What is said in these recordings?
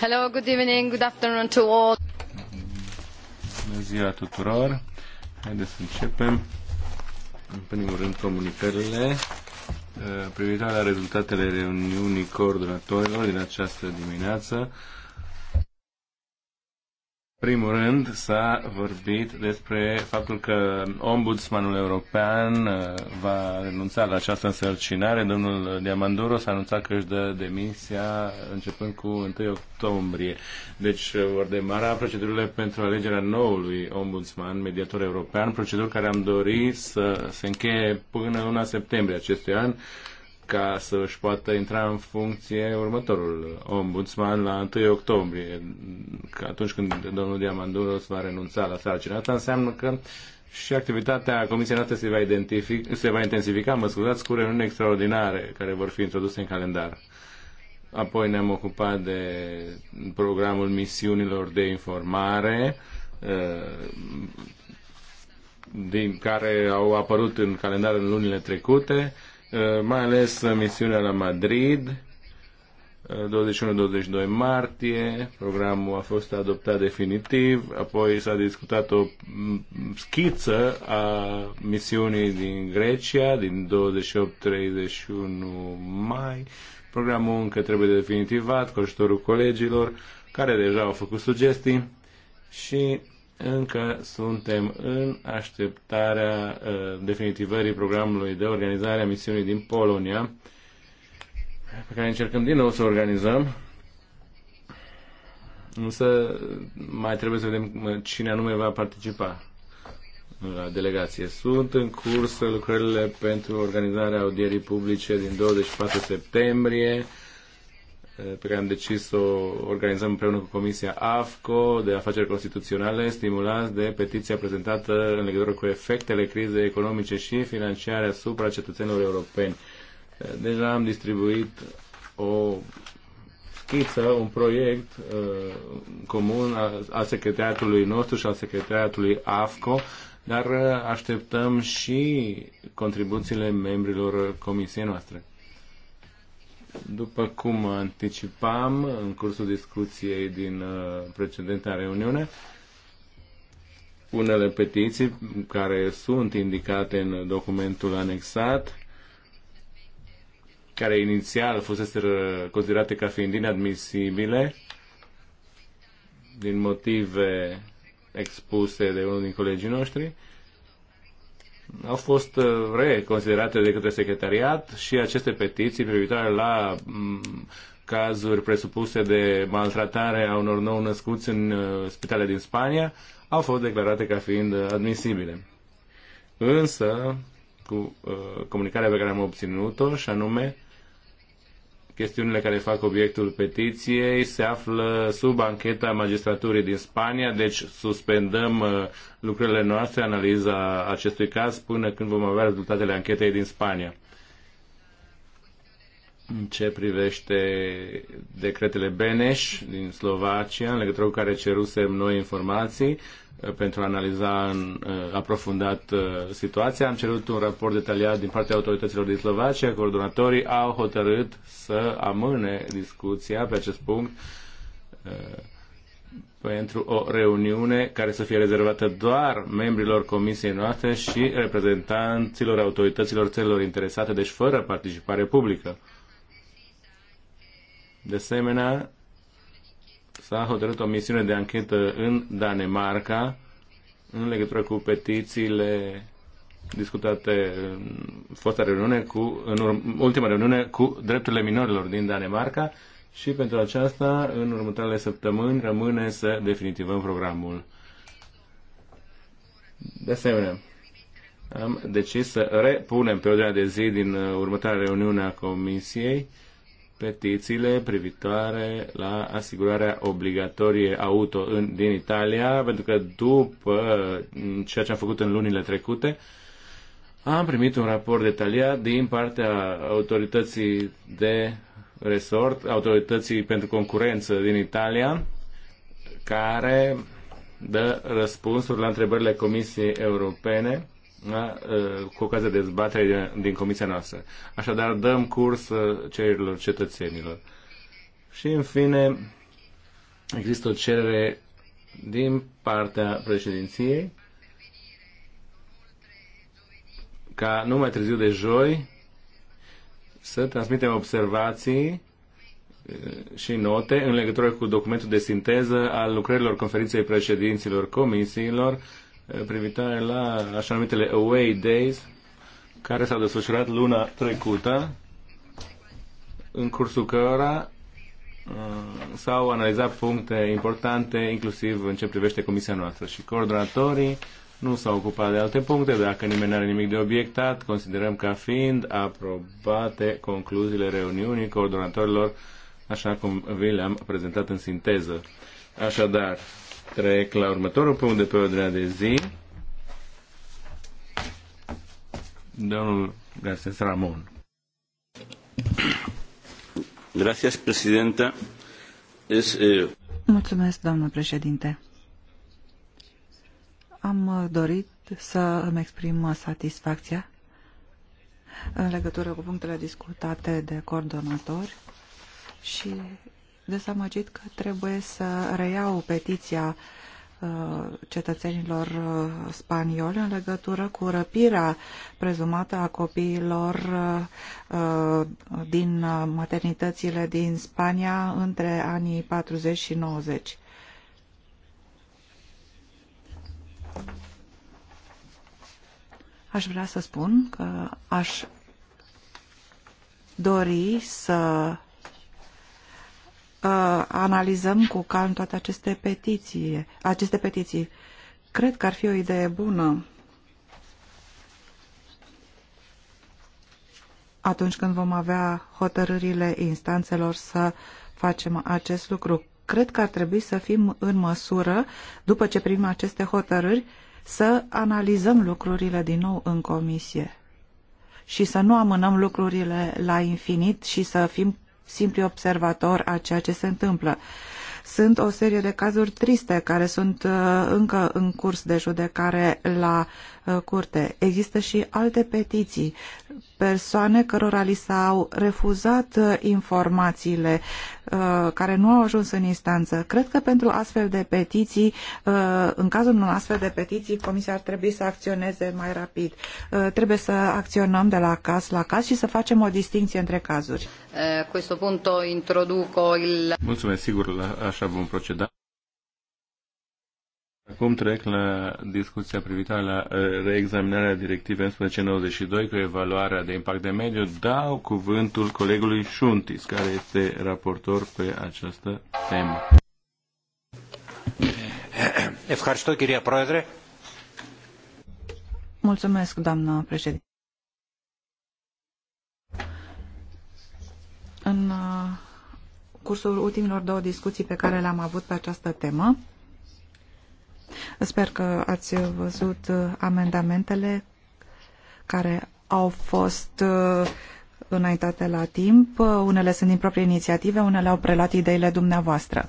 Hello, good evening, good afternoon to all. Bună ziua tuturor. Haideți să începem. În primul rând, comunicările eh, privitoare la rezultatele reuniunii coordonatorilor din această dimineață primul rând s-a vorbit despre faptul că ombudsmanul european uh, va renunța la această însărcinare. Domnul Diamanduro s-a anunțat că își dă demisia începând cu 1 octombrie. Deci uh, vor demara procedurile pentru alegerea noului ombudsman, mediator european, proceduri care am dorit să se încheie până 1 septembrie acestui an ca să își poată intra în funcție următorul ombudsman la 1 octombrie, că atunci când domnul Diamanduros va renunța la sarcina Asta înseamnă că și activitatea comisiei noastre se va, identific, se va intensifica, mă scuzați, cu reuniuni extraordinare care vor fi introduse în calendar. Apoi ne-am ocupat de programul misiunilor de informare, uh, din care au apărut în calendar în lunile trecute Eh, mai ales eh, misiunea la Madrid, 21-22 eh, martie, programul a fost adoptat definitiv, apoi s-a discutat o mm, schiță a misiunii din Grecia, din 28-31 mai. Programul încă trebuie definitivat cu ajutorul colegilor, care deja au făcut sugestii și încă suntem în așteptarea uh, definitivării programului de organizare a misiunii din Polonia, pe care încercăm din nou să o organizăm. Însă mai trebuie să vedem uh, cine anume va participa la delegație. Sunt în curs lucrările pentru organizarea audierii publice din 24 septembrie pe care am decis să o organizăm împreună cu Comisia AFCO de afaceri constituționale, stimulați de petiția prezentată în legătură cu efectele crizei economice și financiare asupra cetățenilor europeni. Deja am distribuit o schiță, un proiect uh, comun al, secretariatului nostru și al secretariatului AFCO, dar uh, așteptăm și contribuțiile membrilor comisiei noastre. După cum anticipam în cursul discuției din uh, precedenta reuniune, unele petiții care sunt indicate în documentul anexat, care inițial fusese uh, considerate ca fiind inadmisibile, din motive expuse de unul din colegii noștri, au fost uh, reconsiderate de către secretariat și aceste petiții privitoare la mm, cazuri presupuse de maltratare a unor nou-născuți în uh, spitale din Spania au fost declarate ca fiind uh, admisibile. Însă, cu uh, comunicarea pe care am obținut-o, și anume chestiunile care fac obiectul petiției se află sub ancheta magistraturii din Spania, deci suspendăm uh, lucrările noastre, analiza acestui caz, până când vom avea rezultatele anchetei din Spania. În ce privește decretele Beneș din Slovacia, în legătură cu care cerusem noi informații, pentru a analiza în uh, aprofundat uh, situația. Am cerut un raport detaliat din partea autorităților din Slovacia. Coordonatorii au hotărât să amâne discuția pe acest punct uh, pentru o reuniune care să fie rezervată doar membrilor comisiei noastre și reprezentanților autorităților țărilor interesate, deci fără participare publică. De asemenea, s-a hotărât o misiune de anchetă în Danemarca în legătură cu petițiile discutate în fosta reuniune cu, în ultima reuniune cu drepturile minorilor din Danemarca și pentru aceasta, în următoarele săptămâni, rămâne să definitivăm programul. De asemenea, am decis să repunem pe ordinea de zi din uh, următoarea reuniune a Comisiei petițiile privitoare la asigurarea obligatorie auto în, din Italia, pentru că după ceea ce am făcut în lunile trecute, am primit un raport detaliat din partea autorității de resort, autorității pentru concurență din Italia, care dă răspunsuri la întrebările Comisiei Europene da? cu ocazia dezbaterii din, din comisia noastră. Așadar, dăm curs cererilor cetățenilor. Și, în fine, există o cerere din partea președinției ca nu mai târziu de joi să transmitem observații și note în legătură cu documentul de sinteză al lucrărilor conferinței președinților comisiilor Eh, privitoare la așa numitele Away Days, care s-au desfășurat luna trecută, în cursul cărora eh, s-au analizat puncte importante, inclusiv în ce privește comisia noastră și coordonatorii nu s-au ocupat de alte puncte. Dacă nimeni nu are nimic de obiectat, considerăm ca fiind aprobate concluziile reuniunii coordonatorilor, așa cum vi le-am prezentat în sinteză. Așadar, trec la următorul punct de pe ordinea de zi. Domnul Garces Ramon. Gracias, presidenta. Es, eh... Mulțumesc, domnul președinte. Am uh, dorit să îmi exprim uh, satisfacția în legătură cu punctele discutate de coordonatori și dezamăgit că trebuie să reiau petiția uh, cetățenilor uh, spanioli în legătură cu răpirea prezumată a copiilor uh, din maternitățile din Spania între anii 40 și 90. Aș vrea să spun că aș dori să Uh, analizăm cu calm toate aceste petiții. Aceste petiții. Cred că ar fi o idee bună atunci când vom avea hotărârile instanțelor să facem acest lucru. Cred că ar trebui să fim în măsură, după ce primim aceste hotărâri, să analizăm lucrurile din nou în comisie și să nu amânăm lucrurile la infinit și să fim simpli observatori a ceea ce se întâmplă. Sunt o serie de cazuri triste care sunt uh, încă în curs de judecare la uh, curte. Există și alte petiții persoane cărora li s-au refuzat uh, informațiile uh, care nu au ajuns în instanță. Cred că pentru astfel de petiții, uh, în cazul unor astfel de petiții, Comisia ar trebui să acționeze mai rapid. Trebuie să acționăm de la caz la caz și să facem o distinție între cazuri. Eh, il... Mulțumesc, sigur, așa vom proceda. Acum trec la discuția privitoare la uh, reexaminarea directivei 1192 cu evaluarea de impact de mediu. Dau cuvântul colegului Șuntis, care este raportor pe această temă. Mulțumesc, doamnă președinte. În uh, cursul ultimilor două discuții pe care le-am avut pe această temă, Sper că ați văzut uh, amendamentele care au fost uh, înaintate la timp. Uh, unele sunt din proprie inițiative, unele au preluat ideile dumneavoastră.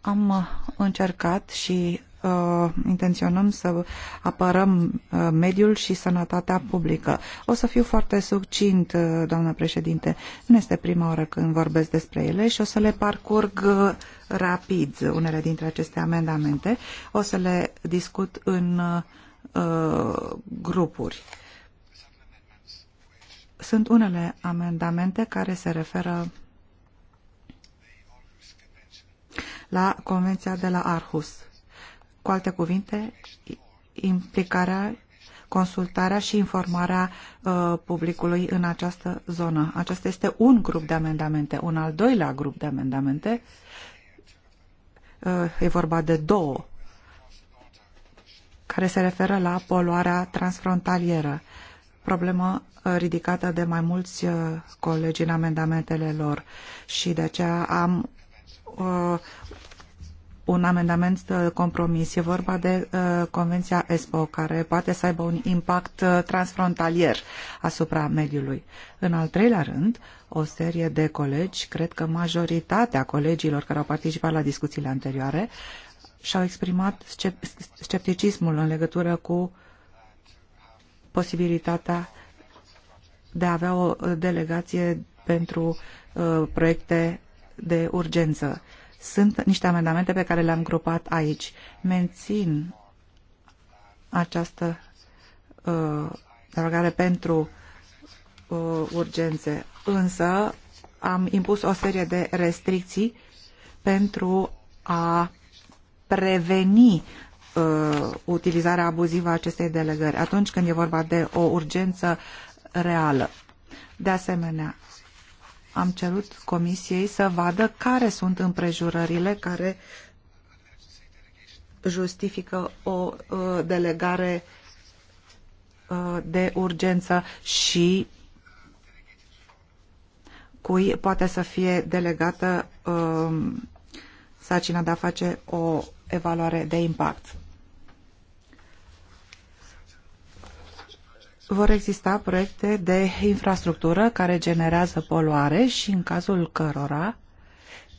Am încercat și uh, intenționăm să apărăm uh, mediul și sănătatea publică. O să fiu foarte succint, uh, doamnă președinte. Nu este prima oară când vorbesc despre ele și o să le parcurg uh, rapid unele dintre aceste amendamente. O să le discut în uh, grupuri. Sunt unele amendamente care se referă la Convenția de la Arhus. Cu alte cuvinte, implicarea, consultarea și informarea uh, publicului în această zonă. Acesta este un grup de amendamente. Un al doilea grup de amendamente, uh, e vorba de două, care se referă la poluarea transfrontalieră, problemă uh, ridicată de mai mulți uh, colegi în amendamentele lor și de aceea am uh, un amendament de uh, compromis. E vorba de uh, Convenția ESPO, care poate să aibă un impact uh, transfrontalier asupra mediului. În al treilea rând, o serie de colegi, cred că majoritatea colegilor care au participat la discuțiile anterioare, și-au exprimat scepticismul în legătură cu posibilitatea de a avea o delegație pentru uh, proiecte de urgență sunt niște amendamente pe care le-am grupat aici. Mențin această uh, derogare pentru uh, urgențe, însă am impus o serie de restricții pentru a preveni uh, utilizarea abuzivă a acestei delegări atunci când e vorba de o urgență reală. De asemenea, am cerut Comisiei să vadă care sunt împrejurările care justifică o uh, delegare uh, de urgență și cui poate să fie delegată uh, sacina de a face o evaluare de impact. vor exista proiecte de infrastructură care generează poluare și în cazul cărora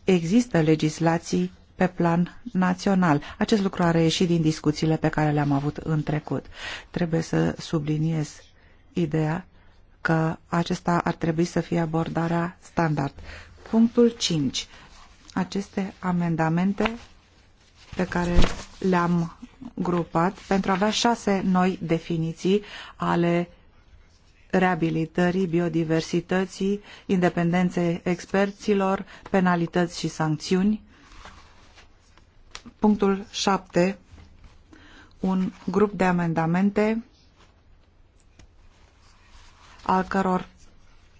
există legislații pe plan național. Acest lucru a reieșit din discuțiile pe care le-am avut în trecut. Trebuie să subliniez ideea că acesta ar trebui să fie abordarea standard. Punctul 5. Aceste amendamente pe care le-am grupat pentru a avea șase noi definiții ale reabilitării, biodiversității, independenței experților, penalități și sancțiuni. Punctul 7. Un grup de amendamente al căror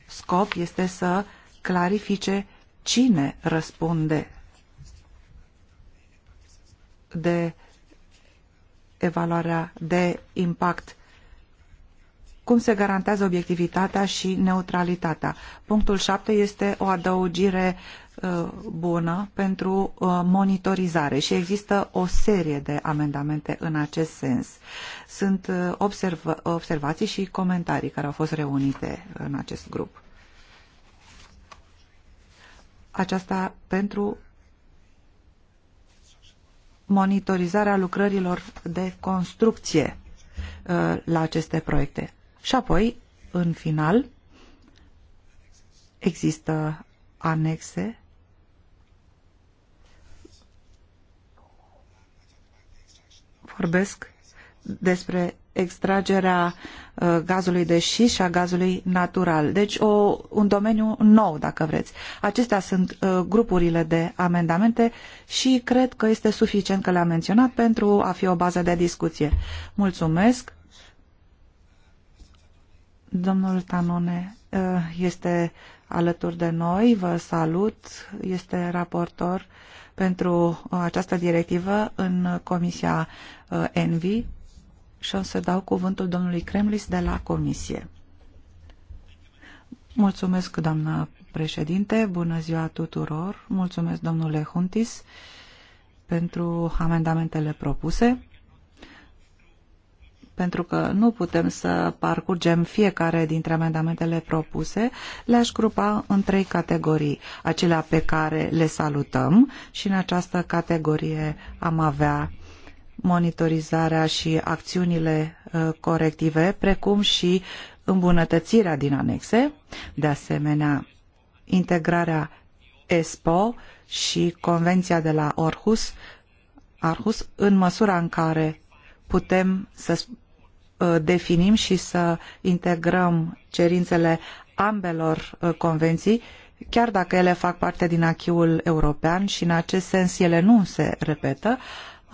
scop este să clarifice cine răspunde de evaluarea de impact. Cum se garantează obiectivitatea și neutralitatea? Punctul 7 este o adăugire uh, bună pentru uh, monitorizare și există o serie de amendamente în acest sens. Sunt uh, observa observații și comentarii care au fost reunite în acest grup. Aceasta pentru monitorizarea lucrărilor de construcție uh, la aceste proiecte. Și apoi, în final, există anexe vorbesc despre extragerea uh, gazului de șist și a gazului natural. Deci o, un domeniu nou, dacă vreți. Acestea sunt uh, grupurile de amendamente și cred că este suficient că le-am menționat pentru a fi o bază de discuție. Mulțumesc. Domnul Tanone uh, este alături de noi. Vă salut. Este raportor pentru această directivă în Comisia uh, Envi și o să dau cuvântul domnului Kremlis de la Comisie. Mulțumesc, doamna președinte, bună ziua tuturor, mulțumesc domnule Huntis pentru amendamentele propuse, pentru că nu putem să parcurgem fiecare dintre amendamentele propuse, le-aș grupa în trei categorii, acelea pe care le salutăm și în această categorie am avea monitorizarea și acțiunile uh, corective, precum și îmbunătățirea din anexe, de asemenea integrarea ESPO și Convenția de la Orhus, Arhus, în măsura în care putem să uh, definim și să integrăm cerințele ambelor uh, convenții, chiar dacă ele fac parte din achiul european și în acest sens ele nu se repetă,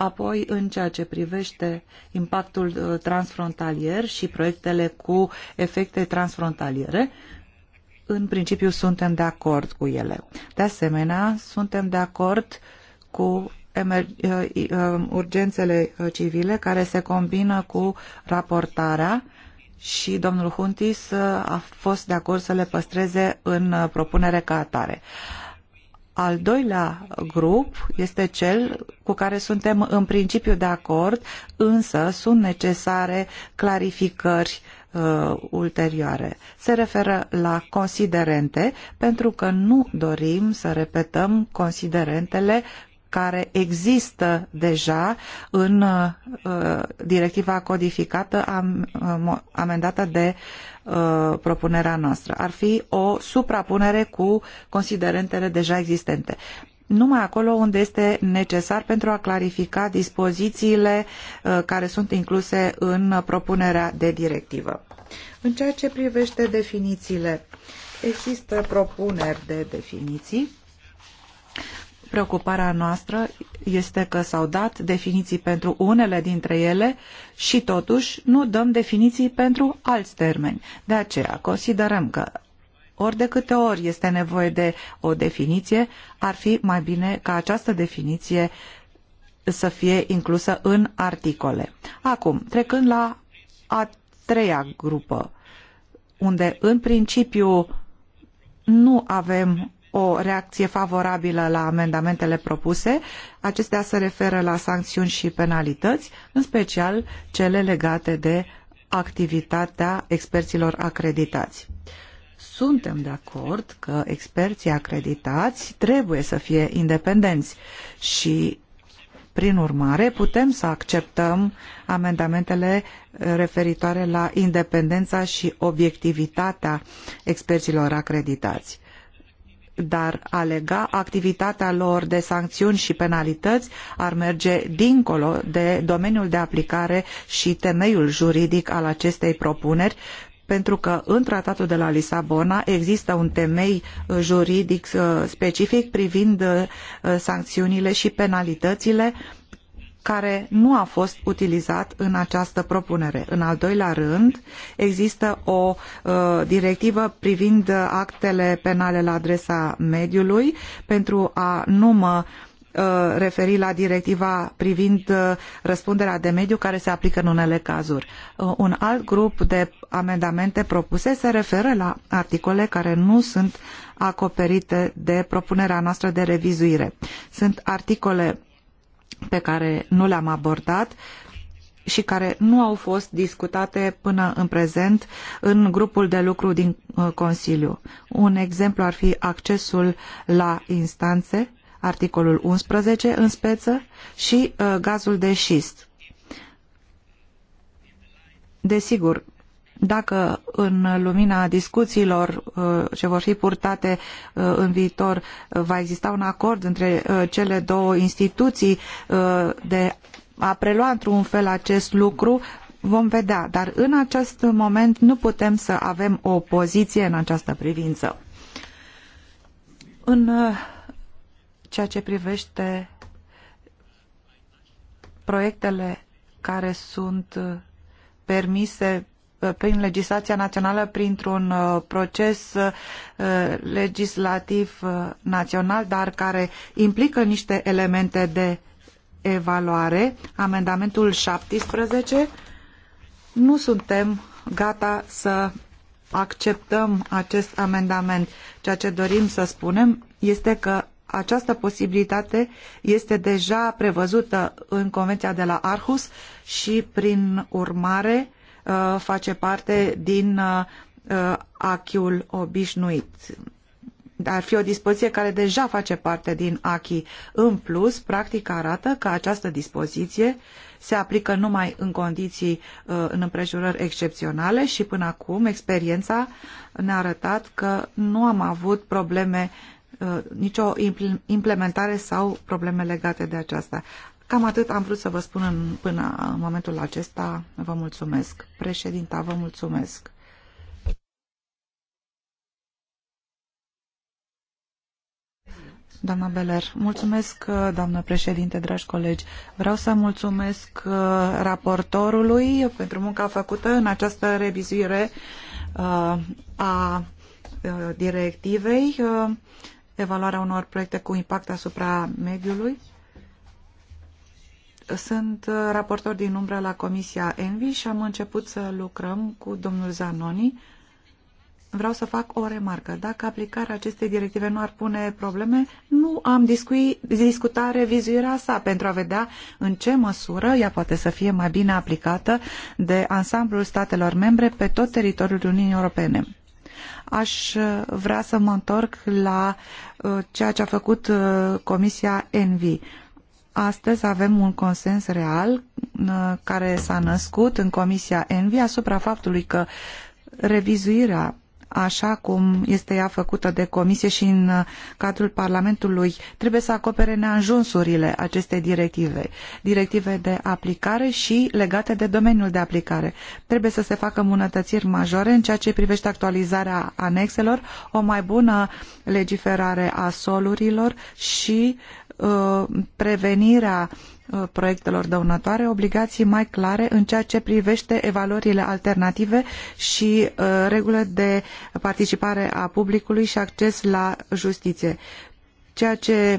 Apoi, în ceea ce privește impactul uh, transfrontalier și proiectele cu efecte transfrontaliere, în principiu suntem de acord cu ele. De asemenea, suntem de acord cu uh, uh, urgențele civile care se combină cu raportarea și domnul Huntis a fost de acord să le păstreze în propunere ca atare. Al doilea grup este cel cu care suntem în principiu de acord, însă sunt necesare clarificări uh, ulterioare. Se referă la considerente, pentru că nu dorim să repetăm considerentele care există deja în uh, directiva codificată am, uh, amendată de Uh, propunerea noastră. Ar fi o suprapunere cu considerentele deja existente numai acolo unde este necesar pentru a clarifica dispozițiile uh, care sunt incluse în propunerea de directivă. În ceea ce privește definițiile, există propuneri de definiții Preocuparea noastră este că s-au dat definiții pentru unele dintre ele și totuși nu dăm definiții pentru alți termeni. De aceea considerăm că ori de câte ori este nevoie de o definiție, ar fi mai bine ca această definiție să fie inclusă în articole. Acum, trecând la a treia grupă, unde în principiu nu avem o reacție favorabilă la amendamentele propuse. Acestea se referă la sancțiuni și penalități, în special cele legate de activitatea experților acreditați. Suntem de acord că experții acreditați trebuie să fie independenți și prin urmare, putem să acceptăm amendamentele referitoare la independența și obiectivitatea experților acreditați dar a lega activitatea lor de sancțiuni și penalități ar merge dincolo de domeniul de aplicare și temeiul juridic al acestei propuneri, pentru că în tratatul de la Lisabona există un temei juridic uh, specific privind uh, sancțiunile și penalitățile uh, care nu a fost utilizat în această propunere. În al doilea rând, există o uh, directivă privind actele penale la adresa mediului pentru a nu mă uh, referi la directiva privind uh, răspunderea de mediu care se aplică în unele cazuri. Uh, un alt grup de amendamente propuse se referă la articole care nu sunt acoperite de propunerea noastră de revizuire. Sunt articole pe care nu le-am abordat și care nu au fost discutate până în prezent în grupul de lucru din uh, Consiliu. Un exemplu ar fi accesul la instanțe, articolul 11 în speță, și uh, gazul de șist. Desigur, dacă în lumina discuțiilor uh, ce vor fi purtate uh, în viitor uh, va exista un acord între cele două instituții de a prelua într-un fel acest lucru, vom vedea. Dar în acest moment nu putem să avem o poziție în această privință. În ceea ce privește proiectele care sunt permise prin legislația națională, printr-un uh, proces uh, legislativ uh, național, dar care implică niște elemente de evaluare. Amendamentul 17. Nu suntem gata să acceptăm acest amendament. Ceea ce dorim să spunem este că această posibilitate este deja prevăzută în Convenția de la Arhus și, prin urmare, Uh, face parte din uh, uh, achiul obișnuit. Ar fi o dispoziție care deja face parte din achi. În plus, practic arată că această dispoziție se aplică numai în condiții, în împrejurări excepționale și până acum experiența ne-a arătat că nu am avut probleme nicio implementare sau probleme legate de aceasta. Cam atât am vrut să vă spun în, până în momentul acesta. Vă mulțumesc. Președinta, vă mulțumesc. Doamna Beler, mulțumesc, doamnă președinte, dragi colegi. Vreau să mulțumesc uh, raportorului pentru munca făcută în această revizuire uh, a uh, directivei, evaluarea unor proiecte cu impact asupra mediului sunt uh, raportor din umbră la Comisia Envi și am început să lucrăm cu domnul Zanoni. Vreau să fac o remarcă. Dacă aplicarea acestei directive nu ar pune probleme, nu am discui, discutat revizuirea sa pentru a vedea în ce măsură ea poate să fie mai bine aplicată de ansamblul statelor membre pe tot teritoriul Uniunii Europene aș uh, vrea să mă întorc la uh, ceea ce a făcut Comisia Envi. Astăzi avem un consens real uh, care s-a născut în Comisia Envi asupra faptului că revizuirea așa cum este ea făcută de comisie și în uh, cadrul Parlamentului, trebuie să acopere neajunsurile acestei directive, directive de aplicare și legate de domeniul de aplicare. Trebuie să se facă îmbunătățiri majore în ceea ce privește actualizarea anexelor, o mai bună legiferare a solurilor și Uh, prevenirea uh, proiectelor dăunătoare, obligații mai clare în ceea ce privește evaluările alternative și uh, regulile de participare a publicului și acces la justiție. Ceea ce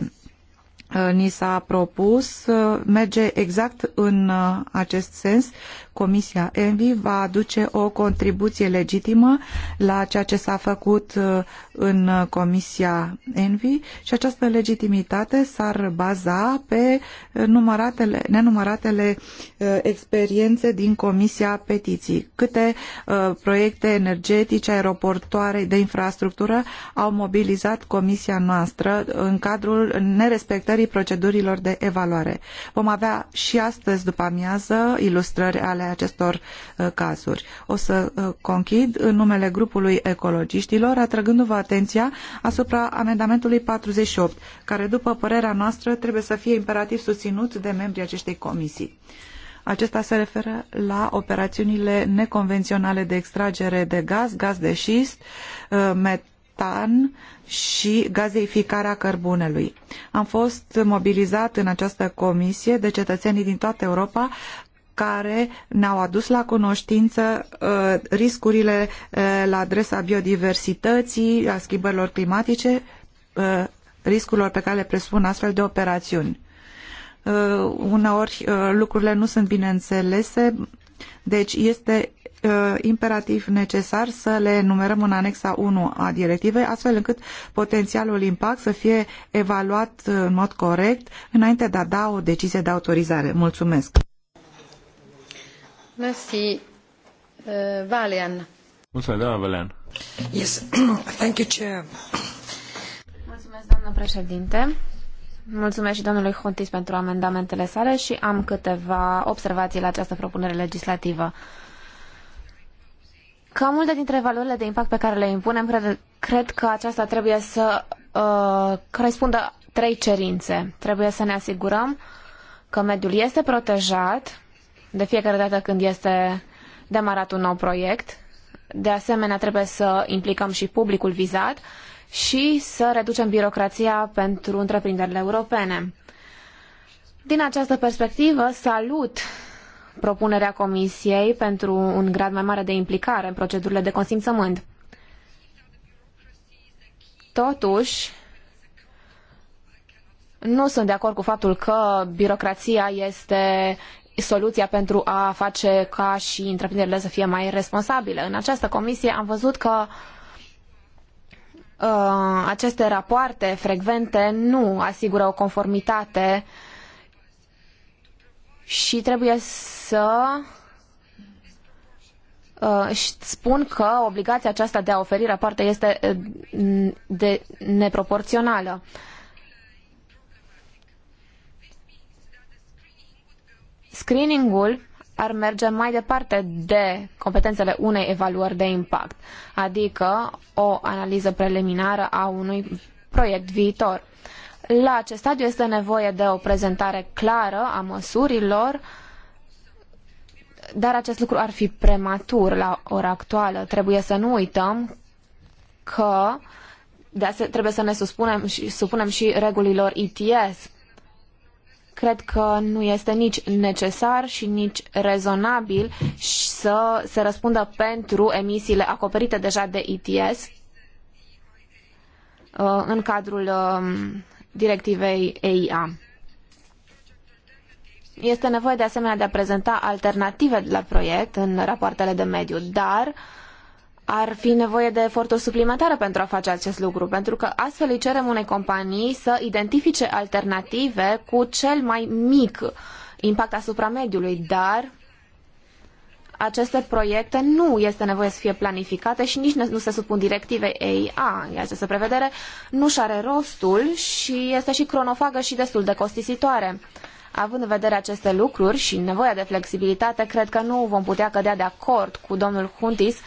ni s-a propus merge exact în acest sens Comisia ENVI va aduce o contribuție legitimă la ceea ce s-a făcut uh, în Comisia ENVI și această legitimitate s-ar baza pe număratele, nenumăratele uh, experiențe din Comisia Petiții. Câte uh, proiecte energetice, aeroportoare de infrastructură au mobilizat Comisia noastră în cadrul nerespectării procedurilor de evaluare. Vom avea și astăzi după amiază ilustrări ale ale acestor uh, cazuri. O să uh, conchid în numele grupului ecologiștilor, atrăgându-vă atenția asupra amendamentului 48, care, după părerea noastră, trebuie să fie imperativ susținut de membrii acestei comisii. Acesta se referă la operațiunile neconvenționale de extragere de gaz, gaz de șist, uh, metan și gazeificarea cărbunelui. Am fost mobilizat în această comisie de cetățenii din toată Europa care ne-au adus la cunoștință uh, riscurile uh, la adresa biodiversității, a schimbărilor climatice, uh, riscurilor pe care le presupun astfel de operațiuni. Uh, uneori uh, lucrurile nu sunt bine înțelese, deci este uh, imperativ necesar să le numerăm în anexa 1 a directivei, astfel încât potențialul impact să fie evaluat în mod corect înainte de a da o decizie de autorizare. Mulțumesc! Mulțumesc, euh, Valian. Mulțumesc, președinte. Mulțumesc și domnului chountis pentru amendamentele sale și am câteva observații la această propunere legislativă. Ca multe dintre valorile de impact pe care le impunem, cred, că aceasta trebuie să uh, corespundă trei cerințe. Trebuie să ne asigurăm că mediul este protejat, de fiecare dată când este demarat un nou proiect. De asemenea, trebuie să implicăm și publicul vizat și să reducem birocrația pentru întreprinderile europene. Din această perspectivă, salut propunerea Comisiei pentru un grad mai mare de implicare în procedurile de consimțământ. Totuși, nu sunt de acord cu faptul că birocrația este soluția pentru a face ca și întreprinderile să fie mai responsabile. În această comisie am văzut că uh, aceste rapoarte frecvente nu asigură o conformitate și trebuie să uh, spun că obligația aceasta de a oferi rapoarte este uh, de neproporțională. Uh, Screeningul ar merge mai departe de competențele unei evaluări de impact, adică o analiză preliminară a unui proiect viitor. La acest stadiu este nevoie de o prezentare clară a măsurilor, dar acest lucru ar fi prematur la ora actuală. Trebuie să nu uităm că de trebuie să ne supunem și, supunem și regulilor ETS Cred că nu este nici necesar și nici rezonabil să se răspundă pentru emisiile acoperite deja de ETS uh, în cadrul um, directivei EIA. Este nevoie de asemenea de a prezenta alternative la proiect în rapoartele de mediu, dar uh, ar fi nevoie de eforturi suplimentare pentru a face acest lucru, pentru că astfel îi cerem unei companii să identifice alternative cu cel mai mic impact asupra mediului, dar aceste proiecte nu este nevoie să fie planificate și nici nu se supun directivei EIA. Această prevedere nu și are rostul și este și cronofagă și destul de costisitoare. Având în vedere aceste lucruri și nevoia de flexibilitate, cred că nu vom putea cădea de acord cu domnul Huntis uh,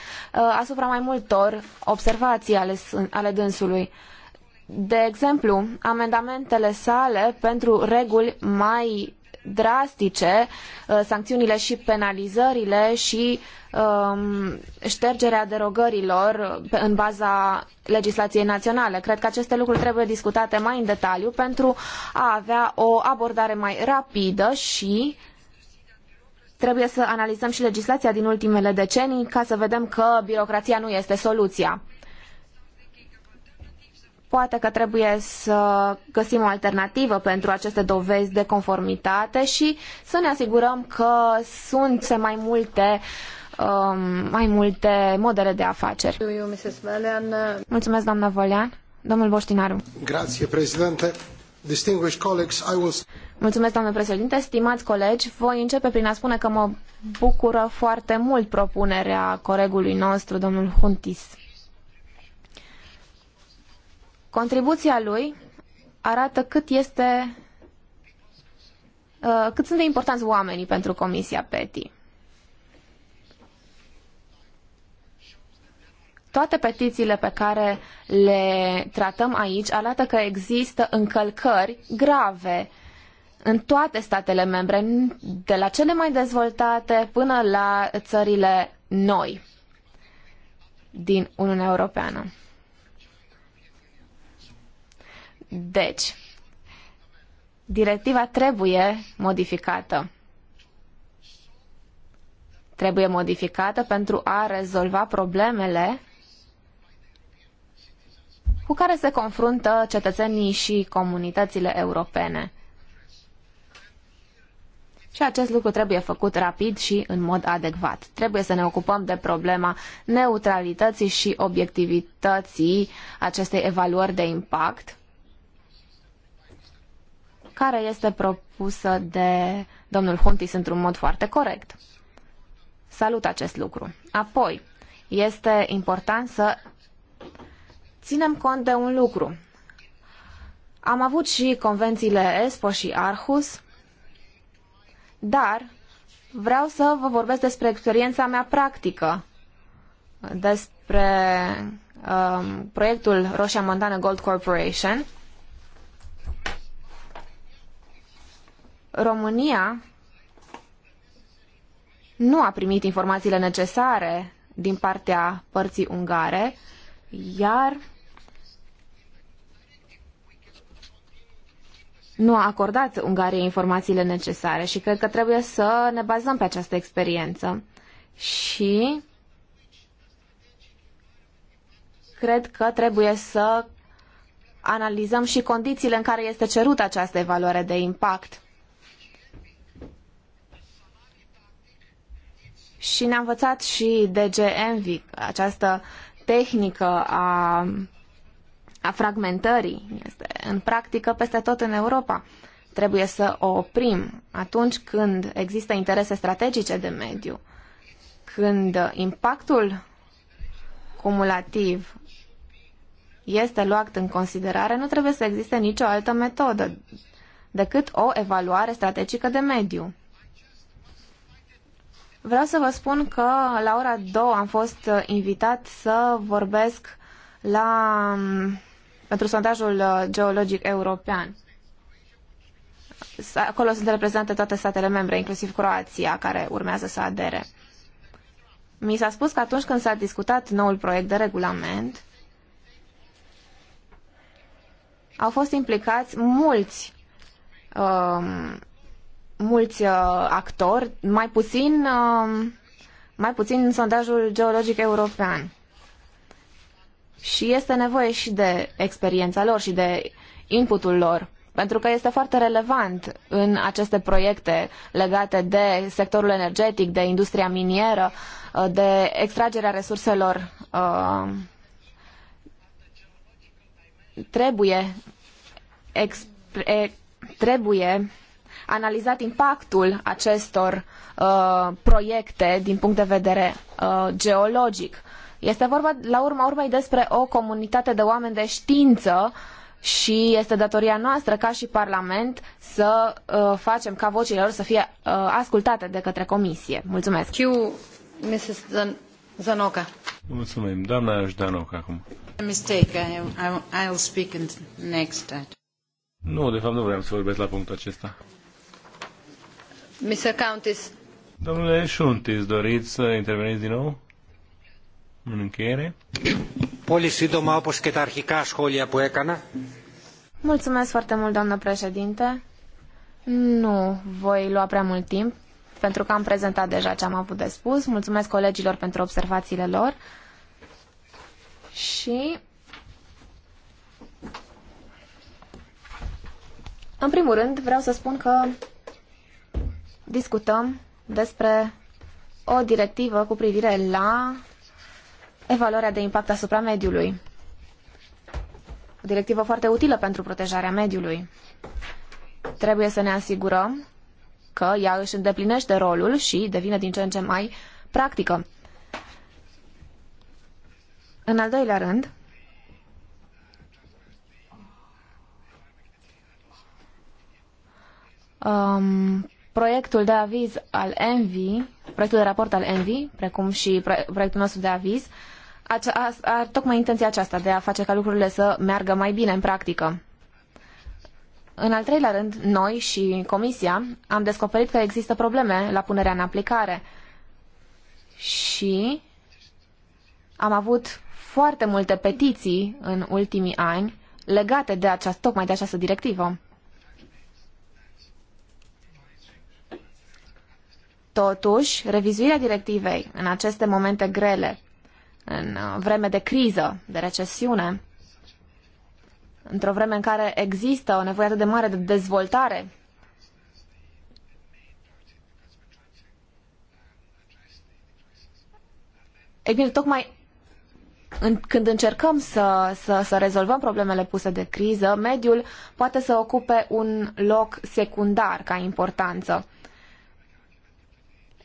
asupra mai multor observații ale, ale dânsului. De exemplu, amendamentele sale pentru reguli mai drastice, uh, sancțiunile și penalizările și um, ștergerea derogărilor în baza legislației naționale. Cred că aceste lucruri trebuie discutate mai în detaliu pentru a avea o abordare mai rapidă și trebuie să analizăm și legislația din ultimele decenii ca să vedem că birocrația nu este soluția. Poate că trebuie să găsim o alternativă pentru aceste dovezi de conformitate și să ne asigurăm că sunt mai multe um, mai multe modele de afaceri. Mulțumesc, doamna Volian, Domnul Boștinaru. Grație, președinte. Distinguished colleagues, I will... Mulțumesc, doamne președinte. Stimați colegi, voi începe prin a spune că mă bucură foarte mult propunerea colegului nostru, domnul Huntis. Contribuția lui arată cât este uh, cât sunt de importanți oamenii pentru Comisia PETI. Toate petițiile pe care le tratăm aici arată că există încălcări grave în toate statele membre, de la cele mai dezvoltate până la țările noi din Uniunea Europeană. Deci, directiva trebuie modificată. Trebuie modificată pentru a rezolva problemele cu care se confruntă cetățenii și comunitățile europene. Și acest lucru trebuie făcut rapid și în mod adecvat. Trebuie să ne ocupăm de problema neutralității și obiectivității acestei evaluări de impact care este propusă de domnul Huntis într-un mod foarte corect. Salut acest lucru. Apoi, este important să ținem cont de un lucru. Am avut și convențiile ESPO și Arhus, dar vreau să vă vorbesc despre experiența mea practică, despre um, proiectul Roșia Montană Gold Corporation România nu a primit informațiile necesare din partea părții ungare, iar nu a acordat Ungariei informațiile necesare și cred că trebuie să ne bazăm pe această experiență. Și cred că trebuie să analizăm și condițiile în care este cerută această evaluare de impact. și ne-a învățat și Envy, această tehnică a, a fragmentării. Este în practică peste tot în Europa. Trebuie să o oprim atunci când există interese strategice de mediu, când impactul cumulativ este luat în considerare, nu trebuie să existe nicio altă metodă decât o evaluare strategică de mediu. Vreau să vă spun că la ora 2 am fost uh, invitat să vorbesc la, um, pentru sondajul uh, geologic european. Acolo sunt reprezentate toate statele membre, inclusiv Croația, care urmează să adere. Mi s-a spus că atunci când s-a discutat noul proiect de regulament, au fost implicați mulți um, mulți uh, actori, mai puțin, uh, mai puțin în sondajul geologic european. Și este nevoie și de experiența lor și de inputul lor, pentru că este foarte relevant în aceste proiecte legate de sectorul energetic, de industria minieră, uh, de extragerea resurselor. Uh, trebuie, trebuie analizat impactul acestor uh, proiecte din punct de vedere uh, geologic. Este vorba, la urma urmei, despre o comunitate de oameni de știință și este datoria noastră, ca și Parlament, să uh, facem ca vocile lor să fie uh, ascultate de către Comisie. Mulțumesc! Q, Mrs. Zanoka. Mulțumim. Doamna Ždanoca acum. Mistake. I, I, I'll speak next. Nu, de fapt nu vreau să vorbesc la punctul acesta. Domnule Șuntis, doriți să interveniți din nou? În încheiere? Πολύ σύντομα, όπως και τα αρχικά σχόλια που έκανα. Mulțumesc foarte mult, doamnă președinte. Nu voi lua prea mult timp, pentru că am prezentat deja ce am avut de spus. Mulțumesc colegilor pentru observațiile lor. Și... În primul rând, vreau să spun că discutăm despre o directivă cu privire la evaluarea de impact asupra mediului. O directivă foarte utilă pentru protejarea mediului. Trebuie să ne asigurăm că ea își îndeplinește rolul și devine din ce în ce mai practică. În al doilea rând, um, proiectul de aviz al Envi, proiectul de raport al Envi, precum și proiectul nostru de aviz, are tocmai intenția aceasta de a face ca lucrurile să meargă mai bine în practică. În al treilea rând, noi și Comisia am descoperit că există probleme la punerea în aplicare și am avut foarte multe petiții în ultimii ani legate de această, tocmai de această directivă. Totuși, revizuirea directivei în aceste momente grele, în uh, vreme de criză, de recesiune, într-o vreme în care există o nevoie atât de mare de dezvoltare, E bine, tocmai în, când încercăm să, să, să rezolvăm problemele puse de criză, mediul poate să ocupe un loc secundar ca importanță.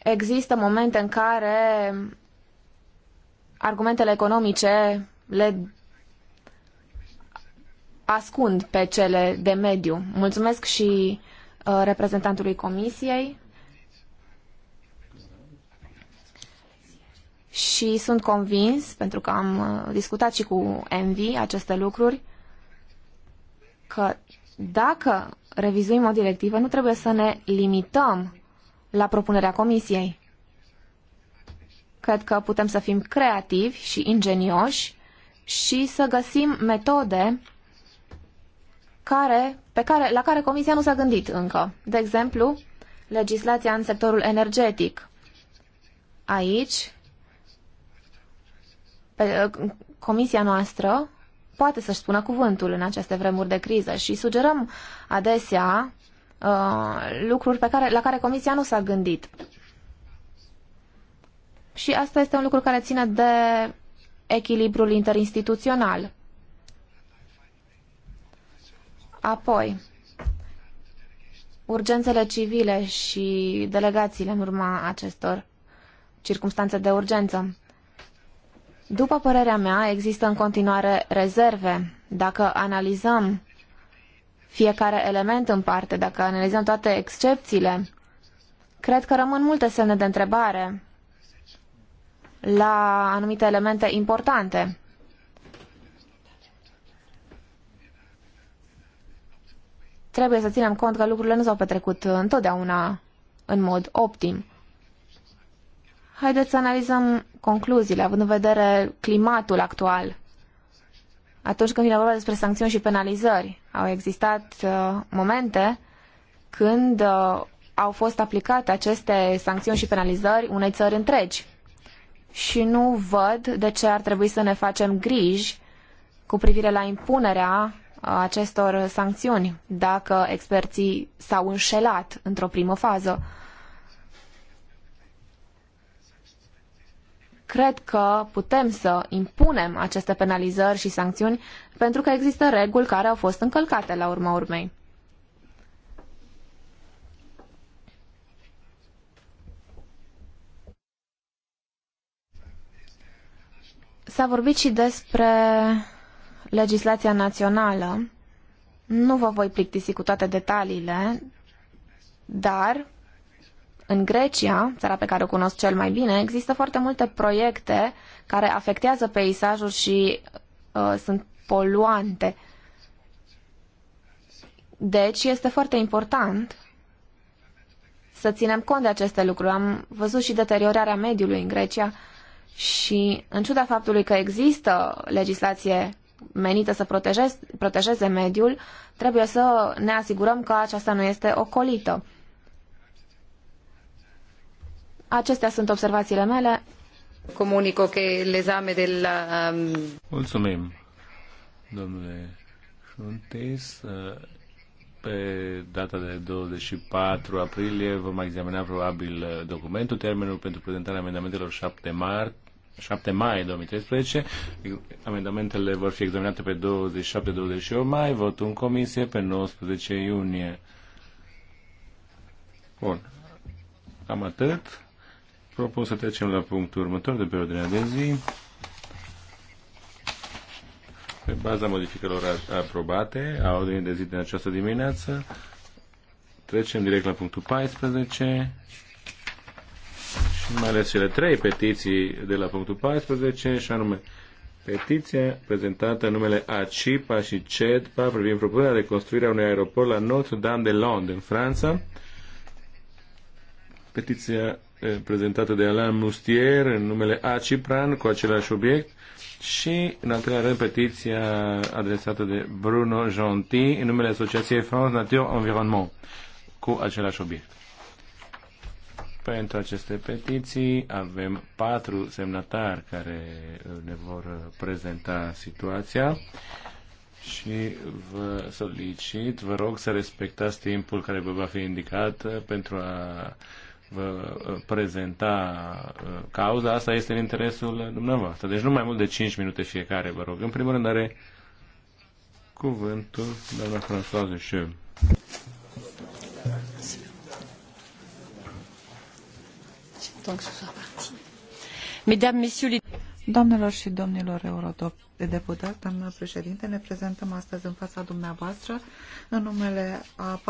Există momente în care argumentele economice le ascund pe cele de mediu. Mulțumesc și uh, reprezentantului Comisiei. Și sunt convins, pentru că am uh, discutat și cu Envy aceste lucruri, că dacă revizuim o directivă, nu trebuie să ne limităm la propunerea comisiei. Cred că putem să fim creativi și ingenioși și să găsim metode care, pe care, la care Comisia nu s-a gândit încă. De exemplu, legislația în sectorul energetic. Aici, pe, Comisia noastră poate să-și spună cuvântul în aceste vremuri de criză și sugerăm adesea Uh, lucruri pe care, la care Comisia nu s-a gândit. Și asta este un lucru care ține de echilibrul interinstituțional. Apoi, urgențele civile și delegațiile în urma acestor circunstanțe de urgență. După părerea mea, există în continuare rezerve. Dacă analizăm fiecare element în parte, dacă analizăm toate excepțiile, cred că rămân multe semne de întrebare la anumite elemente importante. Trebuie să ținem cont că lucrurile nu s-au petrecut întotdeauna în mod optim. Haideți să analizăm concluziile, având în vedere climatul actual atunci când vine vorba despre sancțiuni și penalizări. Au existat uh, momente când uh, au fost aplicate aceste sancțiuni și penalizări unei țări întregi. Și nu văd de ce ar trebui să ne facem griji cu privire la impunerea uh, acestor sancțiuni, dacă experții s-au înșelat într-o primă fază. cred că putem să impunem aceste penalizări și sancțiuni pentru că există reguli care au fost încălcate la urma urmei. S-a vorbit și despre legislația națională. Nu vă voi plictisi cu toate detaliile, dar în Grecia, țara pe care o cunosc cel mai bine, există foarte multe proiecte care afectează peisajul și uh, sunt poluante. Deci este foarte important să ținem cont de aceste lucruri. Am văzut și deteriorarea mediului în Grecia și în ciuda faptului că există legislație menită să protejeze, protejeze mediul, trebuie să ne asigurăm că aceasta nu este ocolită. Acestea sunt observațiile mele. Comunico că l'esame del... Um, Mulțumim, domnule Șuntis. Pe data de 24 aprilie vom examina probabil documentul. Termenul pentru prezentarea amendamentelor 7 mart 7 mai 2013. Amendamentele vor fi examinate pe 27-28 mai, votul în comisie pe 19 iunie. Bun. Cam atât propun să trecem la punctul următor de pe ordinea de zi. Pe baza modificărilor aprobate a ordinii de zi din această dimineață, trecem direct la punctul 14 și mai ales cele trei petiții de la punctul 14 și anume petiția prezentată în numele ACIPA și CEDPA privind propunerea de construire a unui aeroport la Notre-Dame de Londra, în Franța. Petiția prezentată de Alain Mustier în numele Acipran cu același obiect și, în al treilea rând, petiția adresată de Bruno Jonti în numele Asociației France Nature Environnement cu același obiect. Pentru aceste petiții avem patru semnatari care ne vor prezenta situația și vă solicit, vă rog să respectați timpul care vă va fi indicat pentru a vă uh, prezenta uh, cauza, asta este în interesul uh, dumneavoastră. Deci nu mai mult de 5 minute fiecare, vă rog. În primul rând are cuvântul doamna Françoise Ducheux. Doamnelor și domnilor eurodop, de deputat, doamnă președinte, ne prezentăm astăzi în fața dumneavoastră în numele a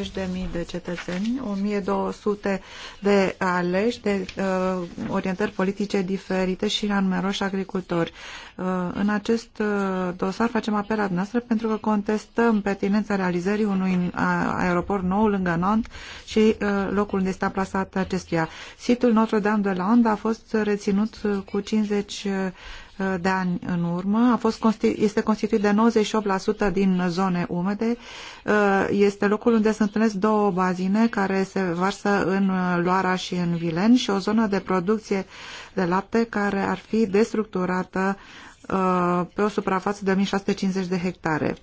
40.000 de cetățeni, 1.200 de aleși, de uh, orientări politice diferite și la numeroși agricultori. Uh, în acest uh, dosar facem apel la noastră pentru că contestăm pertinența realizării unui uh, aeroport nou lângă Nantes și uh, locul unde este plasat acestuia. Situl Notre-Dame de Land a fost reținut uh, cu 50 de ani în urmă. A fost este constituit de 98% din zone umede. Uh, este locul unde se întâlnesc două bazine care se varsă în uh, Loara și în Vilen și o zonă de producție de lapte care ar fi destructurată uh, pe o suprafață de 1650 de hectare.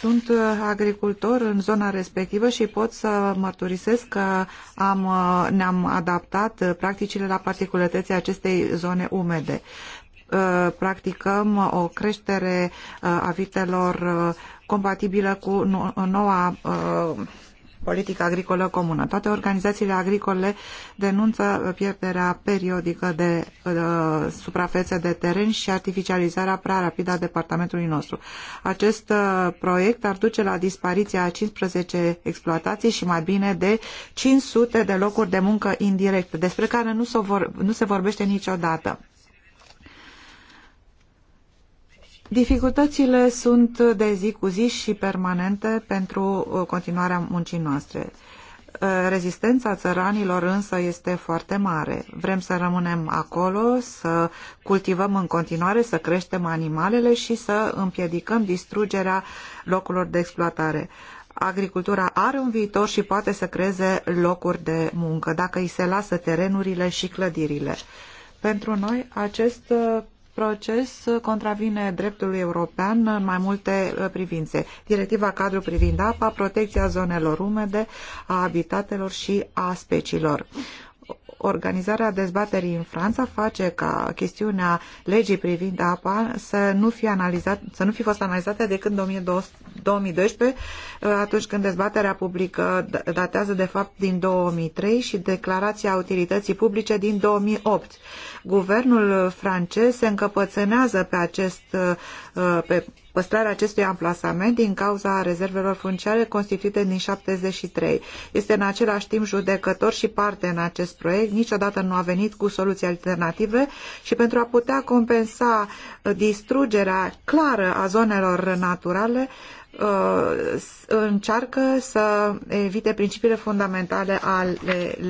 Sunt uh, agricultor în zona respectivă și pot să mărturisesc că am, uh, ne-am adaptat uh, practicile la particularității acestei zone umede. Practicăm o creștere a vitelor compatibilă cu noua politica agricolă comună. Toate organizațiile agricole denunță pierderea periodică de uh, suprafețe de teren și artificializarea prea rapidă a departamentului nostru. Acest uh, proiect ar duce la dispariția a 15 exploatații și mai bine de 500 de locuri de muncă indirecte, despre care nu se, vor, nu se vorbește niciodată. Dificultățile sunt de zi cu zi și permanente pentru uh, continuarea muncii noastre. Uh, rezistența țăranilor însă este foarte mare. Vrem să rămânem acolo, să cultivăm în continuare, să creștem animalele și să împiedicăm distrugerea locurilor de exploatare. Agricultura are un viitor și poate să creeze locuri de muncă dacă îi se lasă terenurile și clădirile. Pentru noi acest uh, proces contravine dreptului european în mai multe uh, privințe. Directiva cadru privind apa, protecția zonelor umede, a habitatelor și a speciilor organizarea dezbaterii în Franța face ca chestiunea legii privind apa să nu fi, analizat, să nu fi fost analizată decât în 2012, atunci când dezbaterea publică datează de fapt din 2003 și declarația utilității publice din 2008. Guvernul francez se încăpățânează pe acest pe păstrarea acestui amplasament din cauza rezervelor funciare constituite din 73. Este în același timp judecător și parte în acest proiect, niciodată nu a venit cu soluții alternative și pentru a putea compensa distrugerea clară a zonelor naturale, Uh, încearcă să evite principiile fundamentale ale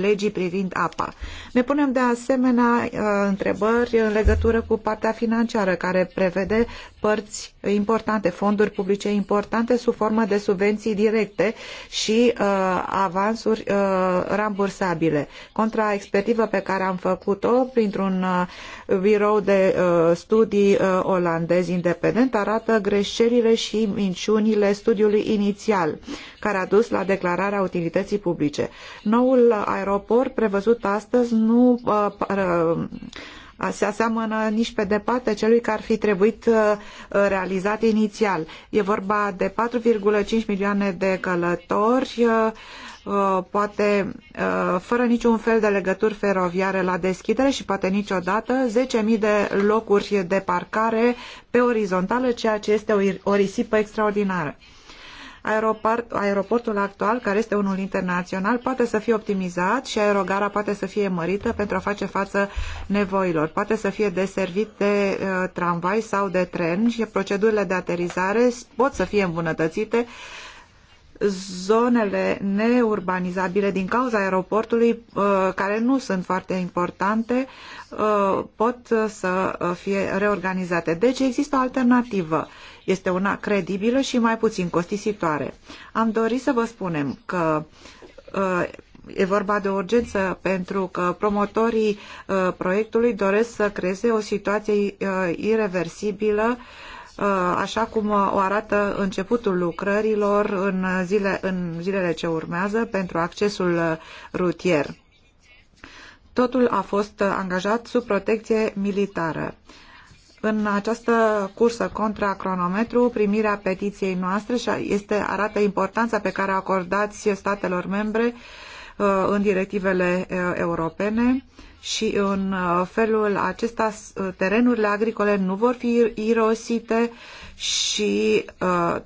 legii privind apa. Ne punem de asemenea uh, întrebări în legătură cu partea financiară care prevede părți importante, fonduri publice importante sub formă de subvenții directe și uh, avansuri rambursabile. rambursabile. expertivă pe care am făcut-o printr-un birou de studii uh, olandez independent arată greșelile și minciuni concluziunile studiului inițial, care a dus la declararea utilității publice. Noul aeroport prevăzut astăzi nu uh, uh se aseamănă nici pe departe celui care ar fi trebuit uh, realizat inițial. E vorba de 4,5 milioane de călători uh, Uh, poate uh, fără niciun fel de legături feroviare la deschidere și poate niciodată 10.000 de locuri de parcare pe orizontală, ceea ce este o risipă extraordinară. aeroportul actual, care este unul internațional, poate să fie optimizat și aerogara poate să fie mărită pentru a face față nevoilor. Poate să fie deservit de uh, tramvai sau de tren și procedurile de aterizare pot să fie îmbunătățite zonele neurbanizabile din cauza aeroportului, uh, care nu sunt foarte importante, uh, pot să uh, fie reorganizate. Deci există o alternativă. Este una credibilă și mai puțin costisitoare. Am dorit să vă spunem că e vorba de urgență pentru că promotorii proiectului doresc să creeze o situație irreversibilă Uh, așa cum uh, o arată începutul lucrărilor în, uh, zile, în zilele ce urmează pentru accesul rutier. Totul a fost angajat sub protecție militară. În această cursă contra cronometru, primirea petiției noastre este, arată importanța pe care acordat-o acordați statelor membre în directivele europene și în uh, felul acesta uh, terenurile agricole nu vor fi irosite și uh,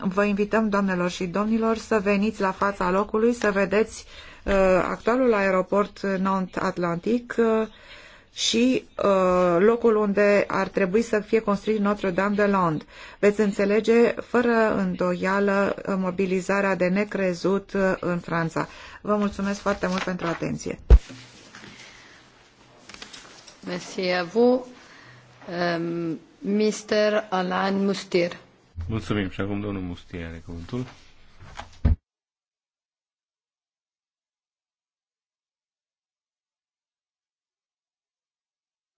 vă invităm, doamnelor și domnilor, să veniți la fața locului, să vedeți actualul aeroport Nantes-Atlantic și locul unde ar trebui să fie construit Notre-Dame-de-Land. Veți înțelege, fără îndoială, mobilizarea de necrezut în Franța. Vă mulțumesc foarte mult pentru atenție. Merci à vous. Um, euh, Mr. Alan Mustir. Mulțumim. Și acum domnul Mustir are cuvântul.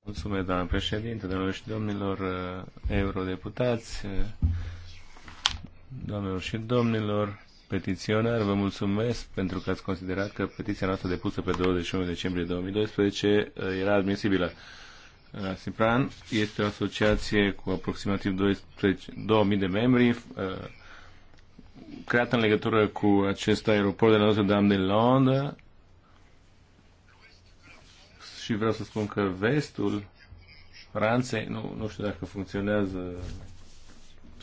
Mulțumesc, doamnă președinte, domnilor și domnilor uh, eurodeputați, uh, doamnelor și domnilor petiționar, vă mulțumesc pentru că ați considerat că petiția noastră depusă pe 21 decembrie 2012 uh, era admisibilă. Asipran uh, este o asociație cu aproximativ 12, 2000 de membri uh, creată în legătură cu acest aeroport de la Notre-Dame de Londra și vreau să spun că vestul Franței, nu, nu știu dacă funcționează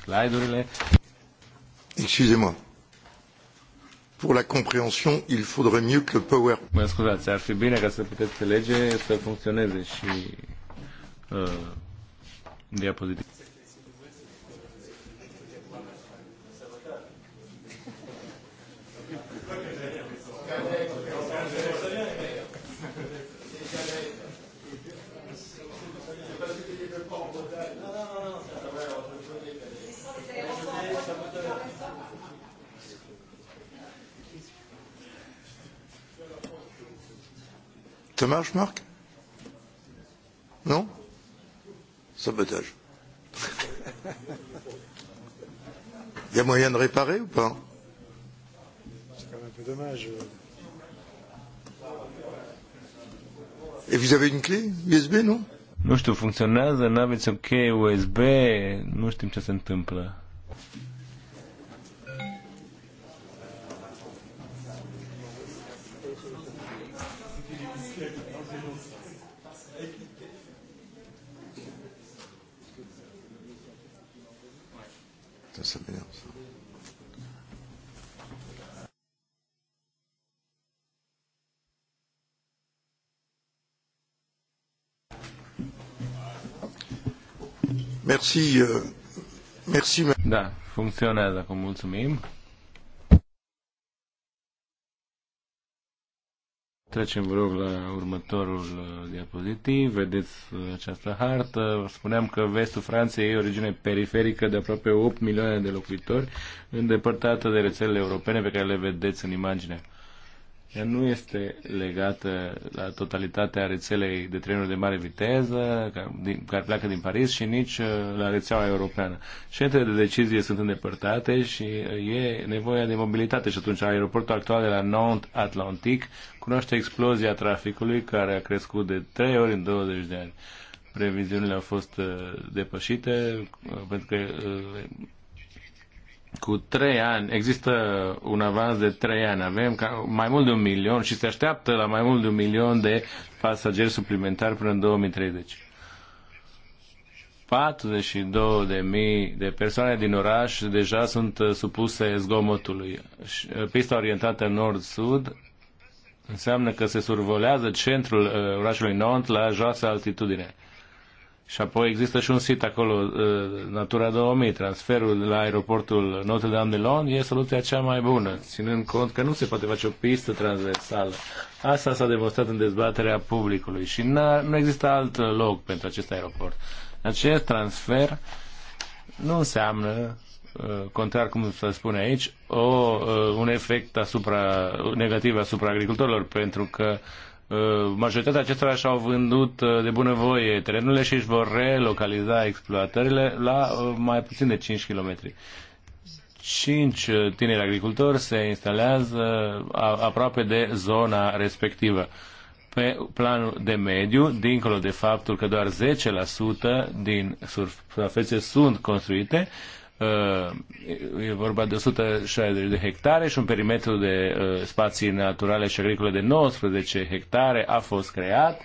slide-urile. excuse moi Pour la compréhension, il faudrait mieux que le power... Mă scuzați, ar fi bine ca să puteți înțelege să funcționeze și uh, diapozitiv. Ça marche, Marc Non Sabotage. Il y a moyen de réparer ou pas C'est quand même un peu dommage. Euh. Et vous avez une clé USB, non Nu știu, funcționează, nu aveți o cheie USB, nu știm ce se întâmplă. Să să vedem. Merci, uh, merci. Da, funcționează acum, mulțumim. Trecem, vă rog, la următorul uh, diapozitiv. Vedeți uh, această hartă. Spuneam că vestul Franței e o regiune periferică de aproape 8 milioane de locuitori, îndepărtată de rețelele europene pe care le vedeți în imagine ea nu este legată la totalitatea rețelei de trenuri de mare viteză care pleacă din Paris și nici uh, la rețeaua europeană. Centrele de decizie sunt îndepărtate și uh, e nevoia de mobilitate și atunci aeroportul actual de la Nantes-Atlantic cunoaște explozia traficului care a crescut de 3 ori în 20 de ani. Previziunile au fost uh, depășite pentru că cu trei ani, există un avans de trei ani, avem ca mai mult de un milion și se așteaptă la mai mult de un milion de pasageri suplimentari până în 2030. 42.000 de de persoane din oraș deja sunt supuse zgomotului. Uh, pista orientată nord-sud înseamnă că se survolează centrul uh, orașului Nantes la joasă altitudine. Și apoi există și un sit acolo, uh, Natura 2000, transferul la aeroportul Notre-Dame de Londra e soluția cea mai bună, ținând cont că nu se poate face o pistă transversală. Asta s-a demonstrat în dezbaterea publicului și nu există alt loc pentru acest aeroport. Acest transfer nu înseamnă uh, contrar cum se spune aici, o, uh, un efect asupra, negativ asupra agricultorilor, pentru că Uh, majoritatea acestora și-au vândut uh, de bunăvoie terenurile și își vor relocaliza exploatările la uh, mai puțin de 5 km. 5 tineri agricultori se instalează aproape de zona respectivă. Pe planul de mediu, dincolo de faptul că doar 10% din suprafețe sunt construite, Uh, e vorba de 160 de hectare și un perimetru de uh, spații naturale și agricole de 19 hectare a fost creat.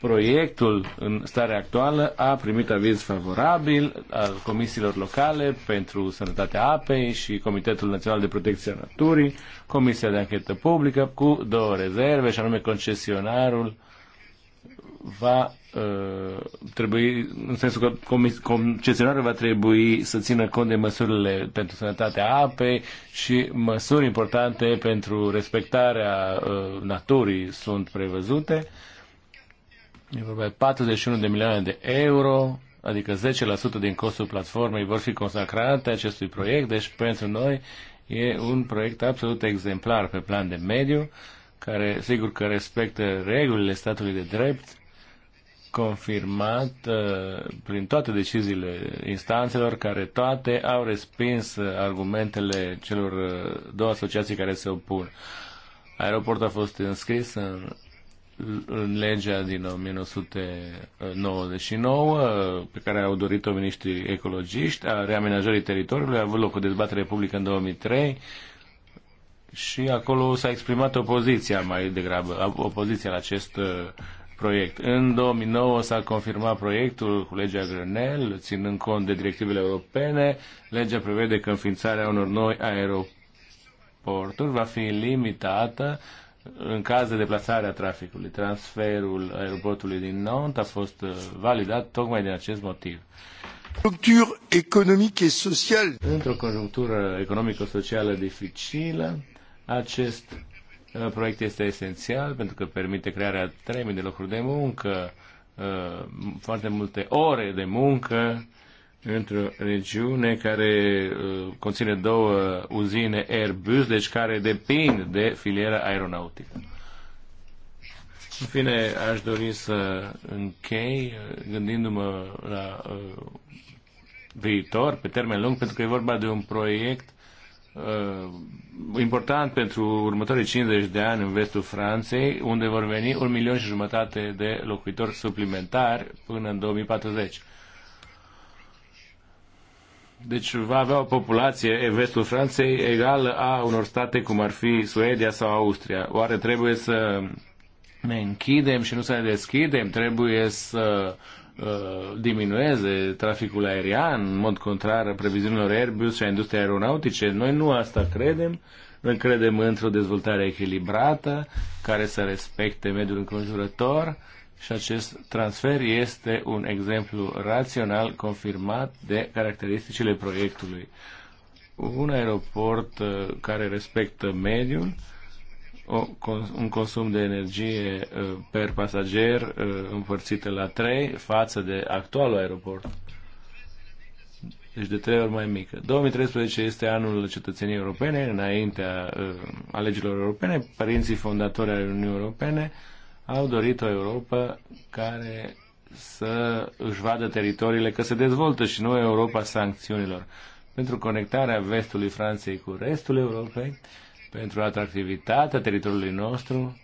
Proiectul în stare actuală a primit aviz favorabil al comisiilor locale pentru sănătatea apei și Comitetul Național de Protecție a Naturii, Comisia de Anchetă Publică cu două rezerve și anume concesionarul va Uh, trebui, în sensul că concesionarul va trebui să țină cont de măsurile pentru sănătatea apei și măsuri importante pentru respectarea uh, naturii sunt prevăzute. E vorba de 41 de milioane de euro, adică 10% din costul platformei vor fi consacrate acestui proiect, deci pentru noi e un proiect absolut exemplar pe plan de mediu, care sigur că respectă regulile statului de drept confirmat uh, prin toate deciziile instanțelor care toate au respins uh, argumentele celor uh, două asociații care se opun. Aeroportul a fost înscris în, în legea din 1999 pe care au dorit-o miniștrii ecologiști a reamenajării teritoriului. A avut loc o dezbatere publică în 2003 și acolo s-a exprimat opoziția mai degrabă, opoziția la acest proiect. În 2009 s-a confirmat proiectul cu legea Grenell, ținând cont de directivele europene. Legea prevede că înființarea unor noi aeroporturi va fi limitată în caz de deplasare a traficului. Transferul aeroportului din Nantes a fost uh, validat tocmai din acest motiv. economică și socială. Într-o conjunctură economică-socială dificilă, acest Uh, proiect este esențial pentru că permite crearea 3.000 de locuri de muncă, uh, foarte multe ore de muncă într-o regiune care uh, conține două uzine Airbus, deci care depind de filiera aeronautică. În fine, aș dori să închei gândindu-mă la viitor, pe termen lung, pentru că e vorba de un proiect Uh, important pentru următorii 50 de ani în vestul Franței, unde vor veni un milion și jumătate de locuitori suplimentari până în 2040. Deci va avea o populație în vestul Franței egală a unor state cum ar fi Suedia sau Austria. Oare trebuie să ne închidem și nu să ne deschidem? Trebuie să Uh, diminueze traficul aerian, în mod contrar previziunilor Airbus și a industriei aeronautice. Noi nu asta credem. Noi credem într-o dezvoltare echilibrată care să respecte mediul înconjurător și acest transfer este un exemplu rațional confirmat de caracteristicile proiectului. Un aeroport uh, care respectă mediul o, un consum de energie uh, per pasager uh, împărțită la 3 față de actualul aeroport. Deci de trei ori mai mică. 2013 este anul cetățeniei europene, înaintea uh, alegerilor europene. Părinții fondatori ai Uniunii Europene au dorit o Europa care să își vadă teritoriile că se dezvoltă și nu Europa sancțiunilor. Pentru conectarea vestului Franței cu restul Europei, uh, pentru atractivitatea teritoriului nostru,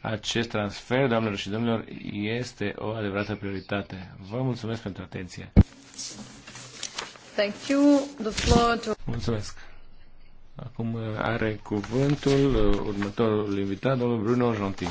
acest transfer, doamnelor și domnilor, este o adevărată prioritate. Vă mulțumesc pentru atenție. Thank you. The floor to... Mulțumesc. Acum are cuvântul uh, următorul invitat, domnul Bruno Jontin.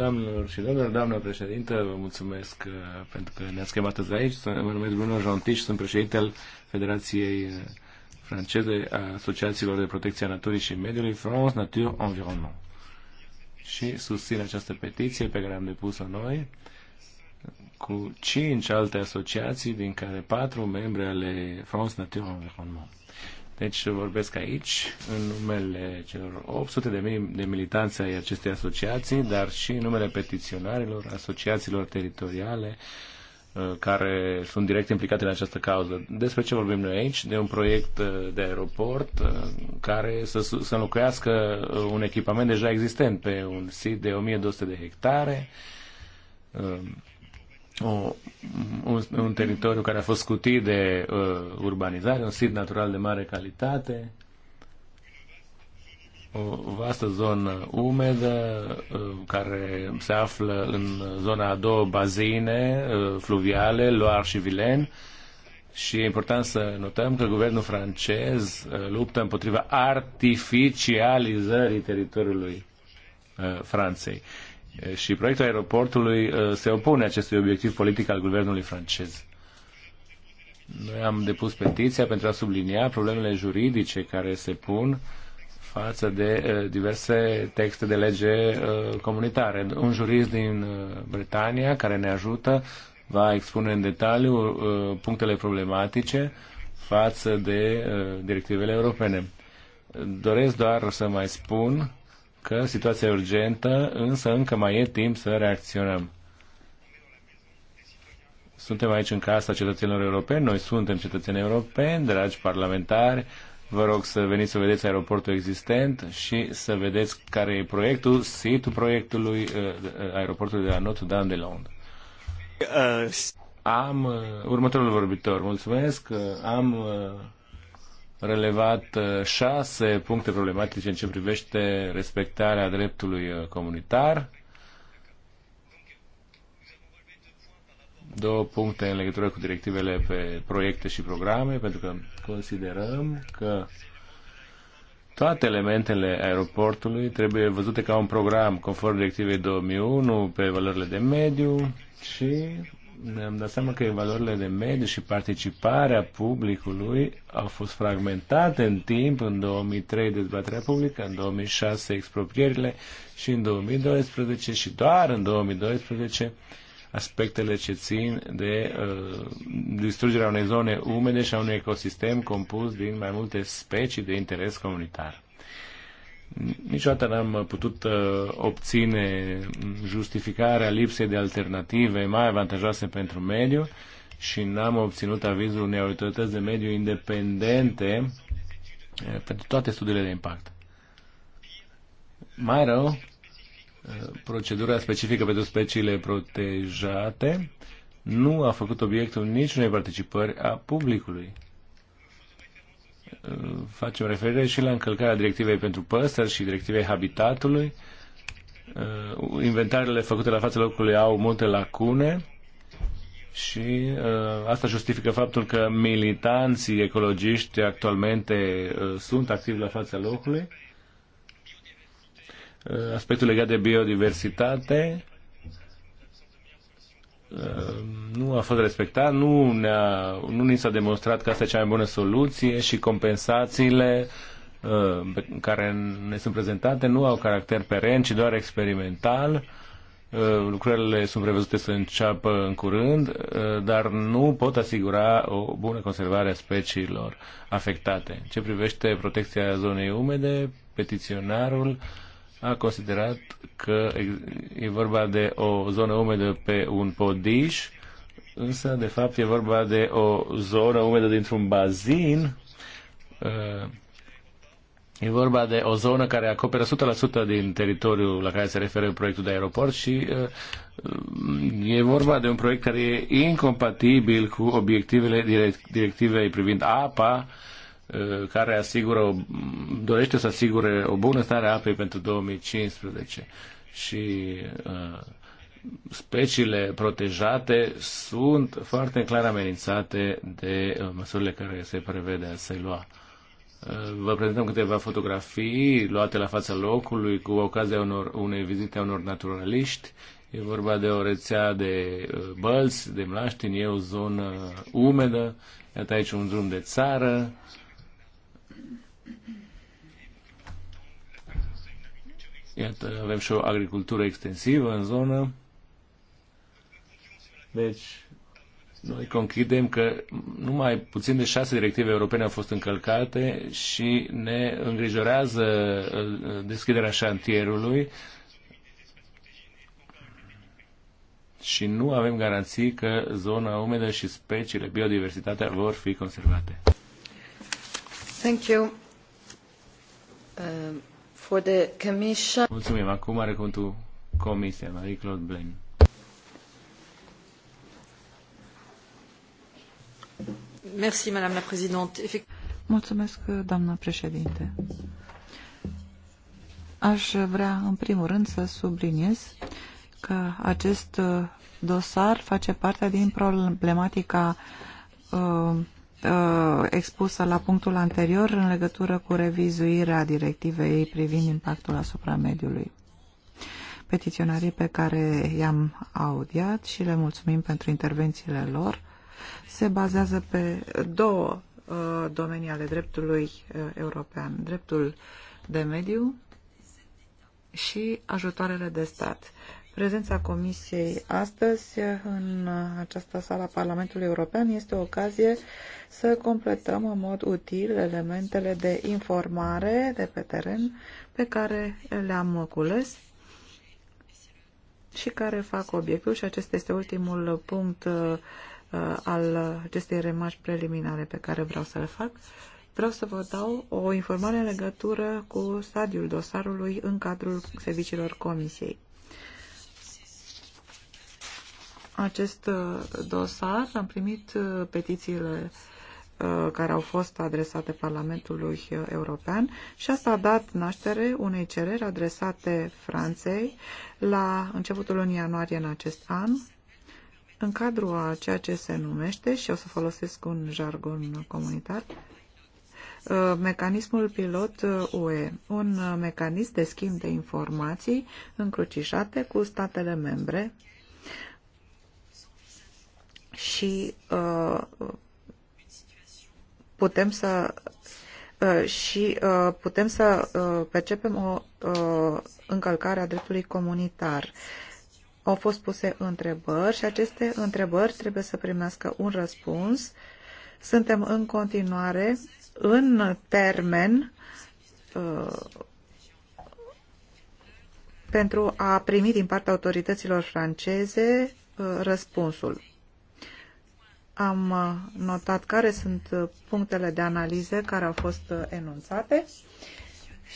Doamnelor și domnilor, doamnă președinte, vă mulțumesc uh, pentru că ne-ați chemat azi aici. Mă numesc Bruno Jontiș, sunt președintele Federației uh, franceze a Asociațiilor de Protecție a Naturii și Mediului France Nature Environnement. Și susțin această petiție pe care am depus-o noi cu cinci alte asociații, din care patru membre ale France Nature Environnement. Deci vorbesc aici în numele celor 800 de, mii de militanți ai acestei asociații, dar și în numele petiționarilor, asociațiilor teritoriale uh, care sunt direct implicate în această cauză. Despre ce vorbim noi aici? De un proiect uh, de aeroport uh, care să, să înlocuiască un echipament deja existent pe un sit de 1200 de hectare o, un, un teritoriu care a fost scutit de uh, urbanizare, un sit natural de mare calitate, o vastă zonă umedă uh, care se află în zona a două bazine uh, fluviale, Loire și Vilaine, și e important să notăm că guvernul francez uh, luptă împotriva artificializării teritoriului uh, Franței și proiectul aeroportului uh, se opune acestui obiectiv politic al guvernului francez. Noi am depus petiția pentru a sublinia problemele juridice care se pun față de uh, diverse texte de lege uh, comunitare. Un jurist din Bretania care ne ajută va expune în detaliu punctele problematice față de directivele europene. Doresc doar să mai spun că situația e urgentă, însă încă mai e timp să reacționăm. Suntem aici în casa cetățenilor europeni, noi suntem cetățeni europeni, dragi parlamentari, vă rog să veniți să vedeți aeroportul existent și să vedeți care e proiectul, situl proiectului uh, uh, aeroportului de la Notre-Dame de Londres. Uh, am următorul vorbitor, mulțumesc, am relevat uh, șase puncte problematice în ce privește respectarea dreptului uh, comunitar, două puncte în legătură cu directivele pe proiecte și programe, pentru că considerăm că toate elementele aeroportului trebuie văzute ca un program conform directivei 2001 pe valorile de mediu și ne-am dat seama că valorile de mediu și participarea publicului au fost fragmentate în timp, în 2003 dezbaterea publică, în 2006 exproprierile și în 2012 și doar în 2012 aspectele ce țin de uh, distrugerea unei zone umede și a unui ecosistem compus din mai multe specii de interes comunitar. Niciodată n-am putut uh, obține justificarea lipsei de alternative mai avantajoase pentru mediu și n-am obținut avizul unei autorități de mediu independente uh, pentru toate studiile de impact. Mai rău, uh, procedura specifică pentru speciile protejate nu a făcut obiectul niciunei participări a publicului facem referire și la încălcarea directivei pentru păsări și directivei habitatului. Uh, inventarele făcute la fața locului au multe lacune și uh, asta justifică faptul că militanții ecologiști actualmente uh, sunt activi la fața locului. Aspectul legat de biodiversitate Ehm, nu a fost respectat, nu, ne-a, nu ni s-a demonstrat că asta e cea mai bună soluție și compensațiile ehm, care ne sunt prezentate nu au caracter peren, ci doar experimental. Ehm, lucrările sunt prevăzute să înceapă în curând, dar nu pot asigura o bună conservare a speciilor afectate. Ce privește protecția zonei umede, petiționarul uh, a considerat că e vorba de o zonă umedă pe un podiș, însă de fapt e vorba de o zonă umedă dintr-un bazin. Uh, e vorba de o zonă care acoperă 100% din teritoriul la care se referă proiectul de aeroport și uh, e vorba de un proiect care e incompatibil cu obiectivele directivei privind apa, Uh, care asigură, dorește să asigure o bună stare a apei pentru 2015 și uh, speciile protejate sunt foarte clar amenințate de uh, măsurile care se prevede a se lua. Vă prezentăm câteva fotografii luate la fața locului cu ocazia unor, unei vizite a unor naturaliști. E vorba de o rețea de bălți, de mlaștini, e o zonă umedă. Iată aici un drum de țară Iată, avem și o agricultură extensivă în zonă. Deci, noi conchidem că numai puțin de șase directive europene au fost încălcate și ne îngrijorează uh, deschiderea șantierului și nu avem garanții că zona umedă și speciile, biodiversitatea vor fi conservate. Thank you. Um, for the commission... Mulțumim. Acum are cuvântul Comisia, Marie-Claude Blaine. Merci, Madame la Présidente. Mulțumesc, doamnă președinte. Aș vrea, în primul rând, să subliniez că acest dosar face parte din problematica uh, uh, expusă la punctul anterior în legătură cu revizuirea directivei privind impactul asupra mediului. Petiționarii pe care i-am audiat și le mulțumim pentru intervențiile lor se bazează pe două uh, domenii ale dreptului uh, european, dreptul de mediu și ajutoarele de stat. Prezența Comisiei astăzi în această sală a Parlamentului European este o ocazie să completăm în mod util elementele de informare de pe teren pe care le-am cules și care fac obiectul și acesta este ultimul punct uh, al acestei remarci preliminare pe care vreau să le fac. Vreau să vă dau o informare în legătură cu stadiul dosarului în cadrul serviciilor Comisiei acest uh, dosar. Am primit uh, petițiile uh, care au fost adresate Parlamentului European și asta a dat naștere unei cereri adresate Franței la începutul lunii ianuarie în acest an în cadrul a ceea ce se numește, și o să folosesc un jargon comunitar, mecanismul pilot UE, un mecanism de schimb de informații încrucișate cu statele membre și uh, putem să uh, și uh, putem să percepem o încălcare a dreptului comunitar. Au fost puse întrebări și aceste întrebări trebuie să primească un răspuns. Suntem în continuare în termen pentru a primi din partea autorităților franceze răspunsul. Am uh, notat care sunt uh, punctele de analize care au fost uh, enunțate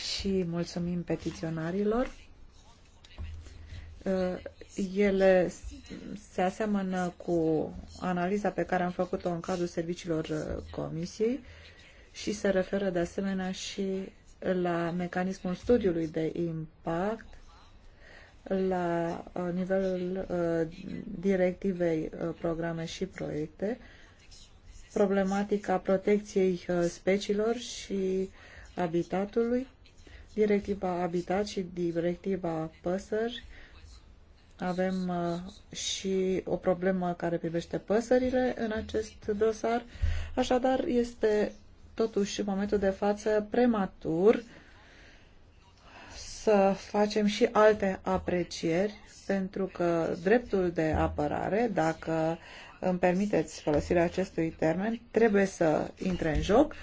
și mulțumim petiționarilor. Ele se aseamănă cu analiza pe care am făcut-o în cadrul serviciilor comisiei și se referă de asemenea și la mecanismul studiului de impact la uh, nivelul uh, directivei uh, programe și proiecte, problematica protecției speciilor și habitatului, directiva habitat și directiva păsări. Avem și o problemă care privește păsările în acest dosar. Așadar, este totuși în momentul de față prematur să facem și alte aprecieri, pentru că dreptul de apărare, dacă îmi permiteți folosirea acestui termen, trebuie să intre în joc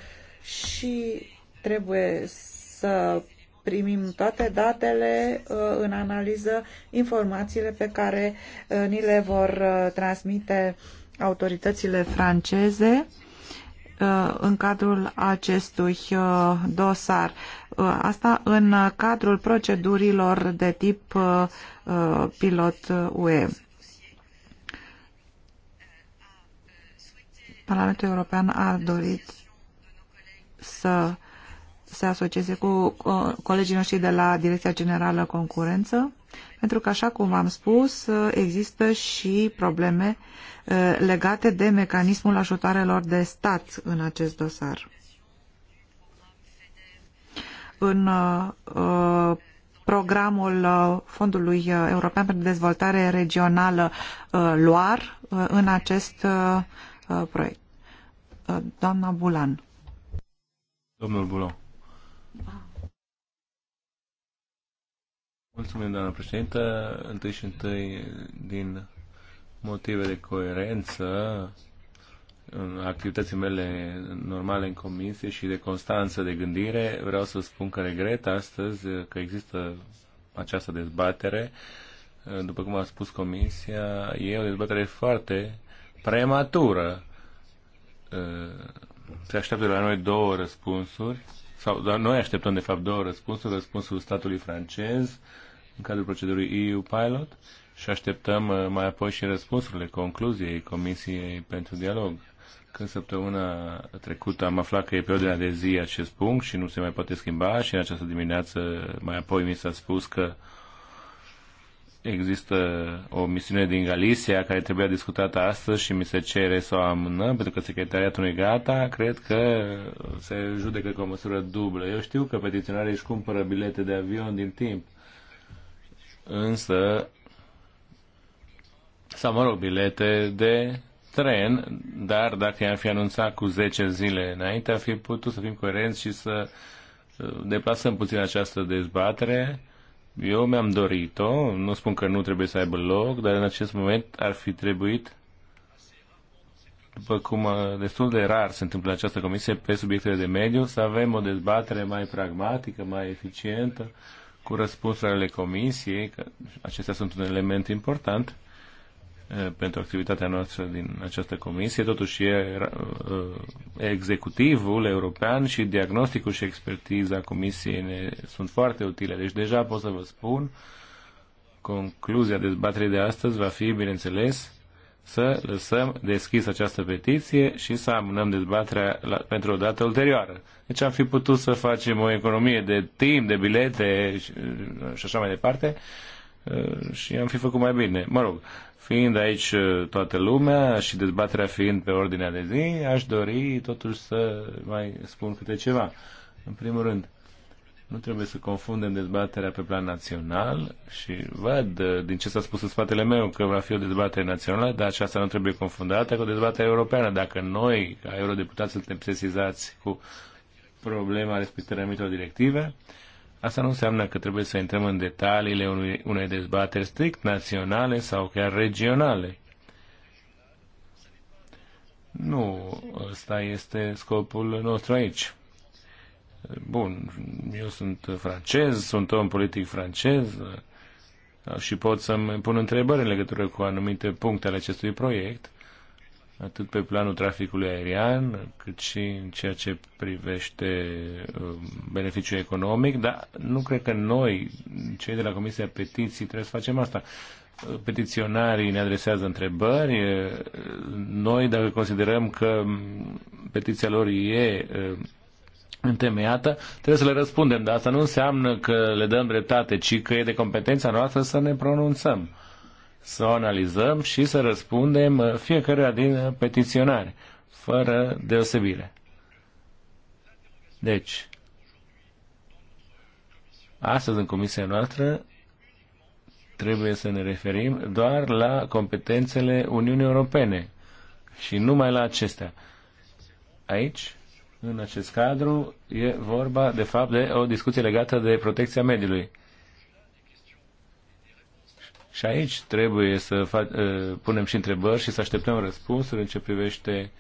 și trebuie să primim toate datele uh, în analiză, informațiile pe care uh, ni le vor uh, transmite autoritățile franceze Uh, în cadrul acestui uh, dosar. Uh, asta în cadrul procedurilor de tip pilot UE. Parlamentul European a dorit să se asocieze cu colegii noștri de la Direcția Generală Concurență pentru că, așa cum am spus, uh, există și probleme uh, legate de mecanismul ajutoarelor de stat în acest dosar. În uh, programul Fondului European pentru Dezvoltare Regională LOAR în acest proiect. Doamna Bulan. Domnul Bulan. Mulțumim, doamnă președintă. Întâi și întâi, din motive de coerență, în activității mele normale în comisie și de constanță de gândire, vreau să spun că regret astăzi că există această dezbatere. După cum a spus comisia, e o dezbatere foarte prematură. Se așteaptă de la noi două răspunsuri, sau da, noi așteptăm de fapt două răspunsuri, răspunsul statului francez în cadrul procedurii EU Pilot și așteptăm uh, mai apoi și răspunsurile, concluziei Comisiei pentru Dialog. Când săptămâna trecută am aflat că e pe ordinea de zi acest punct și nu se mai poate schimba și în această dimineață mai apoi mi s-a spus că există o misiune din Galicia care trebuia discutată astăzi și mi se cere să o amânăm pentru că secretariatul nu e gata, cred că se judecă cu o măsură dublă. Eu știu că petiționarii își cumpără bilete de avion din timp, însă, sau mă rog, bilete de tren, dar dacă i-am fi anunțat cu 10 zile înainte, ar fi putut să fim coerenți și să uh, deplasăm puțin această dezbatere. Eu mi-am dorit-o, nu spun că nu trebuie să aibă loc, dar în acest moment ar fi trebuit, după cum uh, destul de rar se întâmplă această comisie, pe subiectele de mediu, să avem o dezbatere mai pragmatică, mai eficientă, cu răspunsurile comisiei, că acestea sunt un element important uh, pentru activitatea noastră din această comisie. Totuși uh, e executivul european și diagnosticul și expertiza comisiei ne sunt foarte utile. Deci deja pot să vă spun, concluzia dezbaterii de astăzi va fi, bineînțeles, să lăsăm deschis această petiție și să amânăm dezbaterea la, pentru o dată ulterioară. Deci am fi putut să facem o economie de timp, de bilete și, și așa mai departe uh, și am fi făcut mai bine. Mă rog, fiind aici uh, toată lumea și dezbaterea fiind pe ordinea de zi, aș dori totuși să mai spun câte ceva. În primul rând, nu trebuie să confundem dezbaterea pe plan național și văd uh, din ce s-a spus în spatele meu că va fi o dezbatere națională, dar aceasta nu trebuie confundată cu o dezbatere europeană. Dacă noi, ca eurodeputați, suntem sesizați cu problema respectării anumitor directive, asta nu înseamnă că trebuie să intrăm în detaliile unei, unei dezbateri strict naționale sau chiar regionale. Nu, ăsta este scopul nostru aici. Bun, eu sunt francez, sunt om politic francez uh, și pot să-mi pun întrebări în legătură cu anumite puncte ale acestui proiect, atât pe planul traficului aerian, cât și în ceea ce privește uh, beneficiul economic, dar nu cred că noi, cei de la Comisia Petiții, trebuie să facem asta uh, petiționarii ne adresează întrebări. Noi, dacă considerăm că petiția lor e întemeiată, trebuie să le răspundem, dar asta nu înseamnă că le dăm dreptate, ci că e de competența noastră să ne pronunțăm, să o analizăm și să răspundem uh, fiecare din uh, petiționari, fără deosebire. Deci, astăzi în comisia noastră trebuie să ne referim doar la competențele Uniunii Europene și numai la acestea. Aici în acest cadru e vorba, de fapt, de o discuție legată de protecția mediului. Și aici trebuie să fac, ă, punem și întrebări și să așteptăm răspunsuri în ce privește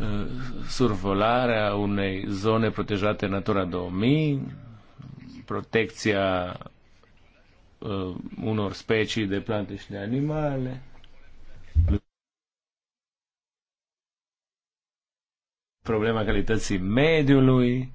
ă, survolarea unei zone protejate Natura 2000, protecția ă, unor specii de plante și de animale, problema calității mediului,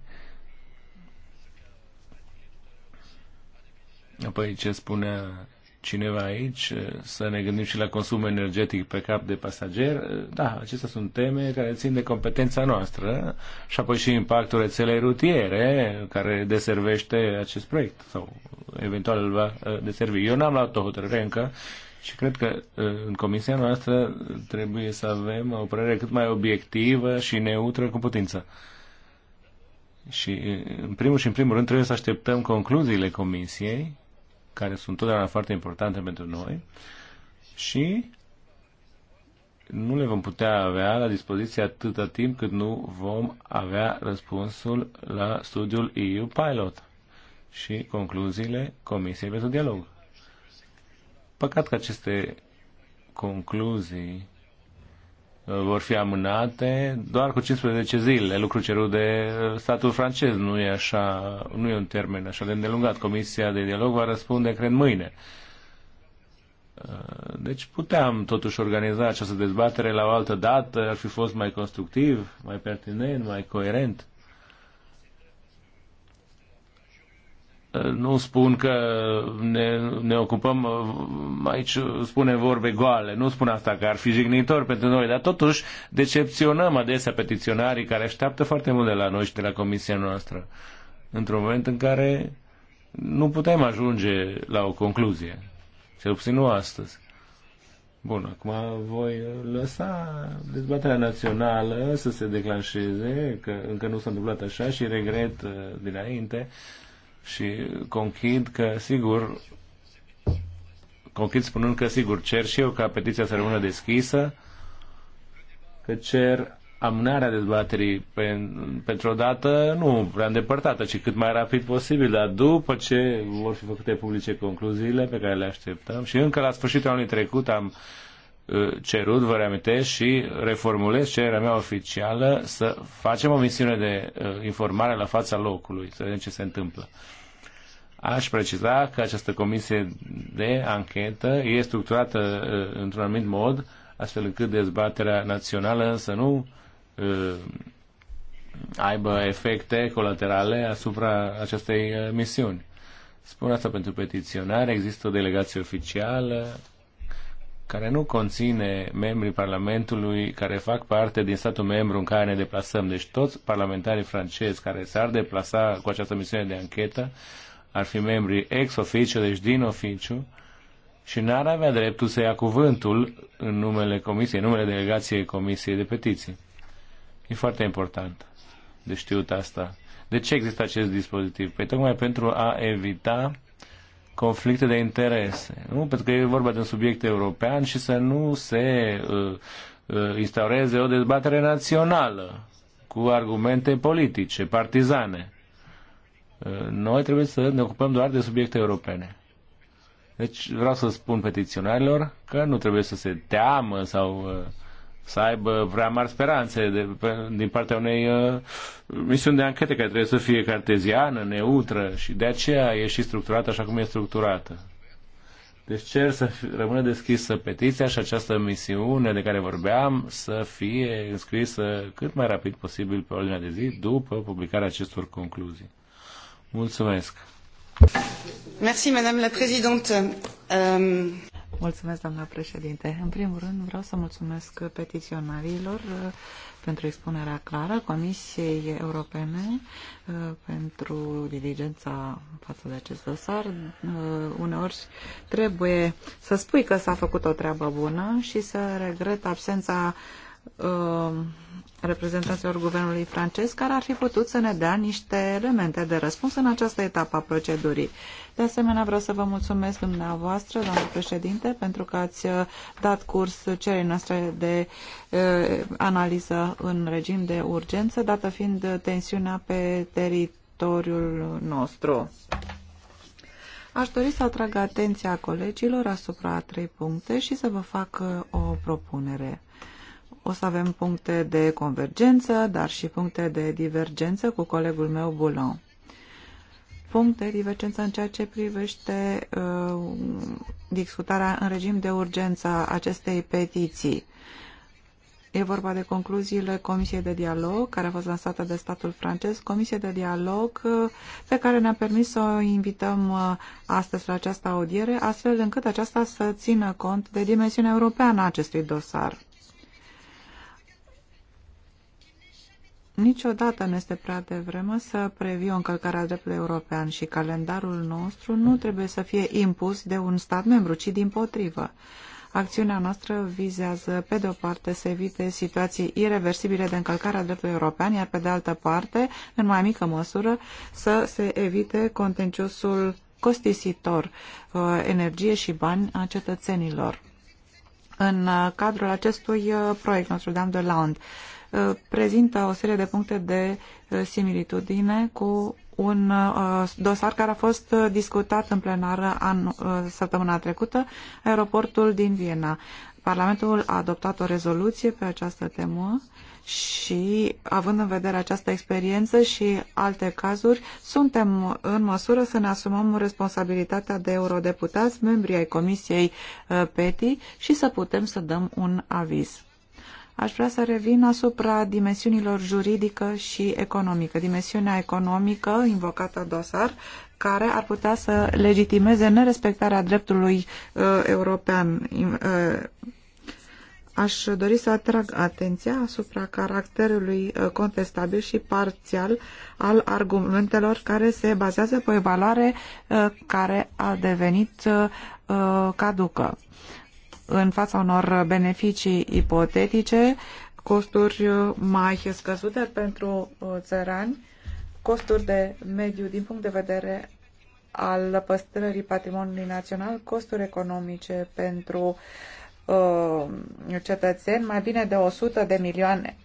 apoi ce spunea cineva aici, eh, să ne gândim și la consum energetic pe cap de pasager. Eh, da, acestea sunt teme care țin de competența noastră și apoi și impactul rețelei rutiere care deservește acest proiect sau eventual îl va eh, deservi. Eu n-am luat o hotărâre încă și cred că uh, în comisia noastră trebuie să avem o părere cât mai obiectivă și neutră cu putință. Și uh, în primul și în primul rând trebuie să așteptăm concluziile comisiei, care sunt totdeauna foarte importante pentru noi, și nu le vom putea avea la dispoziție atâta timp cât nu vom avea răspunsul la studiul EU Pilot și concluziile Comisiei pentru Dialog. Păcat că aceste concluzii uh, vor fi amânate doar cu 15 zile, lucru cerut de uh, statul francez. Nu e, așa, nu e un termen așa de îndelungat. Comisia de dialog va răspunde, cred, mâine. Uh, deci puteam totuși organiza această dezbatere la o altă dată, ar fi fost mai constructiv, mai pertinent, mai coerent. nu spun că ne, ne ocupăm aici, spune vorbe goale, nu spun asta că ar fi jignitor pentru noi, dar totuși decepționăm adesea petiționarii care așteaptă foarte mult de la noi și de la comisia noastră, într-un moment în care nu putem ajunge la o concluzie, cel puțin nu astăzi. Bun, acum voi lăsa dezbaterea națională să se declanșeze, că încă nu s-a întâmplat așa și regret uh, dinainte și conchid că, sigur, conchid spunând că, sigur, cer și eu ca petiția să rămână deschisă, că cer amânarea dezbaterii pentru o dată nu prea îndepărtată, ci cât mai rapid posibil, dar după ce vor fi făcute publice concluziile pe care le așteptăm și încă la sfârșitul anului trecut am uh, cerut, vă reamintesc și reformulez cererea mea oficială să facem o misiune de uh, informare la fața locului, să vedem ce se întâmplă. Aș preciza că această comisie de anchetă e structurată uh, într-un anumit mod, astfel încât dezbaterea națională să nu uh, aibă efecte colaterale asupra acestei uh, misiuni. Spun asta pentru petiționare, există o delegație oficială care nu conține membrii Parlamentului care fac parte din statul membru în care ne deplasăm. Deci toți parlamentarii francezi care s-ar deplasa cu această misiune de anchetă ar fi membri ex oficiu deci din oficiu, și n-ar avea dreptul să ia cuvântul în numele comisiei, în numele delegației Comisiei de Petiții. E foarte important de știut asta. De ce există acest dispozitiv? Păi tocmai pentru a evita conflicte de interese. Nu? Pentru că e vorba de un subiect european și să nu se uh, uh, instaureze o dezbatere națională cu argumente politice, partizane. Noi trebuie să ne ocupăm doar de subiecte europene. Deci vreau să spun petiționarilor că nu trebuie să se teamă sau uh, să aibă vrea mari speranțe de, pe, din partea unei uh, misiuni de anchetă care trebuie să fie carteziană, neutră și de aceea e și structurată așa cum e structurată. Deci cer să rămână deschisă petiția și această misiune de care vorbeam să fie înscrisă cât mai rapid posibil pe ordinea de zi după publicarea acestor concluzii. Mulțumesc! Merci, Madame la Présidente. Um... Mulțumesc, doamna președinte. În primul rând, vreau să mulțumesc petiționarilor uh, pentru expunerea clară Comisiei Europene uh, pentru diligența față de acest dosar. Uh, uneori trebuie să spui că s-a făcut o treabă bună și să regret absența Uh, reprezentanților guvernului francez care ar fi putut să ne dea niște elemente de răspuns în această etapă a procedurii. De asemenea, vreau să vă mulțumesc dumneavoastră, doamnă președinte, pentru că ați uh, dat curs cererii noastre de uh, analiză în regim de urgență, dată fiind tensiunea pe teritoriul nostru. Aș dori să atrag atenția colegilor asupra trei puncte și să vă fac uh, o propunere. O să avem puncte de convergență, dar și puncte de divergență cu colegul meu Boulon. Puncte de divergență în ceea ce privește uh, discutarea în regim de urgență a acestei petiții. E vorba de concluziile Comisiei de Dialog, care a fost lansată de statul francez, Comisie de Dialog uh, pe care ne-a permis să o invităm uh, astăzi la această audiere, astfel încât aceasta să țină cont de dimensiunea europeană a acestui dosar. Niciodată nu este prea devreme să previi o încălcare a dreptului european și calendarul nostru nu trebuie să fie impus de un stat membru, ci din potrivă. Acțiunea noastră vizează, pe de o parte, să evite situații irreversibile de încălcare a dreptului european, iar pe de altă parte, în mai mică măsură, să se evite contenciosul costisitor, uh, energie și bani a cetățenilor. În uh, cadrul acestui uh, proiect nostru Dame de Land, Uh, prezintă o serie de puncte de uh, similitudine cu un uh, dosar care a fost discutat în plenară an, săptămâna trecută, aeroportul din Viena. Parlamentul a adoptat o rezoluție pe această temă și, având în vedere această experiență și alte cazuri, suntem în măsură să ne asumăm responsabilitatea de eurodeputați, membri ai Comisiei PETI și să putem să dăm un aviz. Aș vrea să revin asupra dimensiunilor juridică și economică. Dimensiunea economică invocată în dosar, care ar putea să legitimeze nerespectarea dreptului uh, european. Uh, aș dori să atrag atenția asupra caracterului uh, contestabil și parțial al argumentelor care se bazează pe o evaluare uh, care a devenit uh, caducă în fața unor beneficii ipotetice, costuri mai scăzute pentru uh, țărani, costuri de mediu din punct de vedere al păstrării patrimoniului național, costuri economice pentru uh, cetățeni, mai bine de 100 de milioane.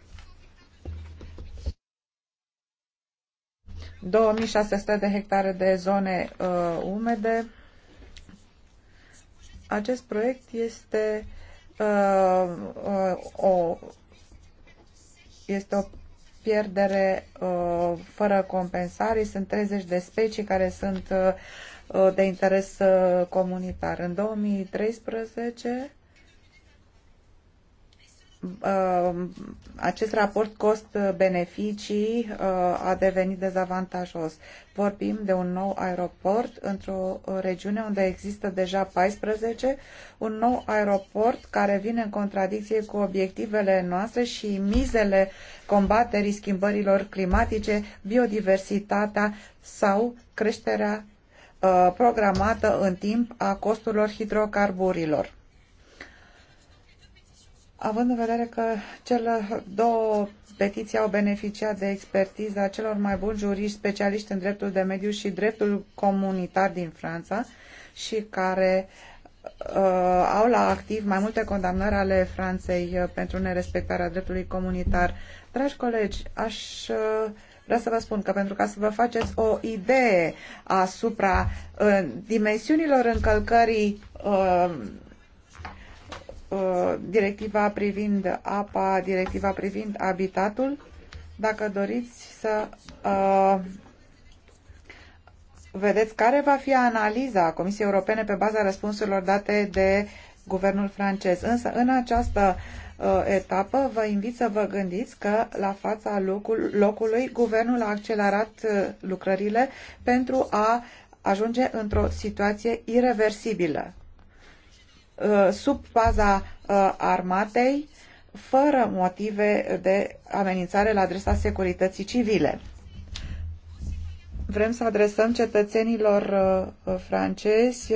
2600 de hectare de zone uh, umede, acest proiect este uh, uh, o este o pierdere uh, fără compensare. Sunt 30 de specii care sunt uh, de interes uh, comunitar. În 2013 Uh, acest raport cost-beneficii uh, a devenit dezavantajos. Vorbim de un nou aeroport într-o regiune unde există deja 14, un nou aeroport care vine în contradicție cu obiectivele noastre și mizele combaterii schimbărilor climatice, biodiversitatea sau creșterea uh, programată în timp a costurilor hidrocarburilor Având în vedere că cele două petiții au beneficiat de expertiza celor mai buni juriști specialiști în dreptul de mediu și dreptul comunitar din Franța și care uh, au la activ mai multe condamnări ale Franței uh, pentru nerespectarea dreptului comunitar. Dragi colegi, aș uh, vrea să vă spun că pentru ca să vă faceți o idee asupra uh, dimensiunilor încălcării uh, Uh, directiva privind apa, directiva privind habitatul, dacă doriți să uh, vedeți care va fi analiza Comisiei Europene pe baza răspunsurilor date de guvernul francez. Însă, în această uh, etapă, vă invit să vă gândiți că la fața locului, guvernul a accelerat lucrările pentru a ajunge într-o situație irreversibilă. Uh, sub paza uh, armatei fără motive de amenințare la adresa securității civile. Vrem să adresăm cetățenilor uh, francezi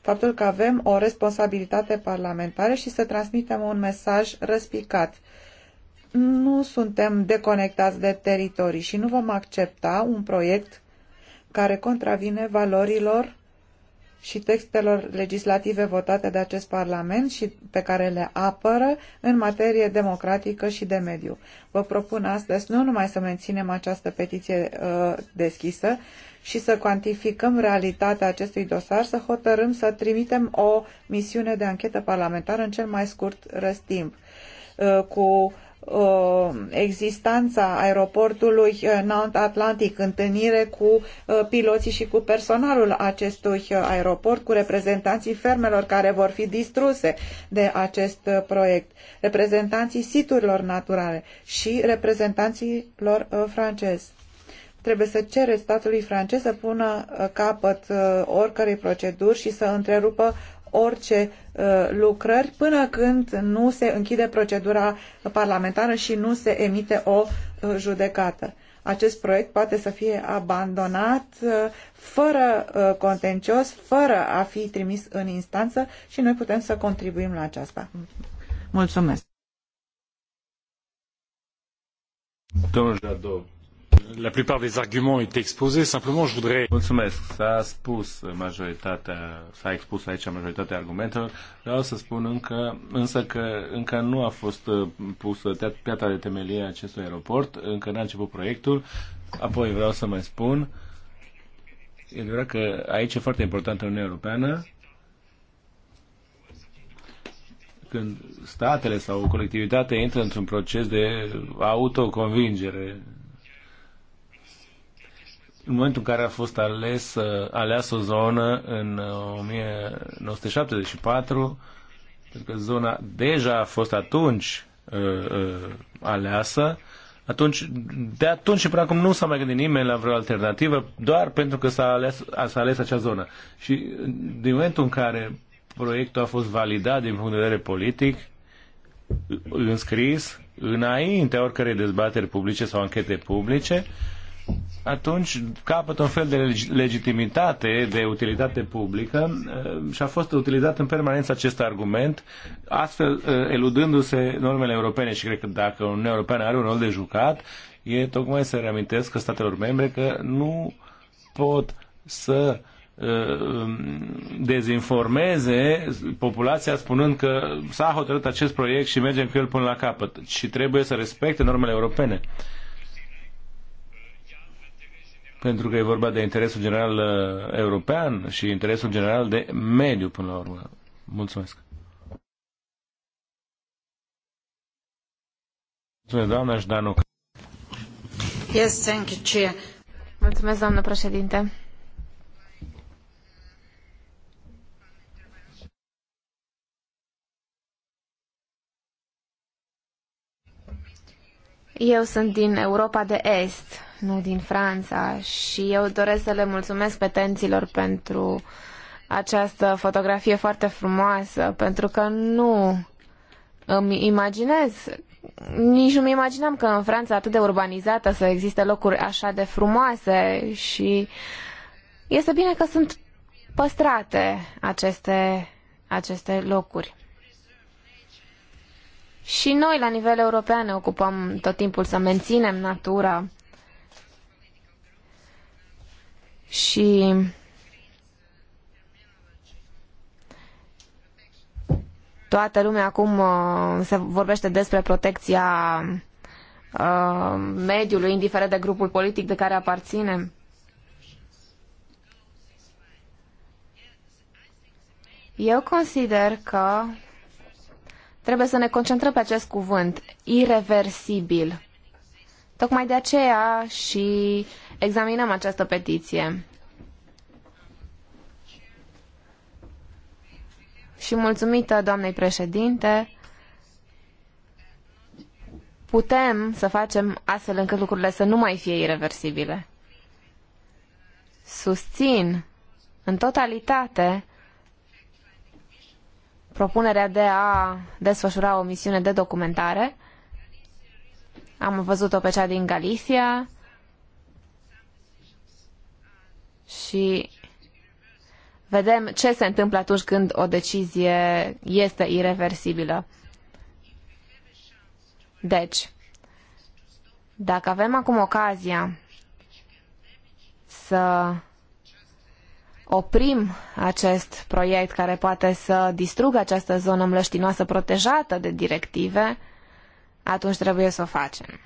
faptul că avem o responsabilitate parlamentară și să transmitem un mesaj răspicat. Nu suntem deconectați de teritorii și nu vom accepta un proiect care contravine valorilor și textelor legislative votate de acest Parlament și pe care le apără în materie democratică și de mediu. Vă propun astăzi nu numai să menținem această petiție uh, deschisă și să cuantificăm realitatea acestui dosar, să hotărâm să trimitem o misiune de anchetă parlamentară în cel mai scurt răstimp uh, cu uh, Uh, existența aeroportului uh, Nant Atlantic, întâlnire cu uh, piloții și cu personalul acestui aeroport, cu reprezentanții fermelor care vor fi distruse de acest proiect, reprezentanții siturilor naturale și reprezentanții lor francezi. Trebuie să cere statului francez să pună capăt oricărei proceduri și să întrerupă orice uh, lucrări până când nu se închide procedura parlamentară și nu se emite o uh, judecată. Acest proiect poate să fie abandonat uh, fără contencios, fără a fi trimis în instanță și noi putem să contribuim la aceasta. Mulțumesc! Domnul Jadot la plupart des arguments étaient exposés. Simplement, je voudrais... Mulțumesc. S-a spus majoritatea, s-a expus aici majoritatea argumentelor. Vreau să spun încă, însă că încă nu a fost uh, pusă piatra de temelie a acestui aeroport, încă n-a început proiectul. Apoi vreau să mai spun, e vreau că aici e foarte importantă Uniunea Europeană, când statele sau colectivitatea intră într-un proces de autoconvingere în momentul în care a fost ales, uh, aleasă o zonă în 1974, uh, pentru că zona deja a fost atunci uh, uh, aleasă, atunci, de atunci și până acum nu s-a mai gândit nimeni la vreo alternativă, doar pentru că s-a ales, s-a ales acea zonă. Și uh, din momentul în care proiectul a fost validat din punct de vedere politic, înscris, înaintea oricărei dezbateri publice sau anchete publice, uh, atunci capătă un fel de legitimitate, de utilitate publică uh, și a fost utilizat în permanență acest argument, astfel uh, eludându-se normele europene și cred că dacă Uniunea Europeană are un rol de jucat, e tocmai să reamintesc că statelor membre că nu pot să uh, um, dezinformeze populația spunând că s-a hotărât acest proiect și mergem cu el până la capăt și trebuie să respecte normele europene. Uh, pentru că e vorba de interesul general uh, european și interesul general de mediu până la urmă. Mulțumesc. Mulțumesc, doamna Jdanuc. Yes, thank you, Chair. Mulțumesc, doamnă președinte. Eu sunt din Europa de Est nu din Franța și eu doresc să le mulțumesc petenților pentru această fotografie foarte frumoasă, pentru că nu îmi imaginez, nici nu-mi imaginam că în Franța atât de urbanizată să existe locuri așa de frumoase și este bine că sunt păstrate aceste, aceste locuri. Și noi, la nivel european, ne ocupăm tot timpul să menținem natura și toată lumea acum uh, se vorbește despre protecția uh, mediului, indiferent de grupul politic de care aparține. Eu consider că trebuie să ne concentrăm pe acest cuvânt, irreversibil. Tocmai de aceea și examinăm această petiție. Și mulțumită doamnei președinte, putem să facem astfel încât lucrurile să nu mai fie irreversibile. Susțin în totalitate propunerea de a desfășura o misiune de documentare. Am văzut-o pe cea din Galicia și vedem ce se întâmplă atunci când o decizie este irreversibilă. Deci, dacă avem acum ocazia să oprim acest proiect care poate să distrugă această zonă mlăștinoasă protejată de directive, atunci trebuie să o facem.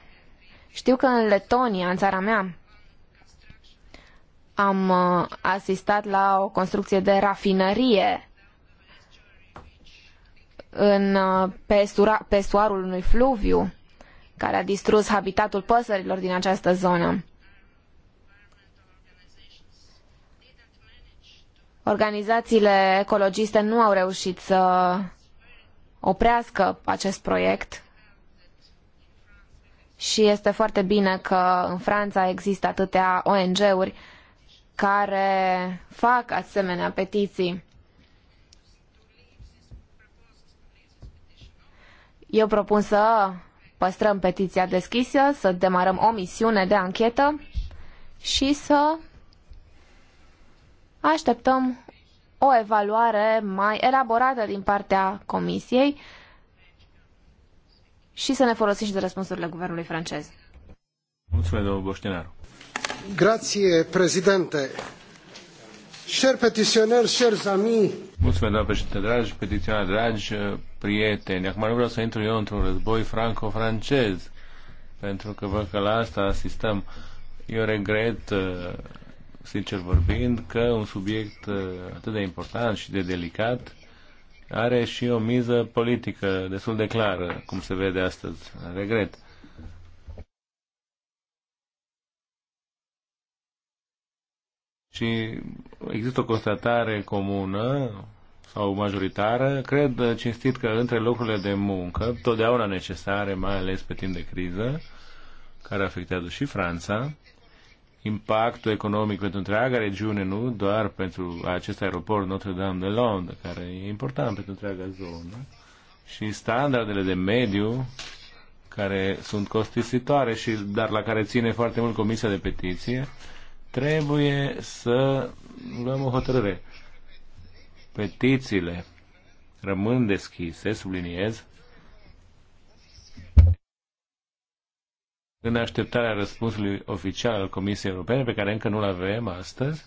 Știu că în Letonia, în țara mea, am uh, asistat la o construcție de rafinărie în, uh, pe, unui fluviu care a distrus habitatul păsărilor din această zonă. Organizațiile ecologiste nu au reușit să oprească acest proiect și este foarte bine că în Franța există atâtea ONG-uri care fac asemenea petiții. Eu propun să păstrăm petiția deschisă, să demarăm o misiune de anchetă și să așteptăm o evaluare mai elaborată din partea Comisiei și să ne folosim și de răspunsurile guvernului francez. Mulțumesc, domnul Boștinaru. Grație, Cher cher zami. Mulțumesc, doamnă președinte, dragi petiționari, dragi uh, prieteni. Acum nu vreau să intru eu într-un război franco-francez, pentru că văd că la asta asistăm. Eu regret, uh, sincer vorbind, că un subiect uh, atât de important și de delicat are și o miză politică destul de clară, cum se vede astăzi. Regret. ci există o constatare comună sau majoritară. Cred uh, cinstit că între locurile de muncă, totdeauna necesare, mai ales pe timp de criză, care afectează și Franța, impactul economic pentru întreaga regiune, nu doar pentru acest aeroport Notre-Dame de Londra, care e important pentru întreaga zonă, și standardele de mediu care sunt costisitoare și dar la care ține foarte mult Comisia de Petiție, Trebuie să luăm o hotărâre. Petițiile rămân deschise, subliniez, în așteptarea răspunsului oficial al Comisiei Europene, pe care încă nu-l avem astăzi,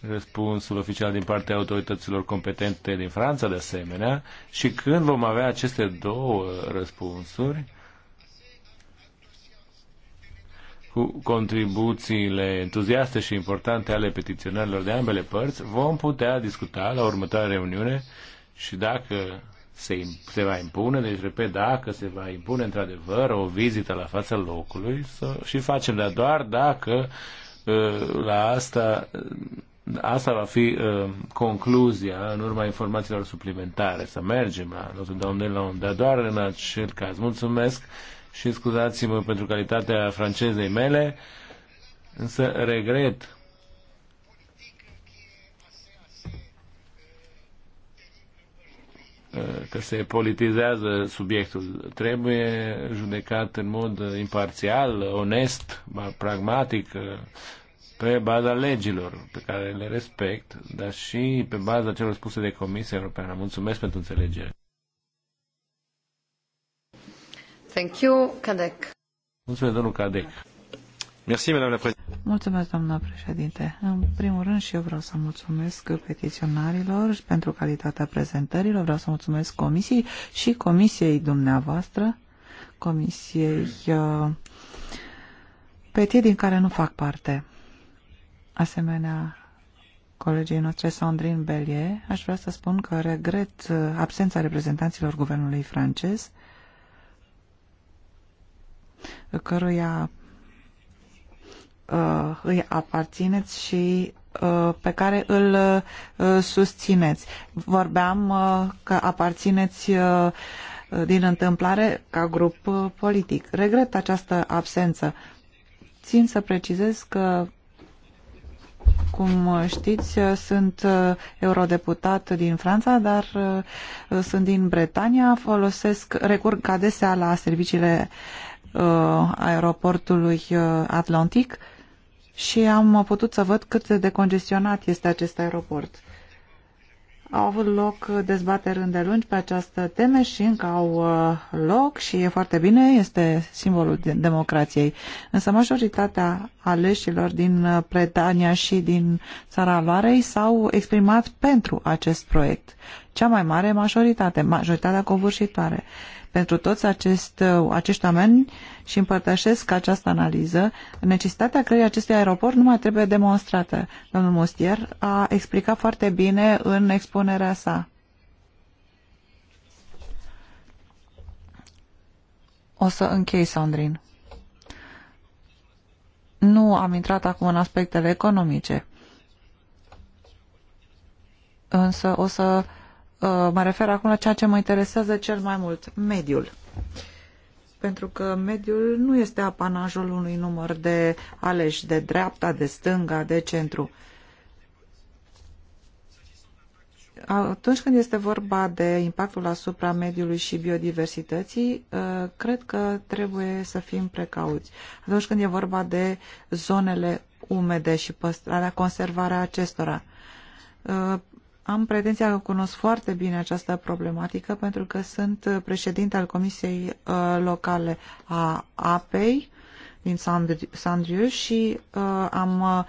răspunsul oficial din partea autorităților competente din Franța, de asemenea, și când vom avea aceste două răspunsuri, cu contribuțiile entuziaste și importante ale petiționarilor de ambele părți, vom putea discuta la următoarea reuniune și dacă se, se va impune, deci repet, dacă se va impune într-adevăr o vizită la fața locului să, și facem, dar doar dacă ă, la asta asta va fi ă, concluzia în urma informațiilor suplimentare, să mergem la Notre Dame de Londra, doar în acel caz. Mulțumesc! și scuzați-mă pentru calitatea francezei mele, însă regret că se politizează subiectul. Trebuie judecat în mod imparțial, onest, pragmatic, pe baza legilor pe care le respect, dar și pe baza celor spuse de Comisia Europeană. Mulțumesc pentru înțelegere. Thank you, Cadec. Mulțumesc, domnul Cadec. Mulțumesc, doamna președinte. În primul rând și eu vreau să mulțumesc petiționarilor pentru calitatea prezentărilor, vreau să mulțumesc comisiei și comisiei dumneavoastră, comisiei uh, din care nu fac parte. Asemenea, colegii noastre Sandrine Bellier, aș vrea să spun că regret uh, absența reprezentanților guvernului francez, căruia uh, îi aparțineți și uh, pe care îl uh, susțineți. Vorbeam uh, că aparțineți din întâmplare ca grup politic. Regret această absență. Țin să precizez că cum știți, sunt eurodeputat din Franța, dar sunt din Bretania, folosesc, recurg adesea la serviciile uh, Uh, aeroportului uh, Atlantic și am putut să văd cât de congestionat este acest aeroport. Au avut loc dezbateri îndelungi pe această teme și încă au uh, loc și e foarte bine, este simbolul democrației. Însă majoritatea aleșilor din Bretania și din țara Loarei s-au exprimat pentru acest proiect cea mai mare majoritate, majoritatea covârșitoare. Pentru toți acest, uh, acești oameni și împărtășesc această analiză, necesitatea creării acestui aeroport nu mai trebuie demonstrată. Domnul Mustier a explicat foarte bine în expunerea sa. O să închei, Sandrin. Nu am intrat acum în aspectele economice. Însă o să Uh, mă refer acum la ceea ce mă interesează cel mai mult, mediul. Pentru că mediul nu este apanajul unui număr de aleși de dreapta, de stânga, de centru. Atunci când este vorba de impactul asupra mediului și biodiversității, uh, cred că trebuie să fim precauți. Atunci când e vorba de zonele umede și păstrarea, conservarea acestora uh, am pretenția că cunosc foarte bine această problematică pentru că sunt președinte al Comisiei uh, Locale a APEI din Sandriu și uh, am uh,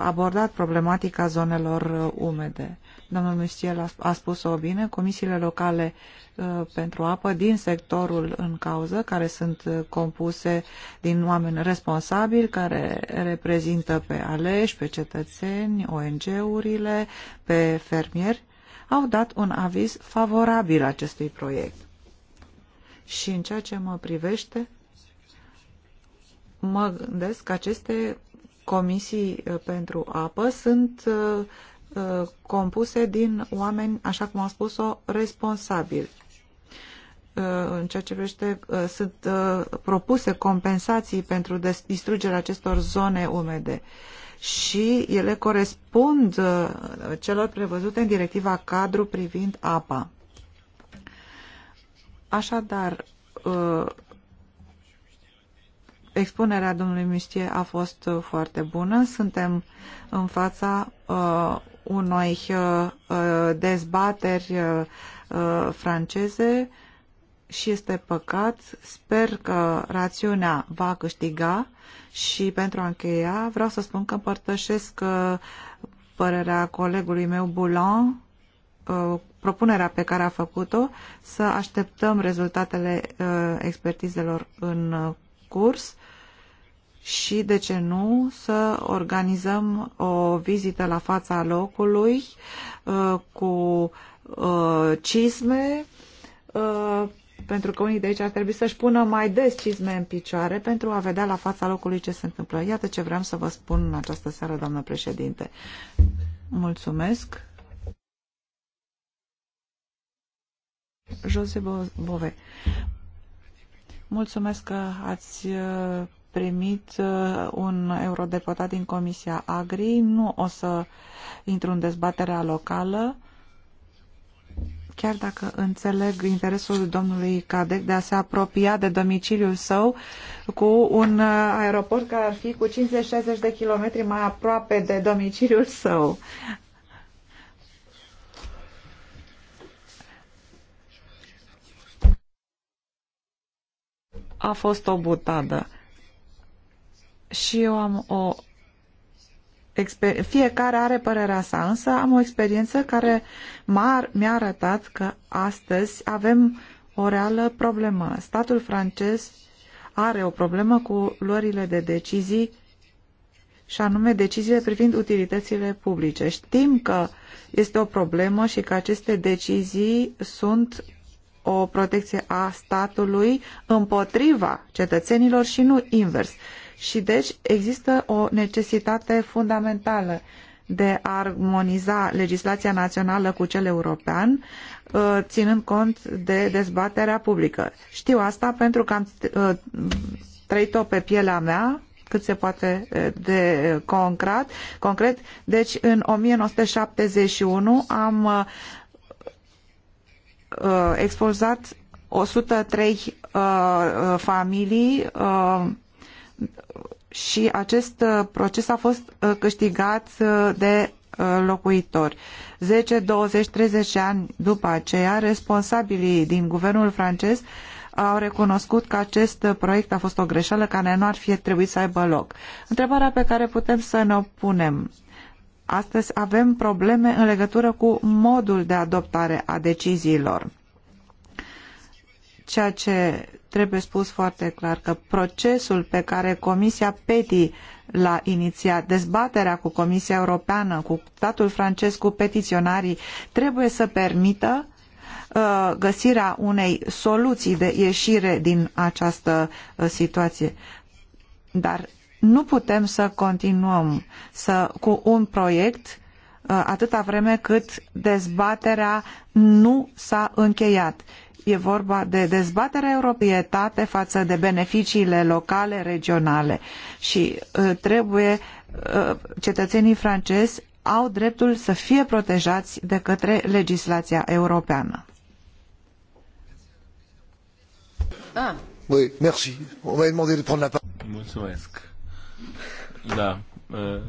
abordat problematica zonelor umede. Domnul Mustiel a, a spus-o bine, comisiile locale uh, pentru apă din sectorul în cauză, care sunt uh, compuse din oameni responsabili, care reprezintă pe aleși, pe cetățeni, ONG-urile, pe fermieri, au dat un aviz favorabil acestui proiect. Și în ceea ce mă privește, mă gândesc că aceste comisii uh, pentru apă sunt uh, compuse din oameni, așa cum am spus-o, responsabili. Uh, în ceea ce privește, uh, sunt uh, propuse compensații pentru distrugerea acestor zone umede și ele corespund celor prevăzute în directiva cadru privind apa. Așadar, expunerea domnului Mistie a fost foarte bună. Suntem în fața unei uh, uh, dezbateri uh, franceze și este păcat. Sper că rațiunea va câștiga și pentru a încheia vreau să spun că împărtășesc părerea colegului meu Boulan propunerea pe care a făcut-o, să așteptăm rezultatele expertizelor în curs și, de ce nu, să organizăm o vizită la fața locului uh, cu uh, cisme, uh, pentru că unii de aici ar trebui să-și pună mai des cizme în picioare pentru a vedea la fața locului ce se întâmplă. Iată ce vreau să vă spun în această seară, doamnă președinte. Mulțumesc. Jose Bove. Mulțumesc că ați primit uh, un eurodeputat din Comisia Agri. Nu o să intru în dezbaterea locală, chiar dacă înțeleg interesul domnului Cadec de a se apropia de domiciliul său cu un uh, aeroport care ar fi cu 50-60 de kilometri mai aproape de domiciliul său. a fost o butadă și eu am o fiecare are părerea sa, însă am o experiență care mi-a arătat că astăzi avem o reală problemă. Statul francez are o problemă cu luările de decizii și anume deciziile privind utilitățile publice. Știm că este o problemă și că aceste decizii sunt o protecție a statului împotriva cetățenilor și nu invers. Și deci există o necesitate fundamentală de a armoniza legislația națională cu cel european, uh, ținând cont de dezbaterea publică. Știu asta pentru că am uh, trăit-o pe pielea mea, cât se poate uh, de concret. concret. Deci, în 1971 am expulzat 103 familii și acest uh, proces a fost uh, câștigat uh, de locuitori. 10, 20, 30 ani după aceea, responsabilii din guvernul francez au recunoscut că acest proiect a fost o greșeală care nu ar fi trebuit să aibă loc. Întrebarea pe care putem să ne punem astăzi avem probleme în legătură cu modul de adoptare a deciziilor ceea ce trebuie spus foarte clar, că procesul pe care Comisia PETI l-a inițiat, dezbaterea cu Comisia Europeană, cu statul francez, cu petiționarii, trebuie să permită uh, găsirea unei soluții de ieșire din această uh, situație. Dar nu putem să continuăm să, cu un proiect uh, atâta vreme cât dezbaterea nu s-a încheiat E vorba de dezbatere europietate față de beneficiile locale, regionale și uh, trebuie uh, cetățenii francezi au dreptul să fie protejați de către legislația europeană. Ah. Oui, merci. On m'a demandé de prendre la parole. Mulțumesc. Da, uh,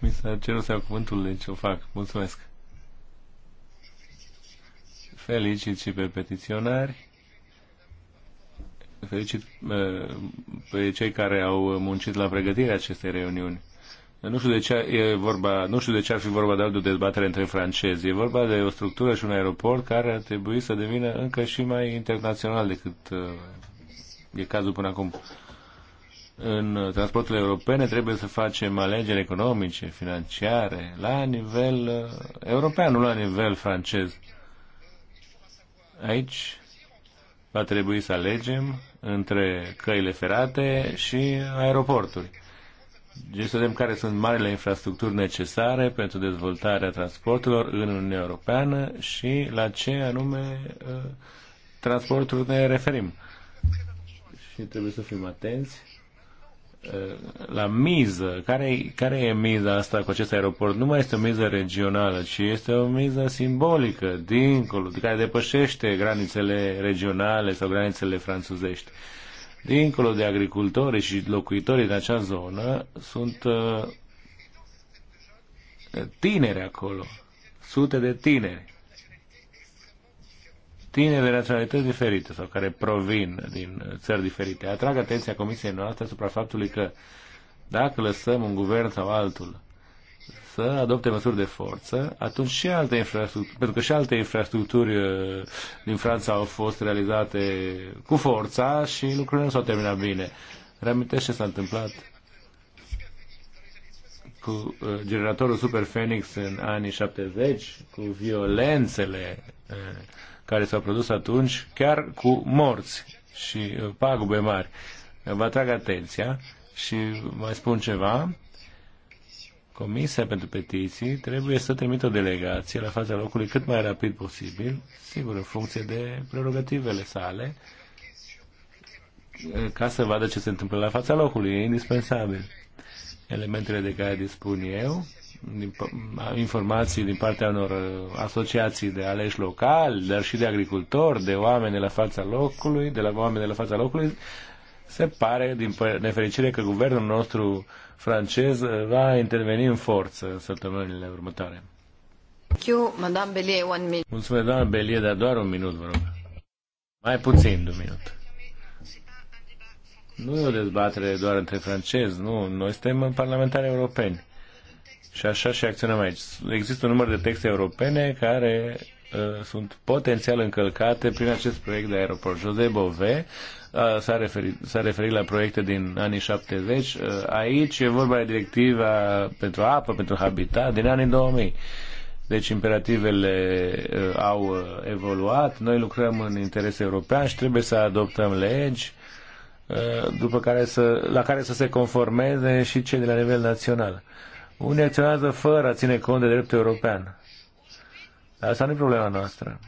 mi s-a cerut să iau cuvântul, deci o fac. Mulțumesc felicit și pe petiționari, felicit uh, pe cei care au muncit la pregătirea acestei reuniuni. Nu știu, de ce e vorba, nu știu de ce ar fi vorba de o dezbatere între francezi. E vorba de o structură și un aeroport care ar trebui să devină încă și mai internațional decât uh, e cazul până acum. În transporturile europene trebuie să facem alegeri economice, financiare, la nivel uh, european, nu la nivel francez. Aici va trebui să alegem între căile ferate și aeroporturi. Deci să vedem care sunt marile infrastructuri necesare pentru dezvoltarea transporturilor în Uniunea Europeană și la ce anume uh, transporturi ne referim. Și trebuie să fim atenți Eh, la miză. Care, care e miza asta cu acest aeroport? Nu mai este o miză regională, ci este o miză simbolică, dincolo, care depășește granițele regionale sau granițele franțuzești. Dincolo de agricultori și locuitorii din acea zonă, sunt eh, tineri acolo, sute de tineri tineri de naționalități diferite sau care provin din țări diferite. Atrag atenția Comisiei noastre asupra faptului că dacă lăsăm un guvern sau altul să adopte măsuri de forță, atunci și alte infrastructuri, pentru că și alte infrastructuri uh, din Franța au fost realizate cu forța și lucrurile nu s-au terminat bine. Reamintește ce s-a întâmplat cu uh, generatorul Super Phoenix în anii 70, cu violențele uh, care s-au produs atunci, chiar cu morți și uh, pagube mari. Vă atrag atenția și mai spun ceva. Comisia pentru petiții trebuie să trimită o delegație la fața locului cât mai rapid posibil, sigur în funcție de prerogativele sale, uh, ca să vadă ce se întâmplă la fața locului. E indispensabil. Elementele de care dispun eu din, informații din partea unor uh, asociații de aleși locali, dar și de agricultori, de oameni de la fața locului, de la oameni de la fața locului, se pare, din nefericire, că guvernul nostru francez uh, va interveni în forță în săptămânile următoare. Mulțumesc, doamna Belie, dar doar un minut, vă rog. Mai puțin de un minut. Nu e o dezbatere doar între francezi, nu. Noi suntem parlamentari europeni. Și așa și acționăm aici. Există un număr de texte europene care uh, sunt potențial încălcate prin acest proiect de aeroport. Jose Bove uh, s-a referit, referit la proiecte din anii 70. Uh, aici e vorba de directiva pentru apă, pentru habitat, din anii 2000. Deci imperativele uh, au uh, evoluat, noi lucrăm în interes european și trebuie să adoptăm legi uh, după care să, la care să se conformeze și cei de la nivel național. Uh, unii acționează fără a ține cont de dreptul european. Dar asta nu e problema noastră.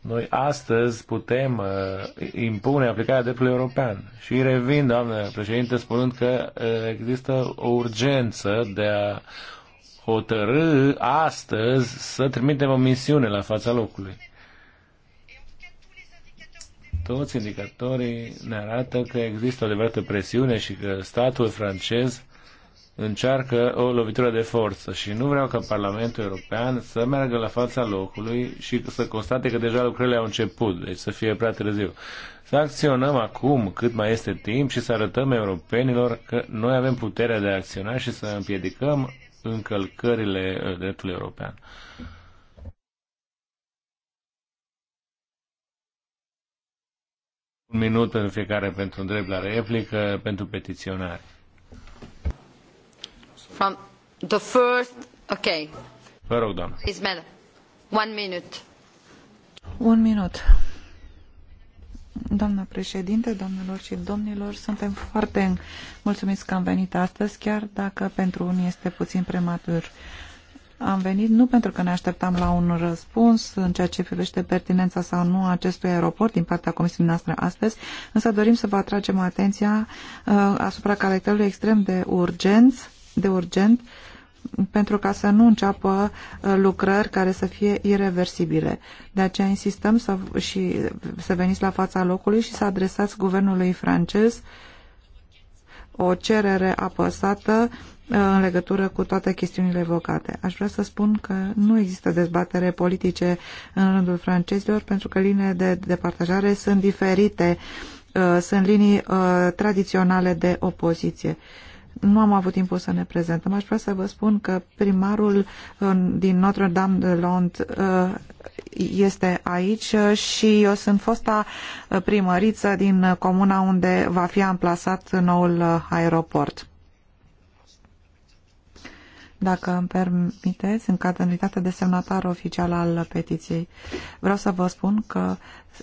Noi astăzi putem uh, impune aplicarea dreptului european. Și revin, doamnă președinte, spunând că uh, există o urgență de a hotărâ astăzi să trimitem o misiune la fața locului. Toți indicatorii ne arată că există o adevărată presiune și că statul francez încearcă o lovitură de forță și nu vreau ca Parlamentul European să meargă la fața locului și să constate că deja lucrurile au început, deci să fie prea târziu. Să acționăm acum cât mai este timp și să arătăm europenilor că noi avem puterea de a acționa și să împiedicăm încălcările uh, dreptului european. Un minut în fiecare pentru drept la replică, pentru petiționari. From the first... doamnă. Ismail, one minute. președinte, domnilor și domnilor, suntem foarte mulțumiți că am venit astăzi, chiar dacă pentru unii este puțin prematur. Am venit nu pentru că ne așteptam la un răspuns în ceea ce privește pertinența sau nu a acestui aeroport din partea comisiei noastre astăzi, însă dorim să vă atragem atenția uh, asupra caracterului extrem de urgent de urgent pentru ca să nu înceapă uh, lucrări care să fie irreversibile. De aceea insistăm să, și, să veniți la fața locului și să adresați guvernului francez o cerere apăsată uh, în legătură cu toate chestiunile evocate. Aș vrea să spun că nu există dezbatere politice în rândul francezilor pentru că linii de departajare sunt diferite, uh, sunt linii tradiționale de opoziție nu am avut timpul să ne prezentăm. Aș vrea să vă spun că primarul uh, din Notre-Dame de Londres uh, este aici și eu sunt fosta uh, primăriță din comuna unde va fi amplasat noul aeroport. Dacă îmi permiteți, în calitate de semnatar oficial al petiției, vreau să vă spun că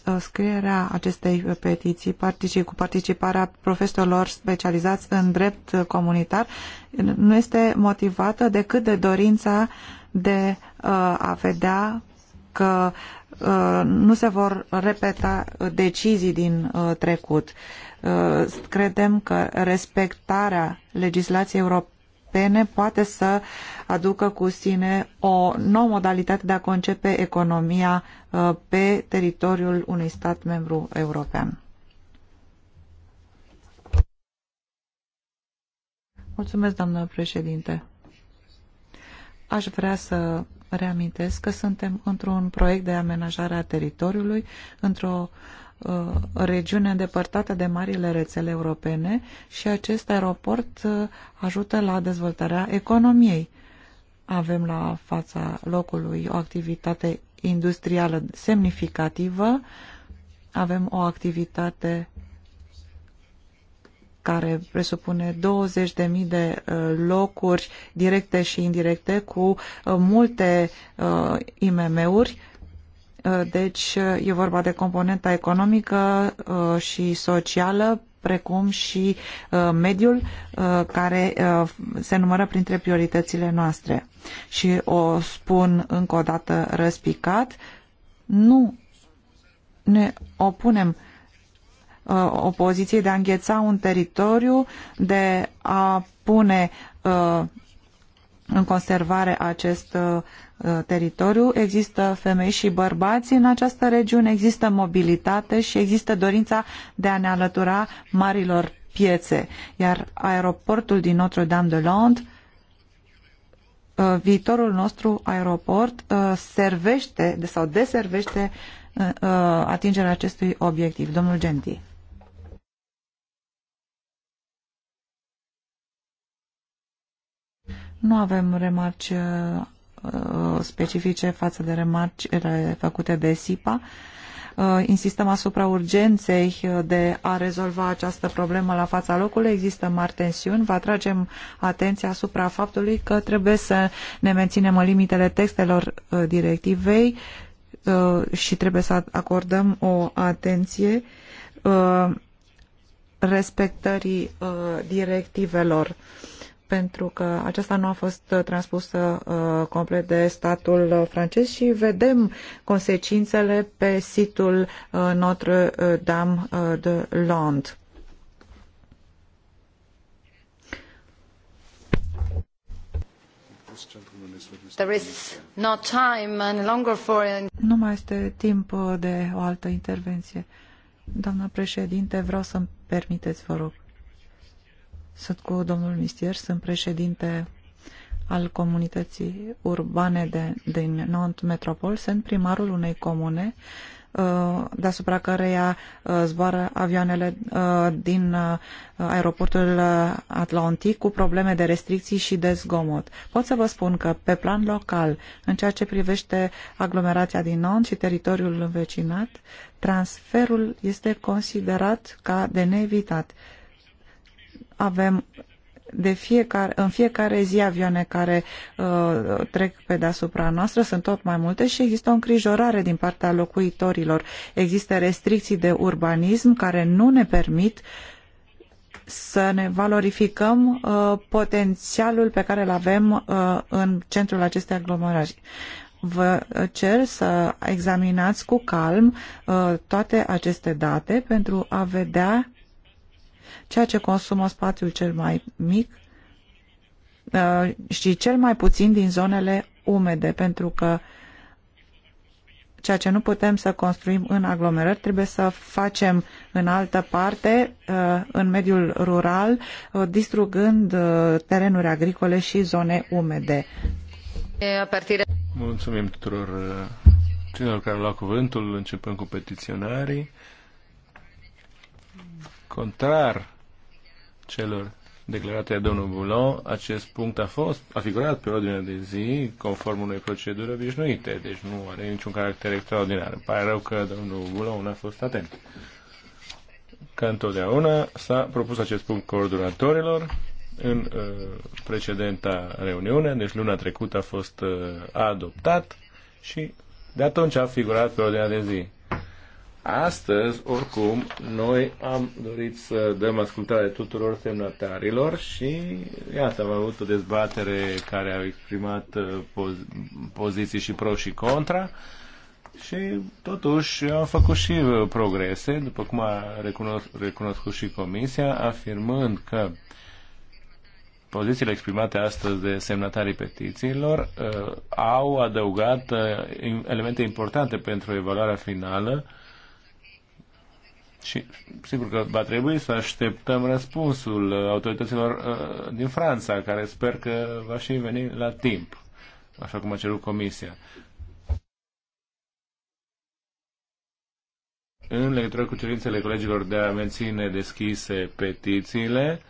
uh, scrierea acestei petiții particip, cu participarea profesorilor specializați în drept comunitar uh, nu este motivată decât de dorința de uh, a vedea că nu se vor repeta decizii din trecut. Credem că respectarea legislației europene Europene poate să aducă cu sine o nouă modalitate de a concepe economia uh, pe teritoriul unui stat membru european. Mulțumesc, doamnă președinte. Aș vrea să reamintesc că suntem într-un proiect de amenajare a teritoriului, într-o uh, Uh, regiune îndepărtată de marile rețele europene și acest aeroport uh, ajută la dezvoltarea economiei. Avem la fața locului o activitate industrială semnificativă, avem o activitate care presupune 20.000 de uh, locuri directe și indirecte cu multe IMM-uri Uh, deci uh, e vorba de componenta economică uh, și socială, precum și mediul care se numără printre prioritățile noastre. Și o spun încă o dată răspicat, nu ne opunem opoziției de a îngheța un teritoriu, de a pune în conservare acest uh, uh, teritoriu. Există femei și bărbați în această regiune, există mobilitate și există dorința de a ne alătura marilor piețe. Iar aeroportul din Notre-Dame-de-Londres uh, viitorul nostru aeroport servește sau deservește atingerea acestui obiectiv. Domnul Genti. Nu avem remarci uh, uh, specifice față de remarci uh, făcute de SIPA. Uh, insistăm asupra urgenței de a rezolva această problemă la fața locului. Există mari tensiuni. Vă atragem atenția asupra faptului că trebuie să ne menținem limitele textelor directivei și trebuie să acordăm o atenție respectării directivelor pentru că aceasta nu a fost uh, transpusă uh, complet de statul uh, francez și vedem consecințele pe situl uh, Notre-Dame uh, de Londres. Nu mai este timp de o altă intervenție. Doamna președinte, vreau să-mi permiteți, vă rog. Sunt cu domnul Mistier, sunt președinte al comunității urbane de, din Nont Metropol, sunt primarul unei comune uh, deasupra căreia uh, zboară avioanele uh, din aeroportul Atlantic cu probleme de restricții și de zgomot. Pot să vă spun că pe plan local, în ceea ce privește aglomerația din Nont și teritoriul învecinat, transferul este considerat ca de neevitat avem de fiecare, în fiecare zi avioane care uh, trec pe deasupra noastră, sunt tot mai multe și există o îngrijorare din partea locuitorilor. Există restricții de urbanism care nu ne permit să ne valorificăm uh, potențialul pe care îl avem uh, în centrul acestei aglomerări. Vă cer să examinați cu calm uh, toate aceste date pentru a vedea ceea ce consumă spațiul cel mai mic uh, și cel mai puțin din zonele umede, pentru că ceea ce nu putem să construim în aglomerări trebuie să facem în altă parte, uh, în mediul rural, uh, distrugând terenuri agricole și zone umede. Mulțumim tuturor celor care au luat cuvântul, începând cu petiționarii. Contrar celor declarate de domnul Boulon, acest punct a fost a figurat pe ordine de zi conform unei proceduri obișnuite, deci nu are niciun caracter extraordinar. Îmi pare rău că domnul Boulon nu a fost atent. Ca întotdeauna s-a propus acest punct coordonatorilor în uh, precedenta reuniune, deci luna trecută a fost uh, adoptat și de atunci a figurat pe ordinea de zi. Astăzi, oricum, noi am dorit să dăm ascultare tuturor semnătarilor și, iată, am avut o dezbatere care au exprimat uh, poz- poziții și pro și contra și, totuși, am făcut și uh, progrese, după cum a recunos- recunoscut și Comisia, afirmând că pozițiile exprimate astăzi de semnatarii petițiilor uh, au adăugat uh, elemente importante pentru evaluarea finală uh, și sigur că va trebui să așteptăm răspunsul uh, autorităților uh, din Franța, care sper că va și veni la timp, așa cum a cerut Comisia. În legătură cu cerințele colegilor de a menține deschise petițiile,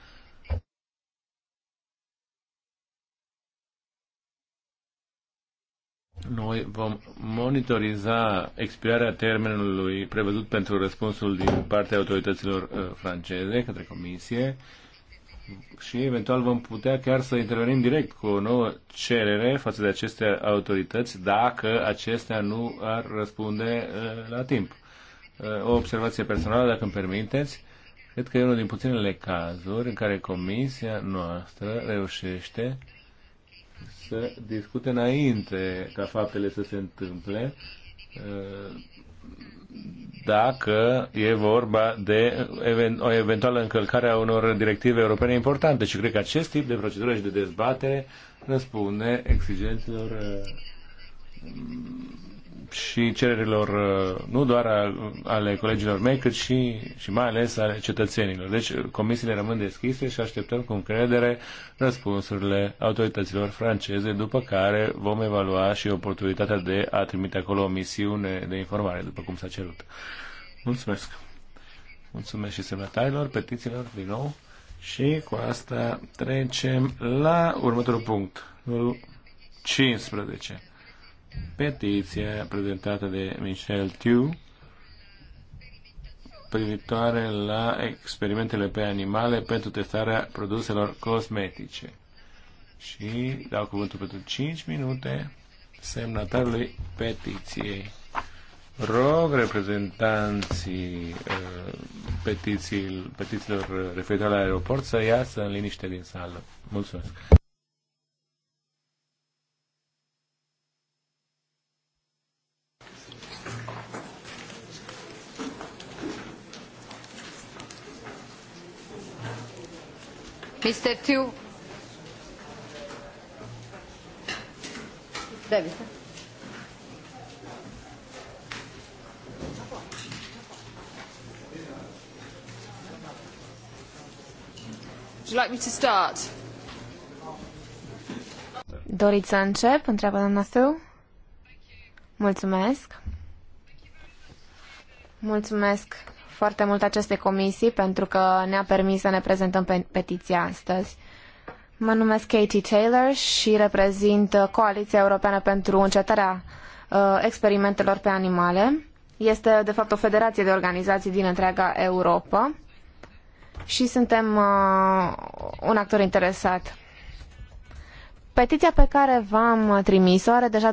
Noi vom monitoriza expirarea termenului prevăzut pentru răspunsul din partea autorităților uh, franceze către Comisie și eventual vom putea chiar să intervenim direct cu o nouă cerere față de aceste autorități dacă acestea nu ar răspunde uh, la timp. Uh, o observație personală, dacă îmi permiteți, cred că e unul din puținele cazuri în care Comisia noastră reușește să discute înainte ca faptele să se întâmple uh, dacă e vorba de o eventuală încălcare a unor directive europene importante. Și cred că acest tip de procedură și de dezbatere răspunde exigențelor uh, și cererilor uh, nu doar ale colegilor mei, cât și, și mai ales ale cetățenilor. Deci uh, comisiile rămân deschise și așteptăm cu încredere răspunsurile autorităților franceze, după care vom evalua și oportunitatea de a trimite acolo o misiune de informare, după cum s-a cerut. Mulțumesc! Mulțumesc și semnătarilor, petițiilor, din nou. Și cu asta trecem la următorul punct, 15 petiția prezentată de Michel Thieu privitoare la experimentele pe animale pentru testarea produselor cosmetice. Și dau cuvântul pentru 5 minute semnatarului petiției. Rog reprezentanții uh, petiții, petițiilor referitoare la aeroport să iasă în liniște din sală. Mulțumesc! Mr. Tiu. David. Would you like me to start? Doriți să încep? Întreabă doamna Său. Mulțumesc. Mulțumesc foarte mult aceste comisii pentru că ne-a permis să ne prezentăm pe petiția astăzi. Mă numesc Katie Taylor și reprezint Coaliția Europeană pentru încetarea uh, experimentelor pe animale. Este, de fapt, o federație de organizații din întreaga Europa și suntem uh, un actor interesat Petiția pe care v-am trimis-o are deja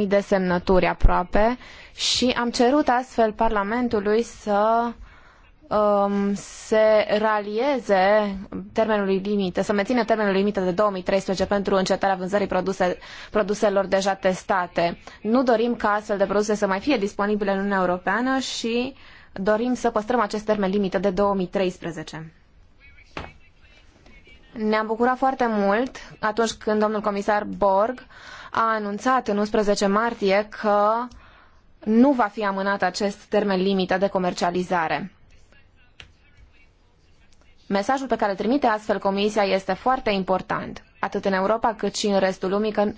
250.000 de semnături aproape și am cerut astfel Parlamentului să um, se ralieze termenului limită, să mențină termenul limită de 2013 pentru încetarea vânzării produse, produselor deja testate. Nu dorim ca astfel de produse să mai fie disponibile în Uniunea Europeană și dorim să păstrăm acest termen limită de 2013. Ne-am bucurat foarte mult atunci când domnul comisar Borg a anunțat în 11 martie că nu va fi amânat acest termen limită de comercializare. Mesajul pe care îl trimite astfel Comisia este foarte important, atât în Europa cât și în restul lumii, că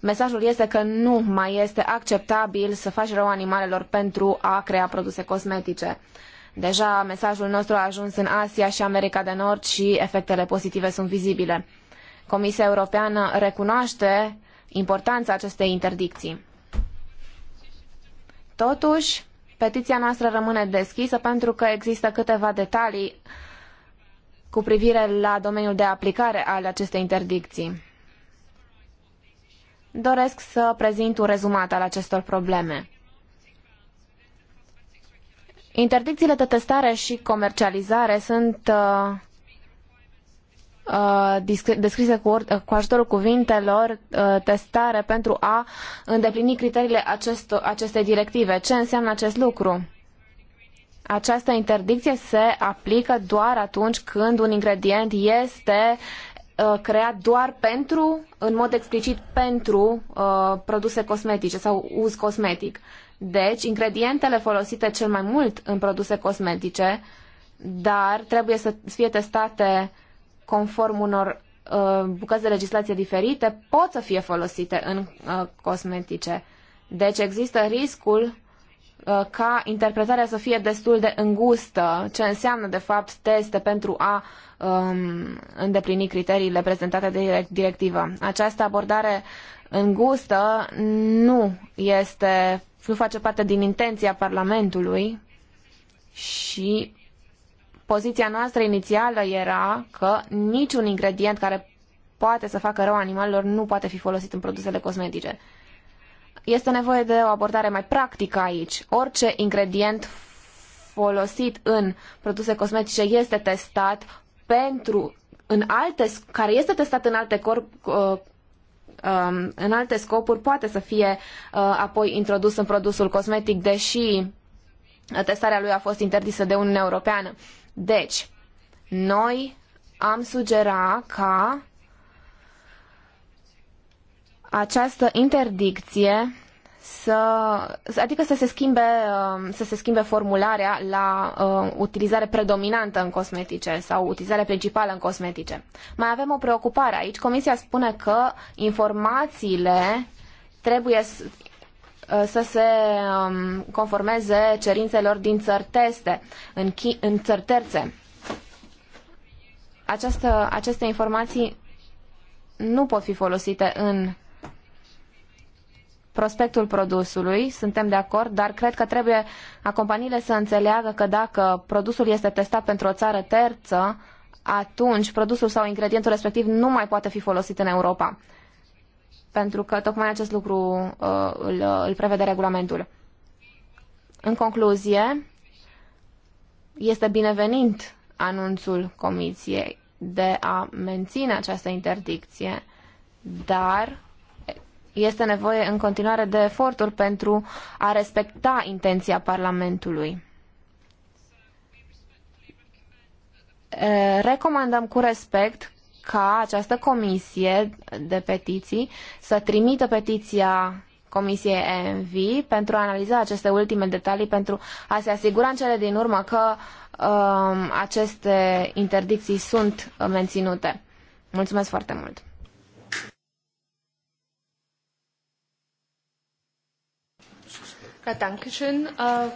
mesajul este că nu mai este acceptabil să faci rău animalelor pentru a crea produse cosmetice. Deja mesajul nostru a ajuns în Asia și America de Nord și efectele pozitive sunt vizibile. Comisia Europeană recunoaște importanța acestei interdicții. Totuși, petiția noastră rămâne deschisă pentru că există câteva detalii cu privire la domeniul de aplicare al acestei interdicții. Doresc să prezint un rezumat al acestor probleme. Interdicțiile de testare și comercializare sunt uh, uh, descrise cu, cu, ajutorul cuvintelor uh, testare pentru a îndeplini criteriile acest acestei directive. Ce înseamnă acest lucru? Această interdicție se aplică doar atunci când un ingredient este uh, creat doar pentru, în mod explicit, pentru uh, produse cosmetice sau uz cosmetic. Deci, ingredientele folosite cel mai mult în produse cosmetice, dar trebuie să fie testate conform unor uh, bucăți de legislație diferite, pot să fie folosite în uh, cosmetice. Deci există riscul uh, ca interpretarea să fie destul de îngustă, ce înseamnă de fapt teste pentru a um, îndeplini criteriile prezentate de directivă. Această abordare îngustă nu este nu face parte din intenția Parlamentului și poziția noastră inițială era că niciun ingredient care poate să facă rău animalelor nu poate fi folosit în produsele cosmetice. Este nevoie de o abordare mai practică aici. Orice ingredient folosit în produse cosmetice este testat pentru în alte, care este testat în alte corp, uh, Um, în alte scopuri poate să fie uh, apoi introdus în produsul cosmetic, deși testarea lui a fost interzisă de Uniunea Europeană. Deci, noi am sugera ca această interdicție să, adică să se schimbe, um, să se schimbe formularea la uh, utilizare predominantă în cosmetice sau utilizare principală în cosmetice. Mai avem o preocupare aici. Comisia spune că informațiile trebuie să, uh, să se um, conformeze cerințelor din țări teste, în, chi, în țări terțe. Această, aceste informații nu pot fi folosite în prospectul produsului, suntem de acord, dar cred că trebuie a companiile să înțeleagă că dacă produsul este testat pentru o țară terță, atunci produsul sau ingredientul respectiv nu mai poate fi folosit în Europa. Pentru că tocmai acest lucru uh, îl, uh, îl prevede regulamentul. În concluzie, este binevenit anunțul Comisiei de a menține această interdicție, dar este nevoie în continuare de eforturi pentru a respecta intenția Parlamentului. Recomandăm cu respect ca această comisie de petiții să trimită petiția Comisiei ENV pentru a analiza aceste ultime detalii, pentru a se asigura în cele din urmă că um, aceste interdicții sunt menținute. Mulțumesc foarte mult! Äh,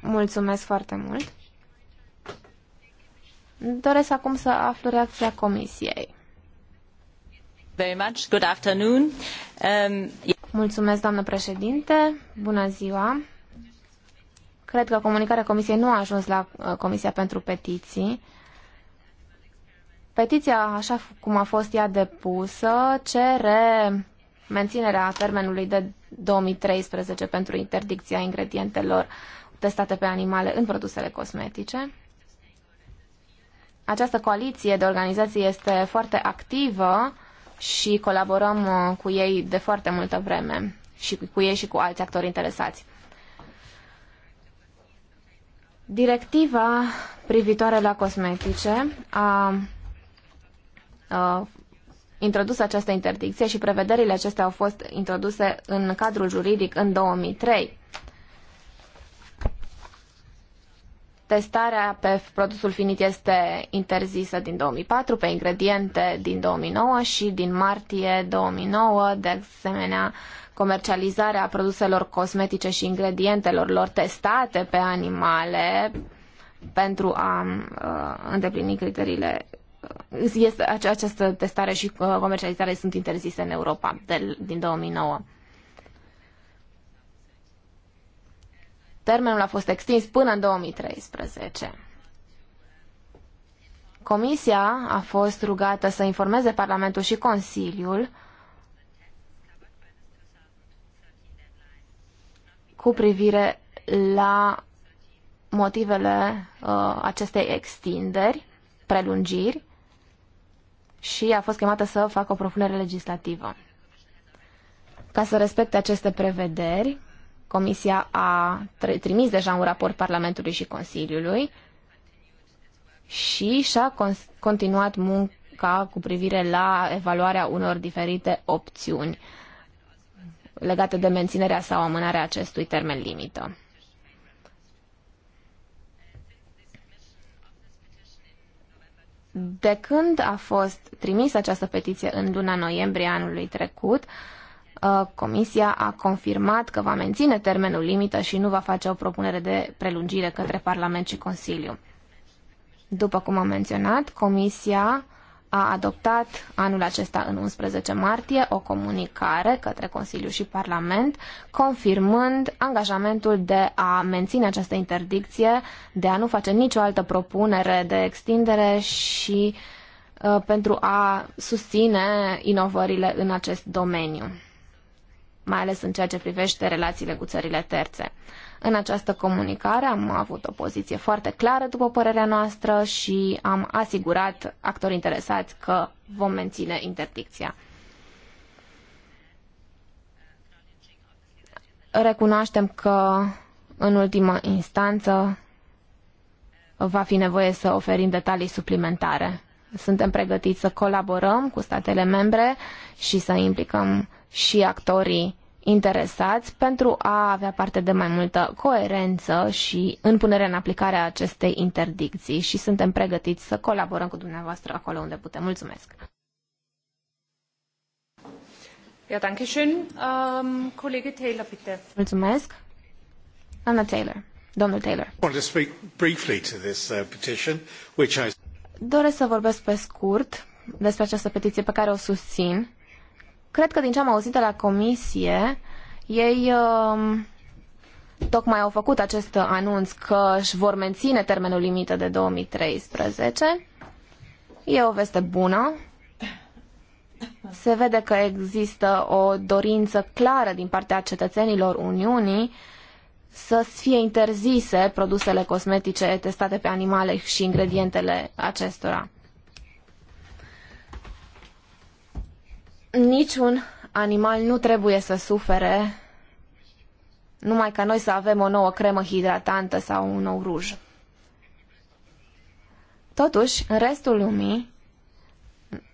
Mulțumesc foarte mult. Doresc acum să aflu reacția Comisiei. Very much. Good afternoon. Um, Mulțumesc, doamnă președinte. Bună ziua. Cred că comunicarea Comisiei nu a ajuns la uh, Comisia pentru Petiții. Petiția, așa cum a fost ea depusă, cere menținerea termenului de 2013 pentru interdicția ingredientelor testate pe animale în produsele cosmetice. Această coaliție de organizații este foarte activă și colaborăm uh, cu ei de foarte multă vreme și cu ei și cu alți actori interesați. Directiva privitoare la cosmetice a, a uh, introdus această interdicție și prevederile acestea au fost introduse în cadrul juridic în 2003. Testarea pe produsul finit este interzisă din 2004, pe ingrediente din 2009 și din martie 2009, de asemenea, comercializarea produselor cosmetice și ingredientelor lor testate pe animale pentru a uh, îndeplini criteriile este, această testare și uh, comercializare sunt interzise în Europa de, din 2009. Termenul a fost extins până în 2013. Comisia a fost rugată să informeze Parlamentul și Consiliul cu privire la motivele uh, acestei extinderi, prelungiri, și a fost chemată să facă o propunere legislativă. Ca să respecte aceste prevederi, Comisia a trimis deja un raport Parlamentului și Consiliului și și-a continuat munca cu privire la evaluarea unor diferite opțiuni legate de menținerea sau amânarea acestui termen limită. De când a fost trimisă această petiție în luna noiembrie anului trecut, uh, Comisia a confirmat că va menține termenul limită și nu va face o propunere de prelungire către Parlament și Consiliu. După cum am menționat, Comisia a adoptat anul acesta în 11 martie o comunicare către Consiliu și Parlament confirmând angajamentul de a menține această interdicție, de a nu face nicio altă propunere de extindere și uh, pentru a susține inovările în acest domeniu, mai ales în ceea ce privește relațiile cu țările terțe. În această comunicare am avut o poziție foarte clară, după părerea noastră, și am asigurat actorii interesați că vom menține interdicția. Recunoaștem că, în ultimă instanță, va fi nevoie să oferim detalii suplimentare. Suntem pregătiți să colaborăm cu statele membre și să implicăm și actorii interesați pentru a avea parte de mai multă coerență și în punerea în aplicare a acestei interdicții și suntem pregătiți să colaborăm cu dumneavoastră acolo unde putem. Mulțumesc! Ja, danke schön. Um, Kollege Taylor, bitte. Mulțumesc. Anna Taylor. Domnul Taylor. I want to speak briefly to this uh, petition, which I... Doresc să vorbesc pe scurt despre această petiție pe care o susțin Cred că din ce am auzit de la comisie, ei um, tocmai au făcut acest anunț că își vor menține termenul limită de 2013. E o veste bună. Se vede că există o dorință clară din partea cetățenilor Uniunii să fie interzise produsele cosmetice testate pe animale și ingredientele acestora. Niciun animal nu trebuie să sufere numai ca noi să avem o nouă cremă hidratantă sau un nou ruj. Totuși, în restul lumii,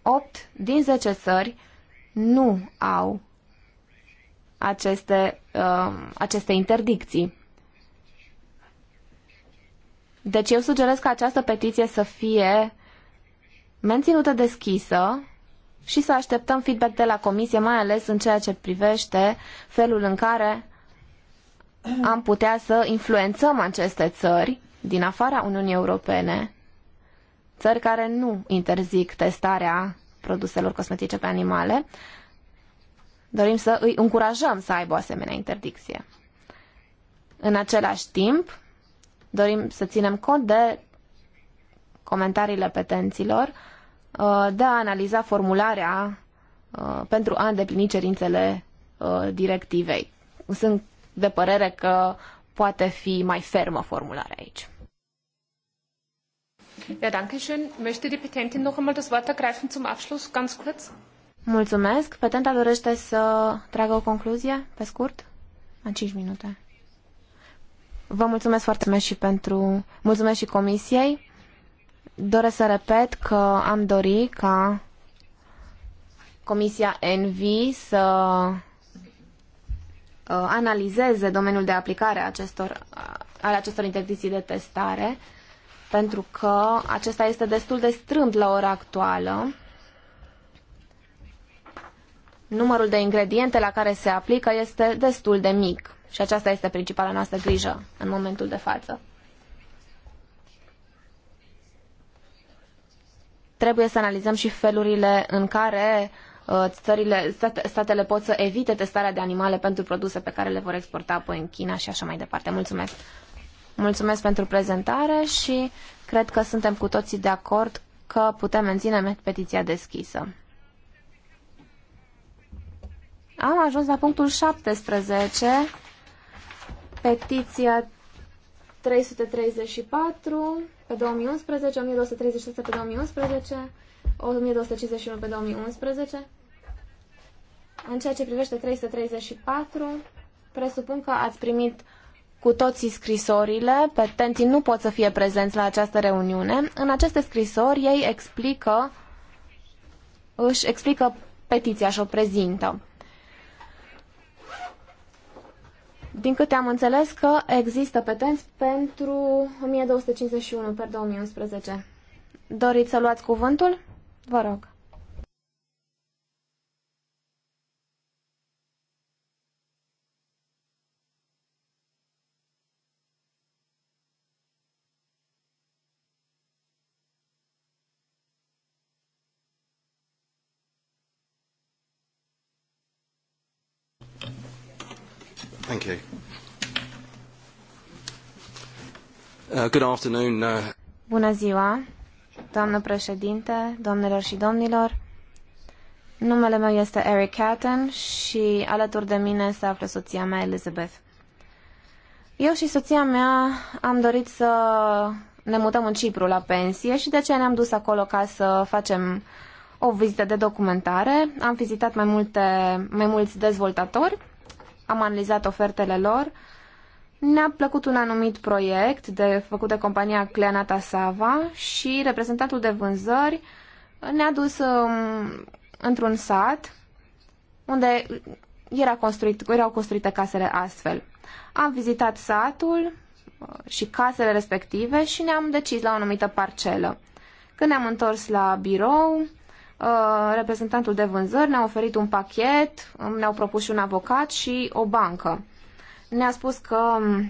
8 din 10 țări nu au aceste, uh, aceste interdicții. Deci eu sugerez ca această petiție să fie menținută deschisă și să așteptăm feedback de la comisie, mai ales în ceea ce privește felul în care am putea să influențăm aceste țări din afara Uniunii Europene, țări care nu interzic testarea produselor cosmetice pe animale, dorim să îi încurajăm să aibă o asemenea interdicție. În același timp, dorim să ținem cont de comentariile petenților Uh, de a analiza formularea uh, pentru a îndeplini cerințele uh, directivei. Sunt de părere că poate fi mai fermă formularea aici. Ja, danke schön. Möchte die Petentin noch einmal das Wort ergreifen zum Abschluss, ganz kurz? Mulțumesc. Petenta dorește să tragă o concluzie, pe scurt, în 5 minute. Vă mulțumesc foarte mult și pentru... Mulțumesc și comisiei doresc să repet că am dorit ca Comisia Envi să uh, analizeze domeniul de aplicare al acestor, uh, acestor interdicții de testare, pentru că acesta este destul de strâmb la ora actuală. Numărul de ingrediente la care se aplică este destul de mic și aceasta este principala noastră grijă în momentul de față. trebuie să analizăm și felurile în care uh, țările, statele pot să evite testarea de animale pentru produse pe care le vor exporta apoi în China și așa mai departe. Mulțumesc! Mulțumesc pentru prezentare și cred că suntem cu toții de acord că putem menține petiția deschisă. Am ajuns la punctul 17, petiția 334 pe 2011, 1236 pe 2011, 1251 pe 2011. În ceea ce privește 334, presupun că ați primit cu toții scrisorile, petenții nu pot să fie prezenți la această reuniune. În aceste scrisori ei explică, își explică petiția și o prezintă. Din câte am înțeles că există petenți pentru 1251 per 2011. Doriți să luați cuvântul? Vă rog. Uh, good afternoon. Uh, Bună ziua, doamnă președinte, domnilor și domnilor. Numele meu este Eric Catton și alături de mine se află soția mea Elizabeth. Eu și soția mea am dorit să ne mutăm în Cipru la pensie și de aceea ne-am dus acolo ca să facem o vizită de documentare. Am vizitat mai, multe, mai mulți dezvoltatori, am analizat ofertele lor ne-a plăcut un anumit proiect de, făcut de compania Cleanata Sava și reprezentantul de vânzări ne-a dus um, într-un sat unde era construit, erau construite casele astfel. Am vizitat satul uh, și casele respective și ne-am decis la o anumită parcelă. Când ne-am întors la birou, uh, reprezentantul de vânzări ne-a oferit un pachet, um, ne-au propus și un avocat și o bancă ne-a spus că um,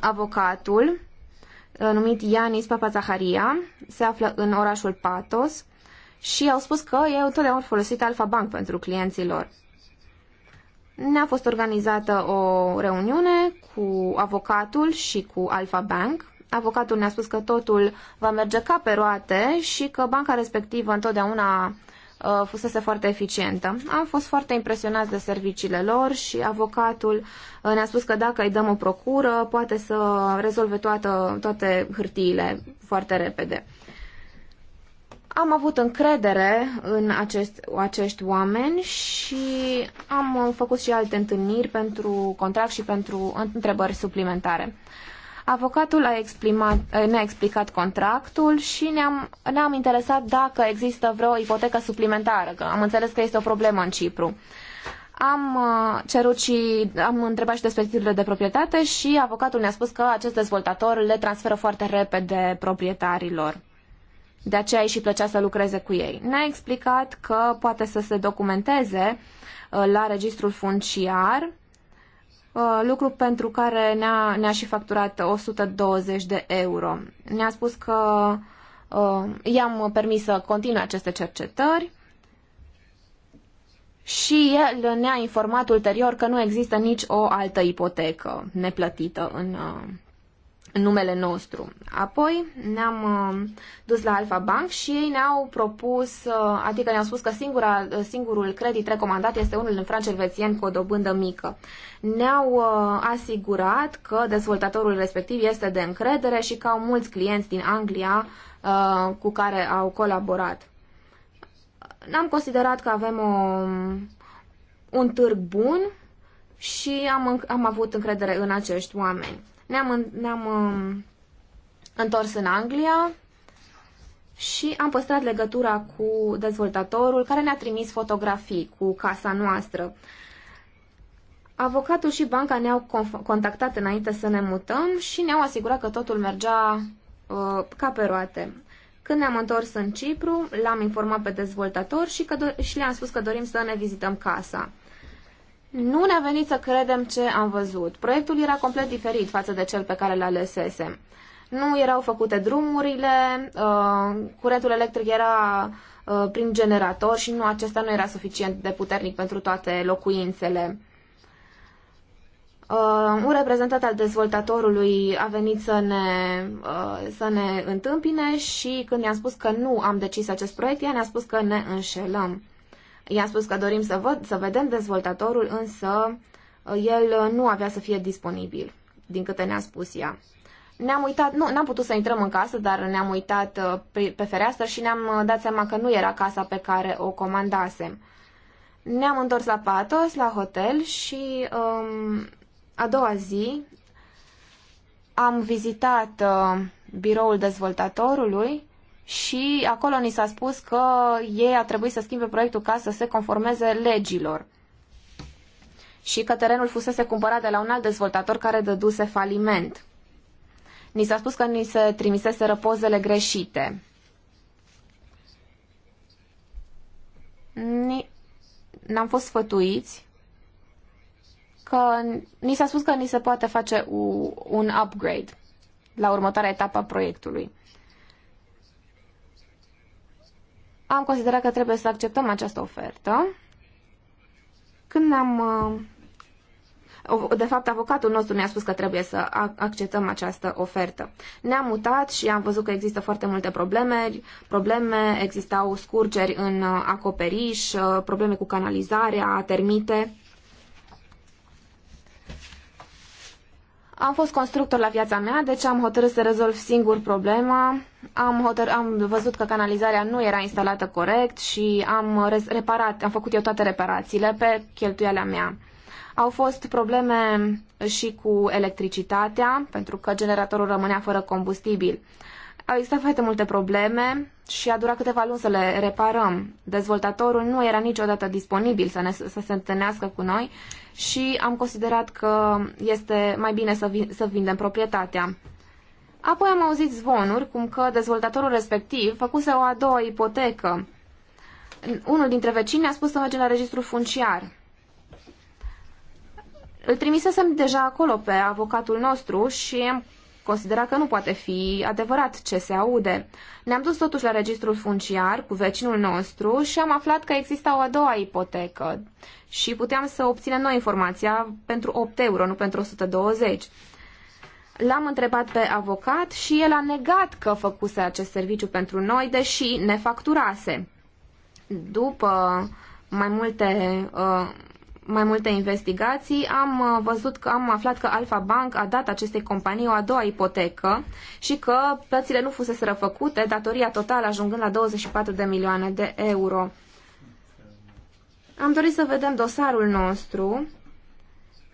avocatul uh, numit Ianis Papazaharia se află în orașul Patos și au spus că ei au totdeauna folosit Alfa Bank pentru clienții lor. Ne-a fost organizată o reuniune cu avocatul și cu Alfa Bank. Avocatul ne-a spus că totul va merge ca pe roate și că banca respectivă întotdeauna Uh, fusese foarte eficientă. Am fost foarte impresionați de serviciile lor și avocatul uh, ne-a spus că dacă îi dăm o procură, poate să rezolve toată, toate hârtiile foarte repede. Am avut încredere în acest, acești oameni și am făcut și alte întâlniri pentru contract și pentru întrebări suplimentare. Avocatul a exprimat, eh, ne-a explicat contractul și ne-am, ne-am interesat dacă există vreo ipotecă suplimentară, că am înțeles că este o problemă în Cipru. Am eh, cerut și am întrebat și despre titlurile de proprietate și avocatul ne-a spus că acest dezvoltator le transferă foarte repede proprietarilor. De aceea îi și plăcea să lucreze cu ei. Ne-a explicat că poate să se documenteze eh, la registrul funciar Uh, lucru pentru care ne-a, ne-a și facturat 120 de euro. Ne-a spus că uh, i-am permis să continue aceste cercetări și el ne-a informat ulterior că nu există nici o altă ipotecă neplătită în uh, numele nostru. Apoi ne-am uh, dus la Alfa Bank și ei ne-au propus, uh, adică ne-au spus că singura, uh, singurul credit recomandat este unul în franc elvețien cu o dobândă mică. Ne-au asigurat că dezvoltatorul respectiv este de încredere și că au mulți clienți din Anglia cu care au colaborat. N-am considerat că avem o, um, un târg bun și am, am avut încredere în acești oameni. Ne-am, ne-am um, întors în Anglia și am păstrat legătura cu dezvoltatorul care ne-a trimis fotografii cu casa noastră. Avocatul și banca ne-au contactat înainte să ne mutăm și ne-au asigurat că totul mergea uh, ca pe roate. Când ne-am întors în Cipru, l-am informat pe dezvoltator și, că do- și le-am spus că dorim să ne vizităm casa. Nu ne-a venit să credem ce am văzut. Proiectul era complet diferit față de cel pe care l a lăsesem. Nu erau făcute drumurile, uh, curentul electric era uh, prin generator și nu acesta nu era suficient de puternic pentru toate locuințele. Uh, un reprezentant al dezvoltatorului a venit să ne, uh, să ne întâmpine și când i-am spus că nu am decis acest proiect, ea ne-a spus că ne înșelăm. I-am spus că dorim să, văd, să vedem dezvoltatorul, însă uh, el uh, nu avea să fie disponibil, din câte ne-a spus ea. Ne-am uitat, nu, n-am putut să intrăm în casă, dar ne-am uitat uh, pe, fereastră și ne-am dat seama că nu era casa pe care o comandasem. Ne-am întors la Patos, la hotel și um, a doua zi am vizitat uh, biroul dezvoltatorului și acolo ni s-a spus că ei a trebuit să schimbe proiectul ca să se conformeze legilor și că terenul fusese cumpărat de la un alt dezvoltator care dăduse faliment. Ni s-a spus că ni se trimiseseră pozele greșite. N-am fost sfătuiți că ni s-a spus că ni se poate face un upgrade la următoarea etapă a proiectului. am considerat că trebuie să acceptăm această ofertă. Când am uh, De fapt, avocatul nostru ne-a spus că trebuie să acceptăm această ofertă. Ne-am mutat și am văzut că există foarte multe probleme. Probleme, existau scurgeri în uh, acoperiș, uh, probleme cu canalizarea, termite. Am fost constructor la viața mea, deci am hotărât să rezolv singur problema am, hotăr- am văzut că canalizarea nu era instalată corect și am reparat, am făcut eu toate reparațiile pe cheltuiala mea. Au fost probleme și cu electricitatea, pentru că generatorul rămânea fără combustibil. Au existat foarte multe probleme și a durat câteva luni să le reparăm. Dezvoltatorul nu era niciodată disponibil să, ne, să se întâlnească cu noi și am considerat că este mai bine să, vin, să vindem proprietatea. Apoi am auzit zvonuri cum că dezvoltatorul respectiv făcuse o a doua ipotecă. Unul dintre vecini a spus să merge la registrul funciar. Îl trimisesem deja acolo pe avocatul nostru și am considerat că nu poate fi adevărat ce se aude. Ne-am dus totuși la registrul funciar cu vecinul nostru și am aflat că exista o a doua ipotecă și puteam să obținem noi informația pentru 8 euro, nu pentru 120. L-am întrebat pe avocat și el a negat că făcuse acest serviciu pentru noi, deși ne facturase. După mai multe, uh, mai multe investigații, am uh, văzut că am aflat că Alfa Bank a dat acestei companii o a doua ipotecă și că plățile nu fusese făcute, datoria totală ajungând la 24 de milioane de euro. Am dorit să vedem dosarul nostru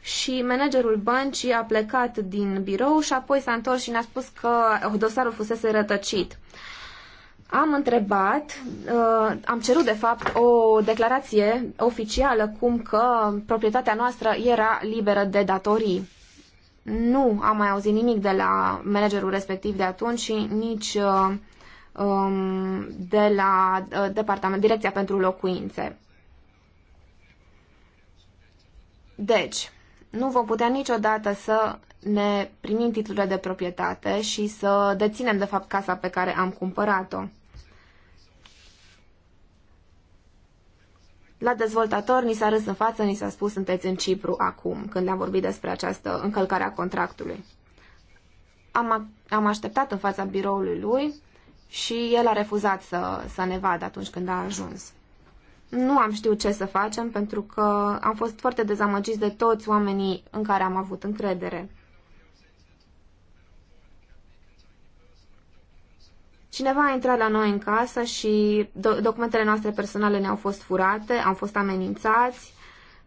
și managerul băncii a plecat din birou și apoi s-a întors și ne-a spus că dosarul fusese rătăcit. Am întrebat, uh, am cerut de fapt o declarație oficială cum că proprietatea noastră era liberă de datorii. Nu am mai auzit nimic de la managerul respectiv de atunci și nici uh, um, de la uh, departament, Direcția pentru Locuințe. Deci, nu vom putea niciodată să ne primim titlurile de proprietate și să deținem, de fapt, casa pe care am cumpărat-o. La dezvoltator ni s-a râs în față, ni s-a spus sunteți în Cipru acum, când am vorbit despre această încălcare a contractului. Am, am așteptat în fața biroului lui și el a refuzat să, să ne vadă atunci când a ajuns nu am știut ce să facem pentru că am fost foarte dezamăgiți de toți oamenii în care am avut încredere. Cineva a intrat la noi în casă și do- documentele noastre personale ne-au fost furate, am fost amenințați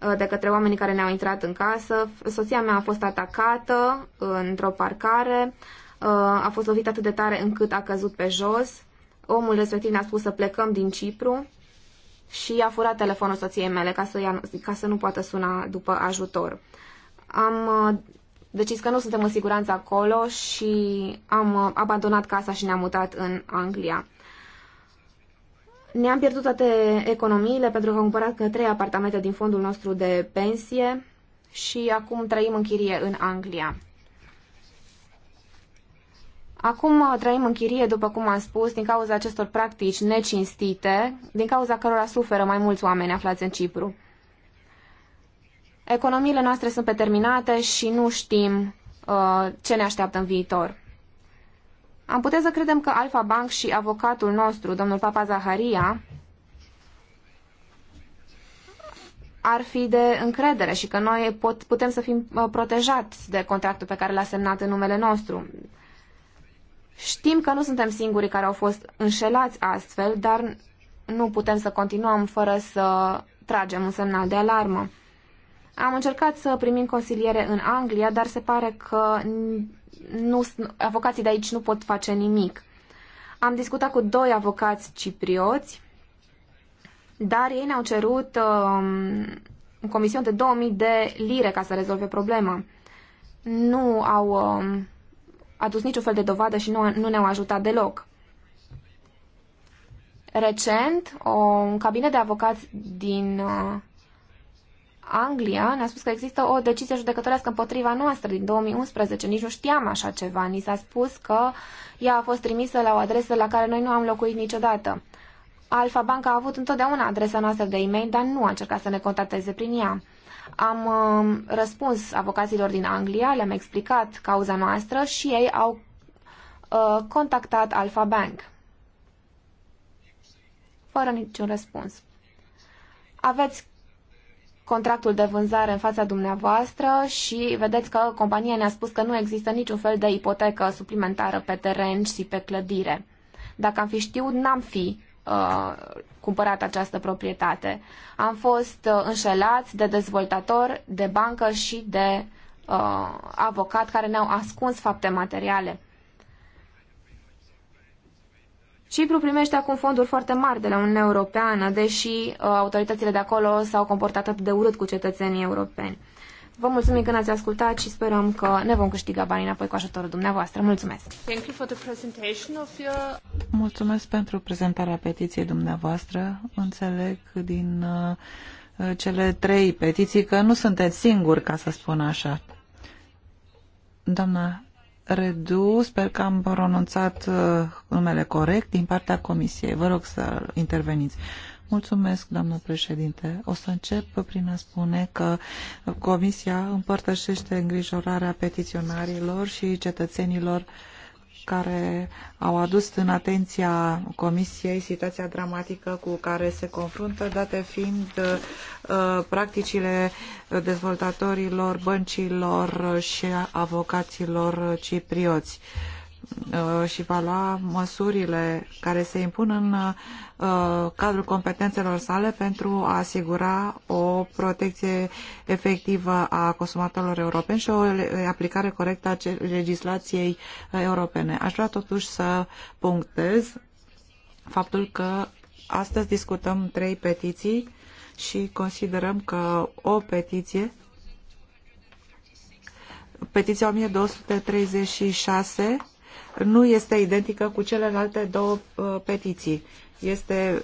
uh, de către oamenii care ne-au intrat în casă. Soția mea a fost atacată uh, într-o parcare, uh, a fost lovită atât de tare încât a căzut pe jos. Omul respectiv ne-a spus să plecăm din Cipru și a furat telefonul soției mele ca să, ia, ca să nu poată suna după ajutor. Am uh, decis că nu suntem în siguranță acolo și am uh, abandonat casa și ne-am mutat în Anglia. Ne-am pierdut toate economiile pentru că am cumpărat trei apartamente din fondul nostru de pensie și acum trăim în chirie în Anglia. Acum trăim în chirie, după cum am spus, din cauza acestor practici necinstite, din cauza cărora suferă mai mulți oameni aflați în Cipru. Economiile noastre sunt determinate și nu știm uh, ce ne așteaptă în viitor. Am putea să credem că Alfa Bank și avocatul nostru, domnul Papa Zaharia, ar fi de încredere și că noi pot, putem să fim uh, protejați de contractul pe care l-a semnat în numele nostru. Știm că nu suntem singurii care au fost înșelați astfel, dar nu putem să continuăm fără să tragem un semnal de alarmă. Am încercat să primim consiliere în Anglia, dar se pare că nu, avocații de aici nu pot face nimic. Am discutat cu doi avocați ciprioți, dar ei ne-au cerut um, comision de 2000 de lire ca să rezolve problema. Nu au um, adus niciun fel de dovadă și nu, nu ne-au ajutat deloc. Recent, o, un cabinet de avocați din uh, Anglia ne-a spus că există o decizie judecătorească împotriva noastră din 2011. Nici nu știam așa ceva. Ni s-a spus că ea a fost trimisă la o adresă la care noi nu am locuit niciodată. Alfa Bank a avut întotdeauna adresa noastră de e-mail, dar nu a încercat să ne contacteze prin ea. Am um, răspuns avocaților din Anglia, le-am explicat cauza noastră și ei au uh, contactat Alpha Bank. Fără niciun răspuns. Aveți contractul de vânzare în fața dumneavoastră și vedeți că compania ne-a spus că nu există niciun fel de ipotecă suplimentară pe teren și pe clădire. Dacă am fi știut, n-am fi cumpărat această proprietate. Am fost uh, înșelați de dezvoltator, de bancă și de uh, avocat care ne-au ascuns fapte materiale. Cipru primește acum fonduri foarte mari de la Uniunea Europeană, deși uh, autoritățile de acolo s-au comportat atât de urât cu cetățenii europeni. Vă mulțumim că ne-ați ascultat și sperăm că ne vom câștiga banii înapoi cu ajutorul dumneavoastră. Mulțumesc! Thank you for the presentation of your... Mulțumesc pentru prezentarea petiției dumneavoastră. Înțeleg din uh, cele trei petiții că nu sunteți singuri, ca să spun așa. Doamna Redu, sper că am pronunțat uh, numele corect din partea Comisiei. Vă rog să interveniți. Uh, Mulțumesc, doamnă președinte. O să încep prin a spune că Comisia împărtășește îngrijorarea petiționarilor și cetățenilor care au adus în atenția Comisiei situația dramatică cu care se confruntă, date fiind uh, practicile dezvoltatorilor, băncilor și avocaților ciprioți. Uh, Uh, și va lua măsurile care se impun în uh, cadrul competențelor sale pentru a asigura o protecție efectivă a consumatorilor europeni și o aplicare corectă a legislației europene. Aș vrea totuși să punctez faptul că astăzi discutăm trei petiții și considerăm că o petiție petiția 1236 nu este identică cu celelalte două uh, petiții. Este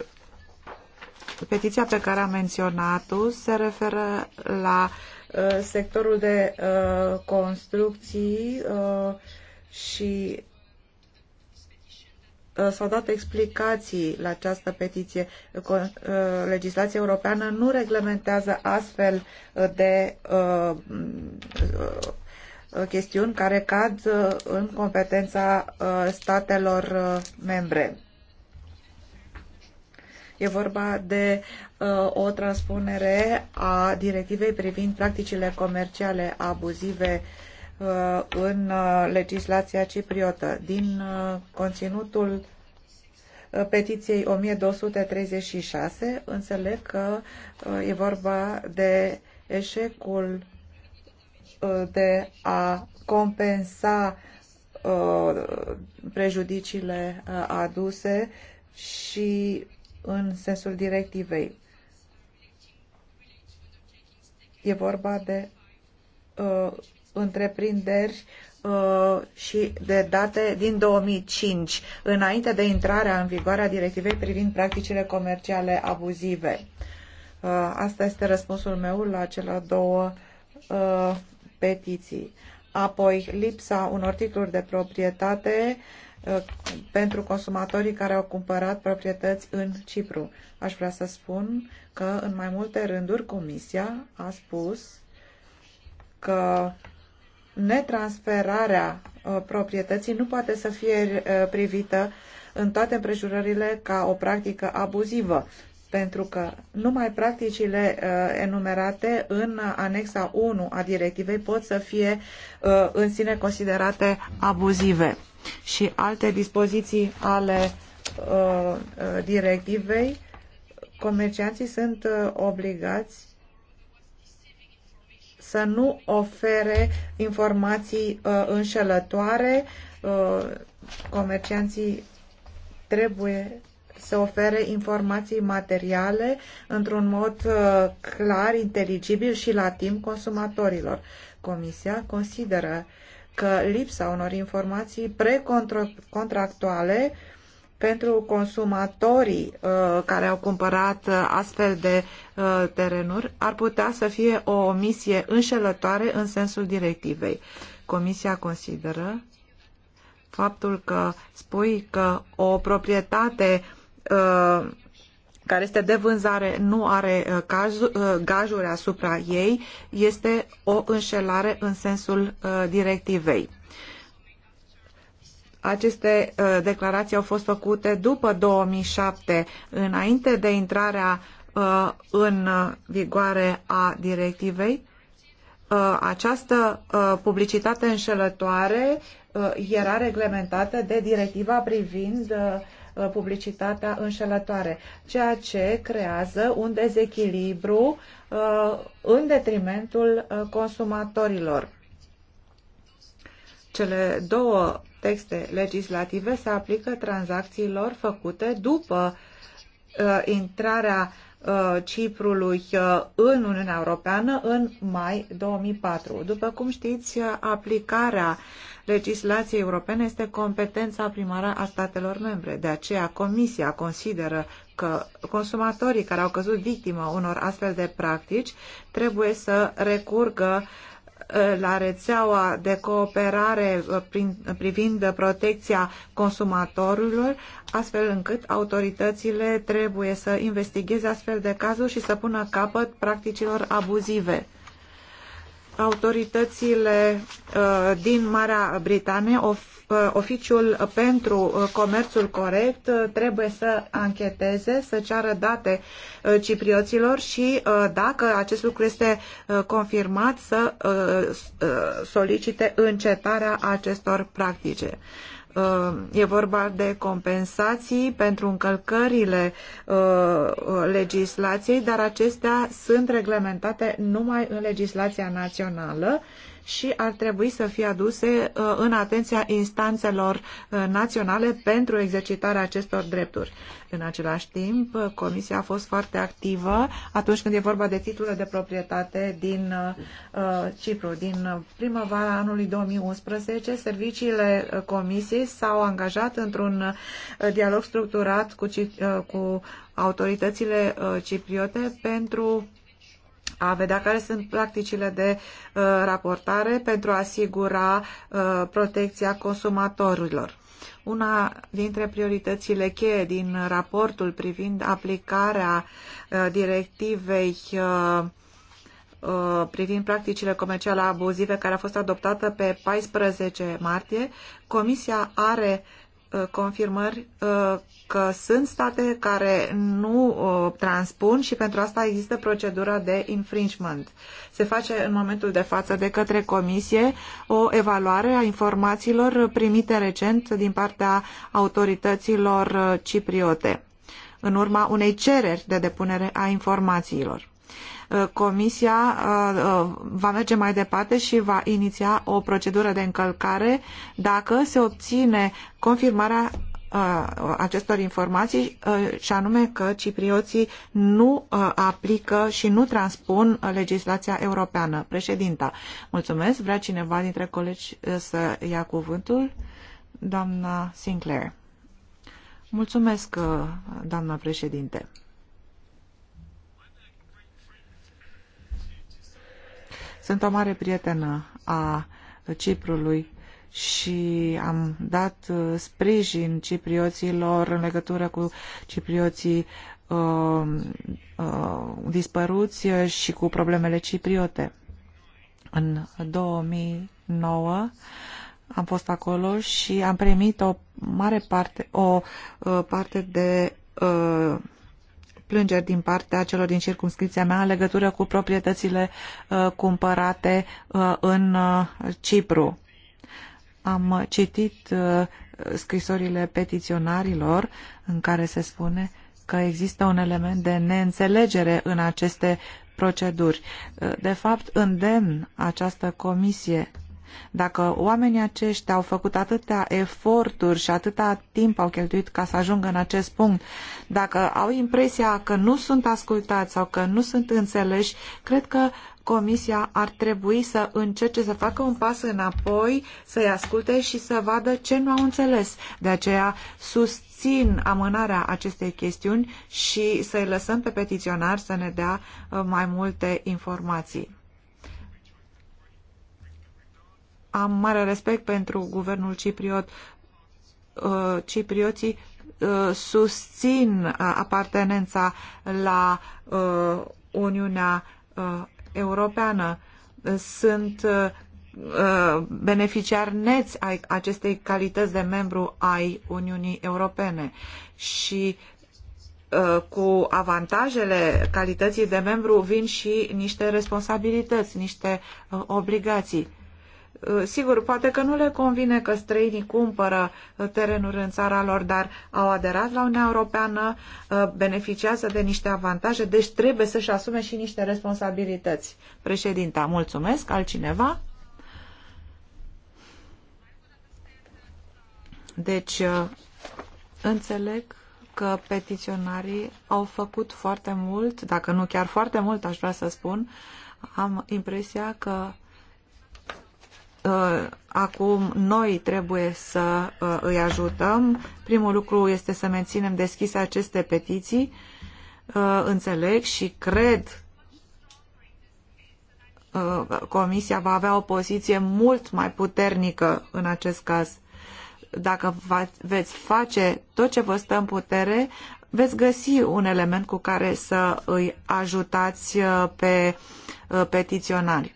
petiția pe care am menționat-o se referă la uh, sectorul de uh, construcții uh, și uh, s-au dat explicații la această petiție. Uh, legislația europeană nu reglementează astfel de Uh, chestiuni care cad uh, în competența uh, statelor membre. E vorba de o transpunere a directivei privind practicile comerciale abuzive în legislația cipriotă. Din conținutul petiției 1236 înțeleg că e vorba de eșecul Uh, de a compensa uh, prejudiciile uh, aduse și în sensul directivei. E vorba de uh, întreprinderi uh, și de date din 2005, înainte de intrarea în vigoare a directivei privind practicile comerciale abuzive. Uh, asta este răspunsul meu la cele două uh, petiții. Apoi, lipsa unor titluri de proprietate uh, pentru consumatorii care au cumpărat proprietăți în Cipru. Aș vrea să spun că în mai multe rânduri Comisia a spus că netransferarea uh, proprietății nu poate să fie uh, privită în toate împrejurările ca o practică abuzivă pentru că numai practicile uh, enumerate în anexa 1 a directivei pot să fie uh, în sine considerate abuzive și alte dispoziții ale uh, directivei, comercianții sunt obligați să nu ofere informații înșelătoare. Comercianții trebuie să ofere informații materiale într-un mod uh, clar, inteligibil și la timp consumatorilor. Comisia consideră că lipsa unor informații precontractuale pentru consumatorii uh, care au cumpărat uh, astfel de uh, terenuri ar putea să fie o omisie înșelătoare în sensul directivei. Comisia consideră faptul că spui că o proprietate Uh, care este de vânzare nu are uh, uh, gajuri asupra ei, este o înșelare în sensul directivei. Aceste declarații au fost făcute după 2007, înainte de intrarea în vigoare a directivei. Această publicitate înșelătoare era reglementată de directiva privind Uh, publicitatea înșelătoare, ceea ce creează un dezechilibru uh, în detrimentul uh, consumatorilor. Cele două texte legislative se aplică tranzacțiilor făcute după intrarea Ciprului în Uniunea Europeană în mai 2004. După cum știți, aplicarea legislației europene este competența primară a statelor membre. De aceea Comisia consideră că consumatorii care au căzut victimă unor astfel de practici trebuie să recurgă la rețeaua de cooperare prin, privind protecția consumatorilor, astfel încât autoritățile trebuie să investigheze astfel de cazuri și să pună capăt practicilor abuzive autoritățile uh, din Marea Britanie, uh, oficiul pentru uh, comerțul corect trebuie să ancheteze, să ceară date ciprioților și dacă acest lucru este confirmat să solicite încetarea acestor practice. Uh, e vorba de compensații pentru încălcările uh, legislației, dar acestea sunt reglementate numai în legislația națională și ar trebui să fie aduse uh, în atenția instanțelor uh, naționale pentru exercitarea acestor drepturi. În același timp, uh, Comisia a fost foarte activă atunci când e vorba de titlurile de proprietate din uh, Cipru. Din primăvara anului 2011, serviciile Comisiei s-au angajat într-un dialog structurat cu, uh, cu autoritățile uh, cipriote pentru a vedea care sunt practicile de uh, raportare pentru a asigura uh, protecția consumatorilor. Una dintre prioritățile cheie din raportul privind aplicarea uh, directivei uh, uh, privind practicile comerciale abuzive care a fost adoptată pe 14 martie, Comisia are uh, Uh, confirmări uh, că sunt state care nu uh, transpun și pentru asta există procedura de infringement. Se face în momentul de față de către Comisie o evaluare a informațiilor primite recent din partea autorităților cipriote în urma unei cereri de depunere a informațiilor. Uh, comisia uh, uh, va merge mai departe și va iniția o procedură de încălcare dacă se obține confirmarea acestor informații și anume că ciprioții nu aplică și nu transpun legislația europeană. Președinta, mulțumesc. Vrea cineva dintre colegi să ia cuvântul? Doamna Sinclair. Mulțumesc, doamna președinte. Sunt o mare prietenă a Ciprului și am dat uh, sprijin ciprioților în legătură cu ciprioții uh, uh, dispăruți și cu problemele cipriote. În 2009 am fost acolo și am primit o mare parte, o uh, parte de uh, plângeri din partea celor din circumscripția mea în legătură cu proprietățile uh, cumpărate uh, în uh, Cipru. Am citit scrisorile petiționarilor în care se spune că există un element de neînțelegere în aceste proceduri. De fapt, îndemn această comisie dacă oamenii aceștia au făcut atâtea eforturi și atâta timp au cheltuit ca să ajungă în acest punct, dacă au impresia că nu sunt ascultați sau că nu sunt înțeleși, cred că Comisia ar trebui să încerce să facă un pas înapoi, să-i asculte și să vadă ce nu au înțeles. De aceea susțin amânarea acestei chestiuni și să-i lăsăm pe petiționar să ne dea uh, mai multe informații. Am mare respect pentru guvernul cipriot. Uh, ciprioții uh, susțin uh, apartenența la Uniunea Europeană. Sunt beneficiari neți ai acestei calități de membru ai Uniunii Europene și cu avantajele calității de membru vin și niște responsabilități, niște obligații. Uh, sigur, poate că nu le convine că străinii cumpără uh, terenuri în țara lor, dar au aderat la Uniunea Europeană, uh, beneficiază de niște avantaje, deci trebuie să-și asume și niște responsabilități. Președinta, mulțumesc. Altcineva? Deci, înțeleg că petiționarii au făcut foarte mult, dacă nu chiar foarte mult, aș vrea să spun, am impresia că Uh, acum noi trebuie să uh, îi ajutăm. Primul lucru este să menținem deschise aceste petiții. Uh, înțeleg și cred Comisia va avea o poziție mult mai puternică în acest caz. Dacă veți face tot ce vă stă în putere, veți găsi un element cu care să îi ajutați pe petiționari.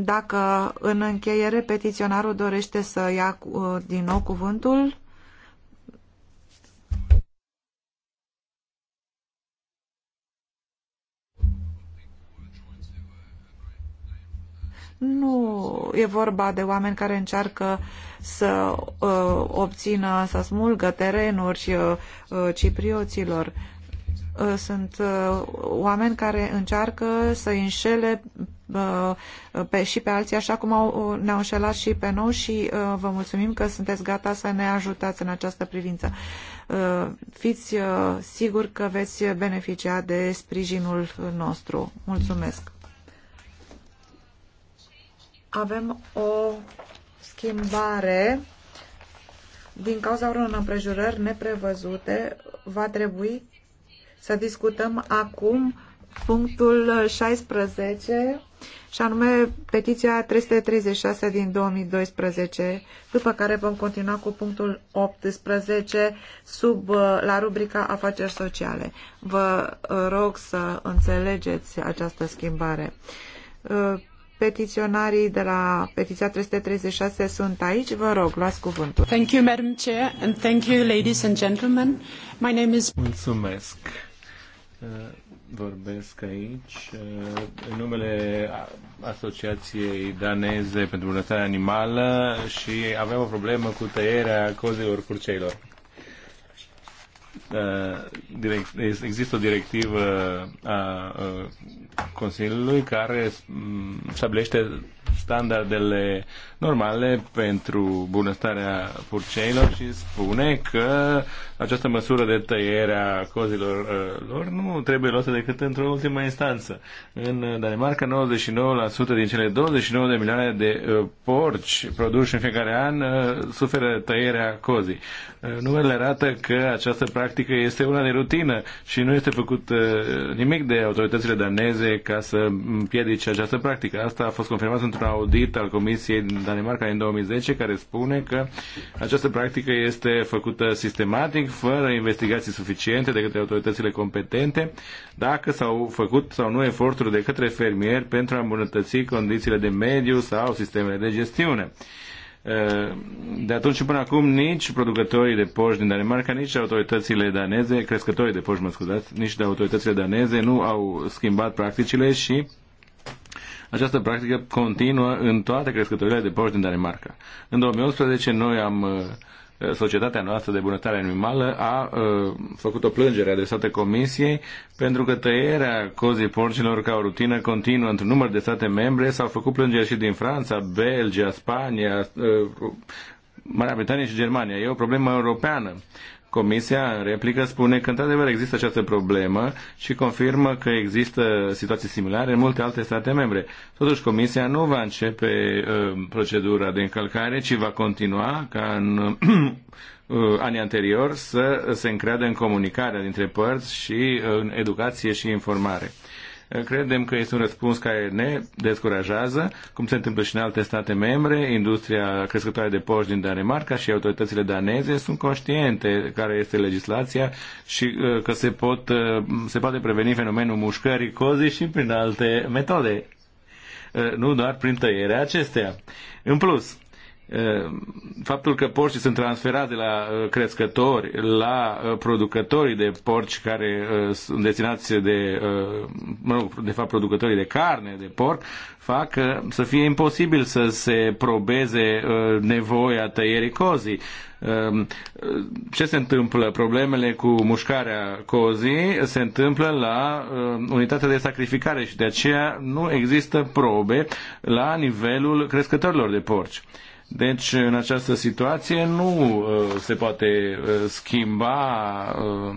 Dacă în încheiere petiționarul dorește să ia uh, din nou cuvântul, Nu e vorba de oameni care încearcă să uh, obțină, să smulgă terenuri și uh, uh, ciprioților. Uh, sunt uh, oameni care încearcă să înșele pe, și pe alții așa cum au, ne-au înșelat și pe noi și uh, vă mulțumim că sunteți gata să ne ajutați în această privință. Uh, fiți uh, sigur că veți beneficia de sprijinul nostru. Mulțumesc! Avem o schimbare din cauza unor împrejurări neprevăzute, va trebui să discutăm acum punctul 16 și anume petiția 336 din 2012, după care vom continua cu punctul 18 sub uh, la rubrica afaceri sociale. Vă uh, rog să înțelegeți această schimbare. Uh, petiționarii de la petiția 336 sunt aici. Vă rog, luați cuvântul. Thank you, Madam Chair, and thank you, ladies and gentlemen. My name is... Mulțumesc vorbesc aici uh, în numele Asociației Daneze pentru Bunăstarea Animală și avem o problemă cu tăierea cozilor curceilor. Uh, există o directivă a uh, Consiliului care mm, stabilește standardele normale pentru bunăstarea purceilor și spune că această măsură de tăiere a cozilor uh, lor nu trebuie luată decât într-o ultimă instanță. În Danemarca, 99% din cele 29 de milioane de uh, porci produși în fiecare an uh, suferă tăierea cozii. Numerele arată că această practică este una de rutină și nu este făcut nimic de autoritățile daneze ca să împiedice această practică. Asta a fost confirmat într-un audit al Comisiei din Danemarca din 2010, care spune că această practică este făcută sistematic, fără investigații suficiente de către autoritățile competente, dacă s-au făcut sau nu eforturi de către fermieri pentru a îmbunătăți condițiile de mediu sau sistemele de gestiune. Eh, de atunci și până acum nici producătorii de poși din Danemarca, nici autoritățile daneze, crescătorii de poși, mă scuzați, nici de autoritățile daneze nu au schimbat practicile și această practică continuă în toate crescătorile de porci din Danemarca. În 2011 noi am uh, societatea noastră de bunătare animală a a uh, făcut o plângere adresată Comisiei pentru că tăierea cozii porcilor ca o rutină continuă într-un număr de state membre. S-au făcut plângeri și din Franța, Belgia, Spania, a, uh, Marea Britanie și Germania. E o problemă europeană. Comisia, în replică, spune că, într-adevăr, există această problemă și confirmă că există situații similare în multe alte state membre. Totuși, Comisia nu va începe uh, procedura de încălcare, ci va continua ca în uh, anii anterior să se încreadă în comunicarea dintre părți și uh, în educație și informare. Credem că este un răspuns care ne descurajează, cum se întâmplă și în alte state membre. Industria crescătoare de porci din Danemarca și autoritățile daneze sunt conștiente care este legislația și uh, că se, pot, uh, se poate preveni fenomenul mușcării cozii și prin alte metode uh, nu doar prin tăierea acestea. În plus, faptul că porcii sunt transferați de la crescători la producătorii de porci care sunt deținați de, mă rog, de fapt producătorii de carne, de porc, fac să fie imposibil să se probeze nevoia tăierii cozii. Ce se întâmplă? Problemele cu mușcarea cozii se întâmplă la unitatea de sacrificare și de aceea nu există probe la nivelul crescătorilor de porci. Deci, în această situație nu uh, se poate uh, schimba uh,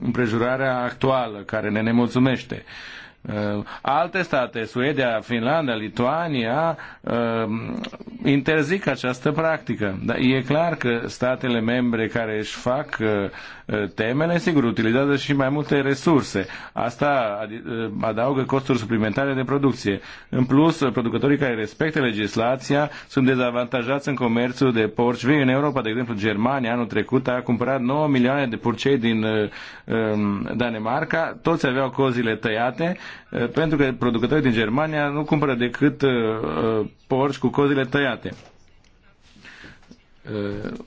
împrejurarea actuală care ne nemulțumește. Uh, Uh, alte state, Suedia, Finlanda, Lituania, uh, interzic această practică. Dar e clar că statele membre care își fac uh, temele, sigur, utilizează și mai multe resurse. Asta adaugă costuri suplimentare de producție. În plus, producătorii care respectă legislația sunt dezavantajați în comerțul de porci vii. În Europa, de exemplu, Germania anul trecut a cumpărat 9 milioane de purcei din um, Danemarca, toți aveau cozile tăiate Eh, pentru că producătorii din Germania nu cumpără decât eh, eh, porci cu cozile tăiate.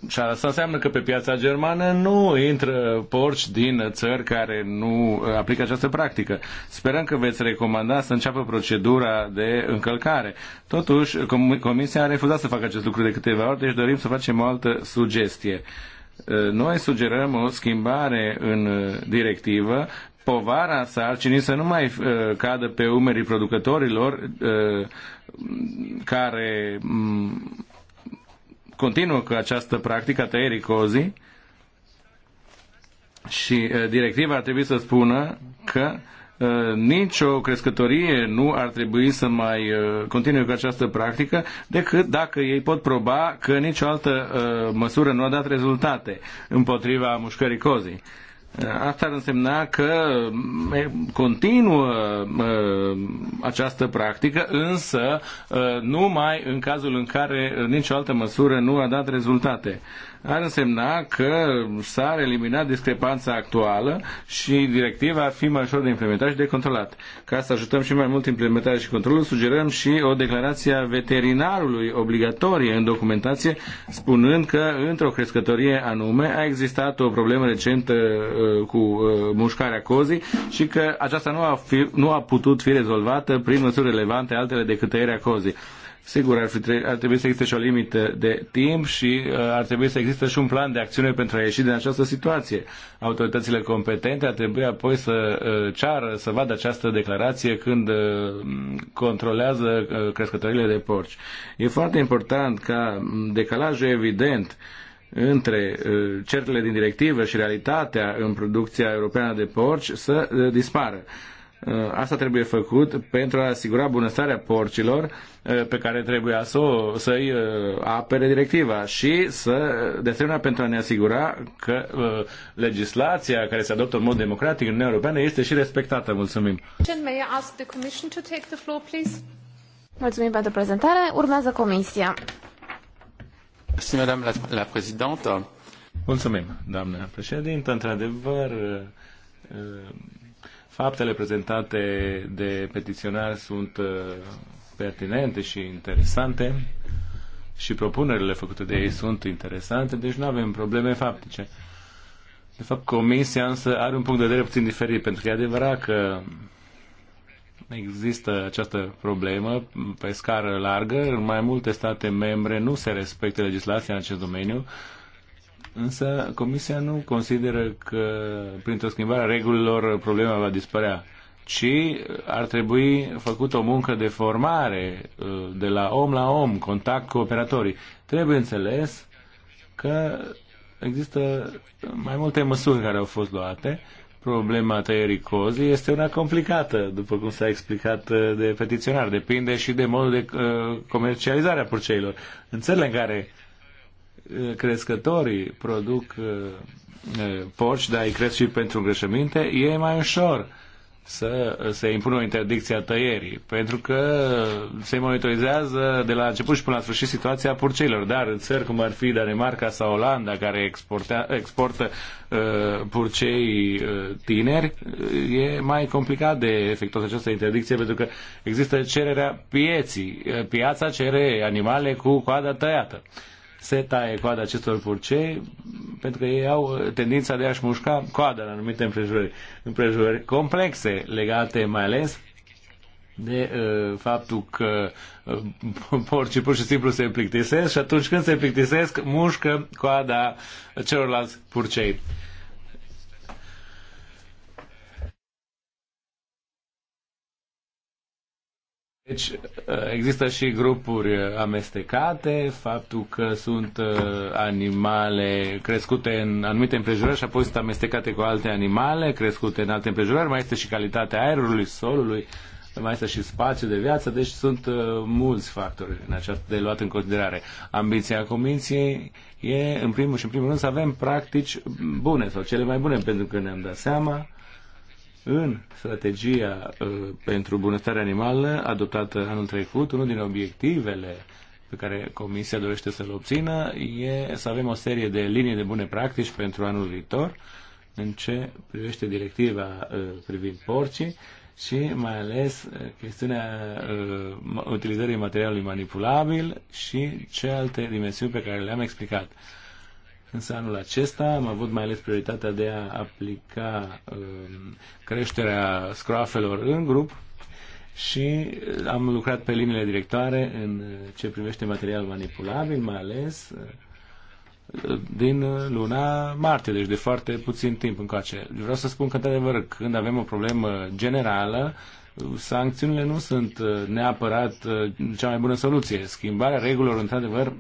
Și asta înseamnă că pe piața germană nu intră porci din țări care nu aplică această practică. Sperăm că veți recomanda să înceapă procedura de încălcare. Totuși, Comisia a refuzat să facă acest lucru de câteva ori, deci dorim să facem o altă sugestie. Noi sugerăm o schimbare în directivă povara sarcinii să nu mai uh, cadă pe umerii producătorilor uh, care um, continuă cu această practică a tăierii cozii și uh, directiva ar trebui să spună că uh, nicio crescătorie nu ar trebui să mai uh, continue cu această practică decât dacă ei pot proba că nicio altă uh, măsură nu a dat rezultate împotriva mușcării cozii. Uh, Asta ar însemna că continuă această practică, însă numai în cazul în care nicio altă măsură nu a dat rezultate ar însemna că s-ar elimina discrepanța actuală și directiva ar fi mai ușor de implementat și de controlat. Ca să ajutăm și mai mult implementarea și controlul, sugerăm și o declarație a veterinarului obligatorie în documentație, spunând că într-o crescătorie anume a existat o problemă recentă uh, cu uh, mușcarea cozii și că aceasta nu a, fi, nu a putut fi rezolvată prin măsuri relevante altele decât tăierea cozii. Sigur, ar, fi, ar trebui să existe și o limită de timp și uh, ar trebui să existe și un plan de acțiune pentru a ieși din această situație. Autoritățile competente ar trebui apoi să uh, ceară, să vadă această declarație când uh, controlează uh, crescătorile de porci. E foarte important ca decalajul evident între uh, din directivă și realitatea în producția europeană de porci să uh, dispară. Uh, Uh, asta trebuie făcut pentru a asigura bunăstarea porcilor uh, pe care trebuia să, o, să-i uh, apere directiva și să, de pentru a ne asigura că legislația care se adoptă în mod democratic în Uniunea Europeană este și respectată. Mulțumim! Mulțumim pentru prezentare. Urmează comisia. Madame la, la Mulțumim, doamnă președintă. Într-adevăr, Faptele prezentate de petiționari sunt uh, pertinente și interesante și propunerile făcute de ei sunt interesante, deci nu avem probleme faptice. De fapt, Comisia însă are un punct de vedere puțin diferit, pentru că e adevărat că există această problemă pe scară largă. În mai multe state membre nu se respectă legislația în acest domeniu însă Comisia nu consideră că printr-o schimbare a regulilor problema va dispărea, ci ar trebui făcut o muncă de formare uh, de la om la om, contact cu operatorii. Trebuie înțeles că există mai multe măsuri care au fost luate. Problema tăierii cozii este una complicată, după cum s-a explicat uh, de petiționar. Depinde și de modul de uh, comercializare a purceilor. În țările în care crescătorii produc uh, uh, porci, dar îi cresc și pentru îngrășăminte, e mai ușor să se impună o interdicție a tăierii, pentru că se monitorizează de la început și până la sfârșit situația purcilor. dar în țări cum ar fi Danemarca sau Olanda, care exportea, exportă uh, purcei uh, tineri, uh, e mai complicat de efectuat această interdicție, pentru că există cererea pieții. Piața cere animale cu coada tăiată. Uh, se taie coada acestor purcei pentru că ei au uh, tendința de a-și mușca coada în anumite împrejurări, împrejurări complexe legate mai ales de uh, faptul că uh, porcii pur și simplu se plictisesc și atunci când se plictisesc mușcă coada celorlalți purcei. Deci uh, există și grupuri amestecate, faptul că sunt uh, animale crescute în anumite împrejurări și apoi sunt amestecate cu alte animale crescute în alte împrejurări, mai este și calitatea aerului, solului, mai este și spațiu de viață, deci sunt uh, mulți factori în această de luat în considerare. Ambiția Comisiei e, în primul și în primul rând, să avem practici bune sau cele mai bune, pentru că ne-am dat seama în strategia uh, pentru bunăstare animală adoptată anul trecut, unul din obiectivele pe care Comisia dorește să-l obțină e să avem o serie de linii de bune practici pentru anul viitor în ce privește directiva uh, privind porcii și mai ales uh, chestiunea utilizării materialului manipulabil și ce alte dimensiuni pe care le-am explicat. Însă anul acesta am avut mai ales prioritatea de a aplica um, creșterea scroafelor în grup și am lucrat pe liniile directoare în uh, ce privește material manipulabil, mai ales uh, din uh, luna martie, deci de foarte puțin timp încoace. Vreau să spun că, într-adevăr, când avem o problemă generală, sancțiunile nu sunt uh, neapărat uh, cea mai bună soluție. Schimbarea regulilor, într-adevăr,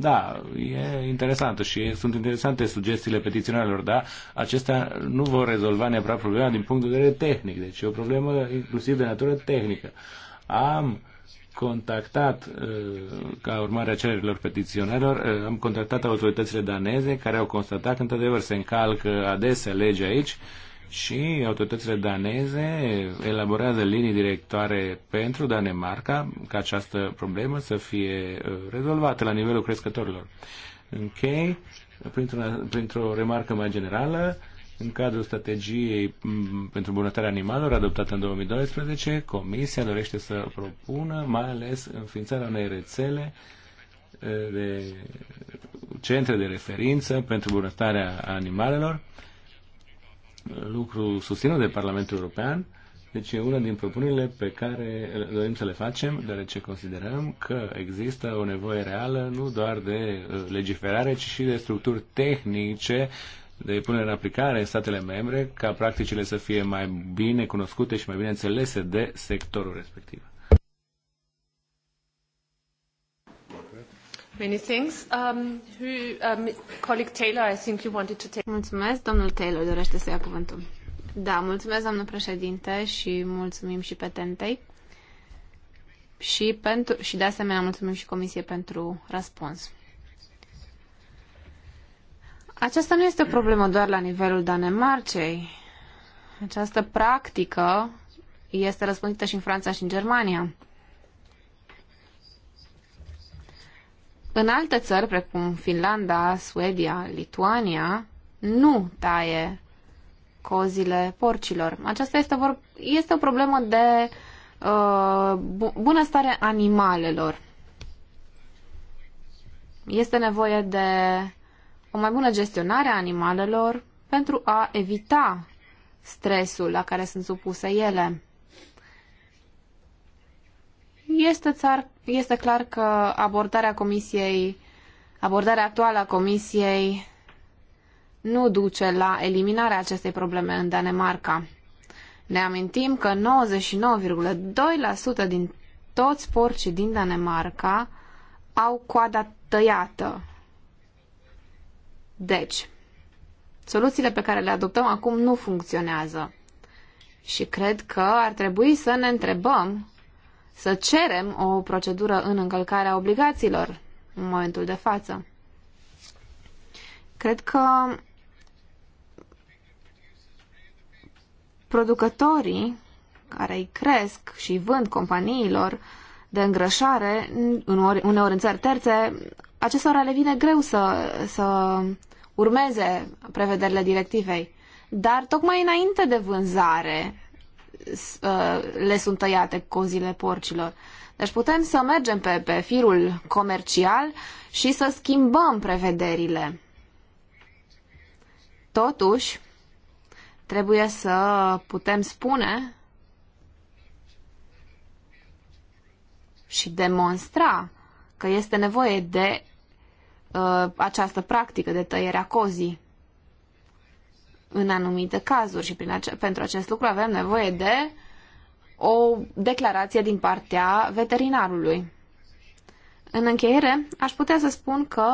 da, e interesantă și sunt interesante sugestiile petiționarilor, dar acestea nu vor rezolva neapărat problema din punct de vedere tehnic. Deci e o problemă inclusiv de natură tehnică. Am contactat, uh, ca urmare a cererilor petiționarilor, am contactat autoritățile daneze care au constatat că, într-adevăr, se încalcă adesea legea aici și autoritățile daneze elaborează linii directoare pentru Danemarca ca această problemă să fie uh, rezolvată la nivelul crescătorilor. Închei printr-o, printr-o remarcă mai generală. În cadrul strategiei pentru bunătatea animalelor adoptată în 2012, Comisia dorește să propună mai ales înființarea unei rețele uh, de centre de referință pentru bunătatea animalelor lucru susținut de Parlamentul European, deci e una din propunerile pe care dorim să le facem, deoarece considerăm că există o nevoie reală nu doar de uh, legiferare, ci și de structuri tehnice de punere în aplicare în statele membre, ca practicile să fie mai bine cunoscute și mai bine înțelese de sectorul respectiv. Many thanks. Um, who, um, colleague Taylor, I think you wanted to take... Mulțumesc. Domnul Taylor dorește să ia cuvântul. Da, mulțumesc, doamnă președinte, și mulțumim și petentei. Și, pentru, și de asemenea mulțumim și Comisie pentru răspuns. Aceasta nu este o problemă doar la nivelul Danemarcei. Această practică este răspândită și în Franța și în Germania. În alte țări, precum Finlanda, Suedia, Lituania, nu taie cozile porcilor. Aceasta este, vor, este o problemă de uh, bunăstare animalelor. Este nevoie de o mai bună gestionare a animalelor pentru a evita stresul la care sunt supuse ele. Este, țar, este clar că abordarea comisiei, abordarea actuală a comisiei nu duce la eliminarea acestei probleme în Danemarca. Ne amintim că 99,2% din toți porcii din Danemarca au coada tăiată. Deci, soluțiile pe care le adoptăm acum nu funcționează. Și cred că ar trebui să ne întrebăm să cerem o procedură în încălcarea obligațiilor în momentul de față. Cred că producătorii care îi cresc și vând companiilor de îngrășare, uneori în țări terțe, acestora le vine greu să, să urmeze prevederile directivei. Dar tocmai înainte de vânzare Uh, le sunt tăiate cozile porcilor. Deci putem să mergem pe, pe firul comercial și să schimbăm prevederile. Totuși, trebuie să putem spune și demonstra că este nevoie de uh, această practică de tăierea cozii în anumite cazuri și prin ace- pentru acest lucru avem nevoie de o declarație din partea veterinarului. În încheiere, aș putea să spun că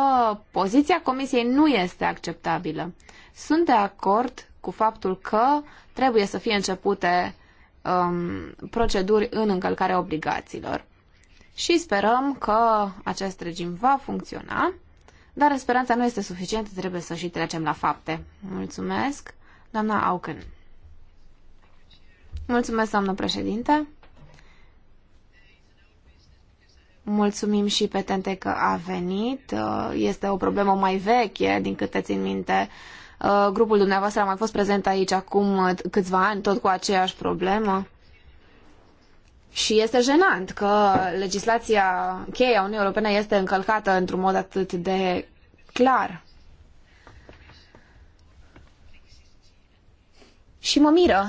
poziția Comisiei nu este acceptabilă. Sunt de acord cu faptul că trebuie să fie începute um, proceduri în încălcarea obligațiilor. Și sperăm că acest regim va funcționa dar speranța nu este suficientă, trebuie să și trecem la fapte. Mulțumesc, doamna Auken. Mulțumesc, doamnă președinte. Mulțumim și pe Tente că a venit. Uh, este o problemă mai veche, din câte țin minte. Uh, grupul dumneavoastră a mai fost prezent aici acum uh, câțiva ani, tot cu aceeași problemă. Și este jenant că legislația cheie a Uniunii Europene este încălcată într-un mod atât de clar. Și mă miră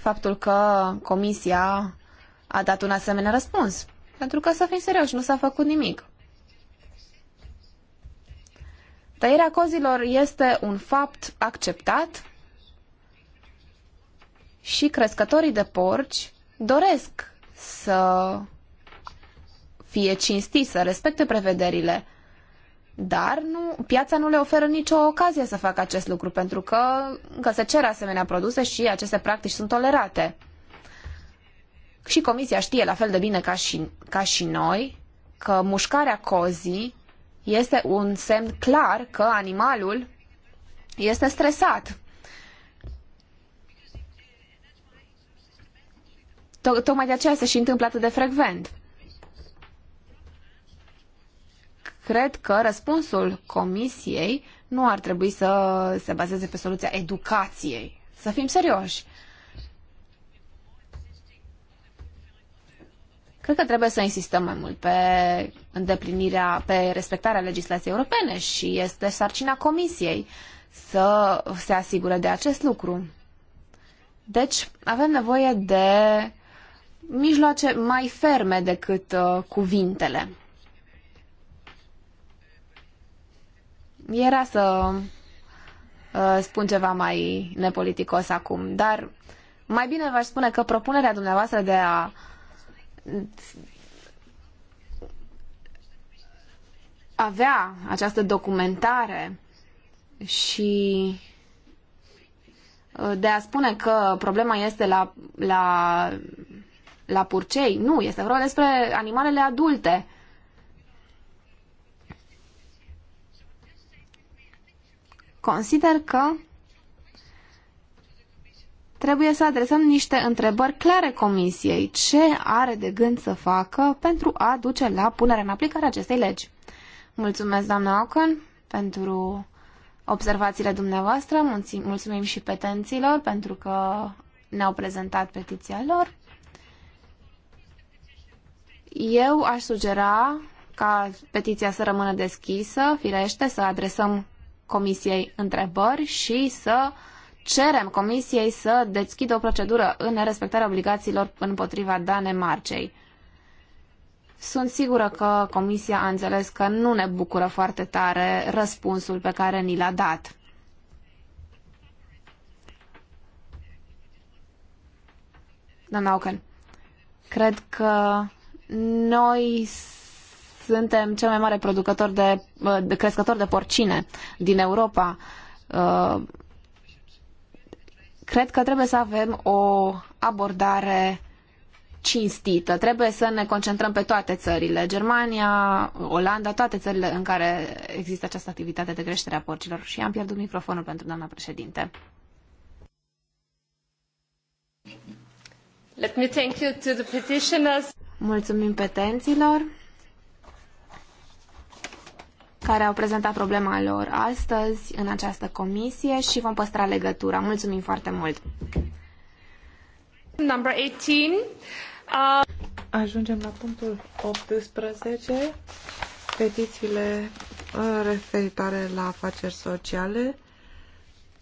faptul că Comisia a dat un asemenea răspuns. Pentru că, să fim serioși, nu s-a făcut nimic. Tăierea cozilor este un fapt acceptat și crescătorii de porci doresc să fie cinstit, să respecte prevederile. Dar nu, piața nu le oferă nicio ocazie să facă acest lucru, pentru că, că se cer asemenea produse și aceste practici sunt tolerate. Și comisia știe la fel de bine ca și, ca și noi că mușcarea cozii este un semn clar că animalul este stresat. Tocmai de aceea se și întâmplă atât de frecvent. Cred că răspunsul comisiei nu ar trebui să se bazeze pe soluția educației. Să fim serioși. Cred că trebuie să insistăm mai mult pe îndeplinirea, pe respectarea legislației europene și este sarcina Comisiei să se asigure de acest lucru. Deci, avem nevoie de mijloace mai ferme decât uh, cuvintele. Era să uh, spun ceva mai nepoliticos acum, dar mai bine v-aș spune că propunerea dumneavoastră de a avea această documentare și uh, de a spune că problema este la, la la purcei. Nu, este vorba despre animalele adulte. Consider că trebuie să adresăm niște întrebări clare comisiei. Ce are de gând să facă pentru a duce la punere în aplicare acestei legi? Mulțumesc, doamna Ocon, pentru observațiile dumneavoastră. Mulțumim și petenților pentru că ne-au prezentat petiția lor. Eu aș sugera ca petiția să rămână deschisă, firește, să adresăm comisiei întrebări și să cerem comisiei să deschidă o procedură în respectarea obligațiilor împotriva Danemarcei. Sunt sigură că comisia a înțeles că nu ne bucură foarte tare răspunsul pe care ni l-a dat. Doamna Auken, cred că noi suntem cel mai mare producător de, de crescător de porcine din Europa. Uh, cred că trebuie să avem o abordare cinstită. Trebuie să ne concentrăm pe toate țările. Germania, Olanda, toate țările în care există această activitate de creștere a porcilor. Și am pierdut microfonul pentru doamna președinte. Let me thank you to the petitioners. Mulțumim petenților care au prezentat problema lor astăzi în această comisie și vom păstra legătura. Mulțumim foarte mult! Number 18. Uh... Ajungem la punctul 18, petițiile uh, referitoare la afaceri sociale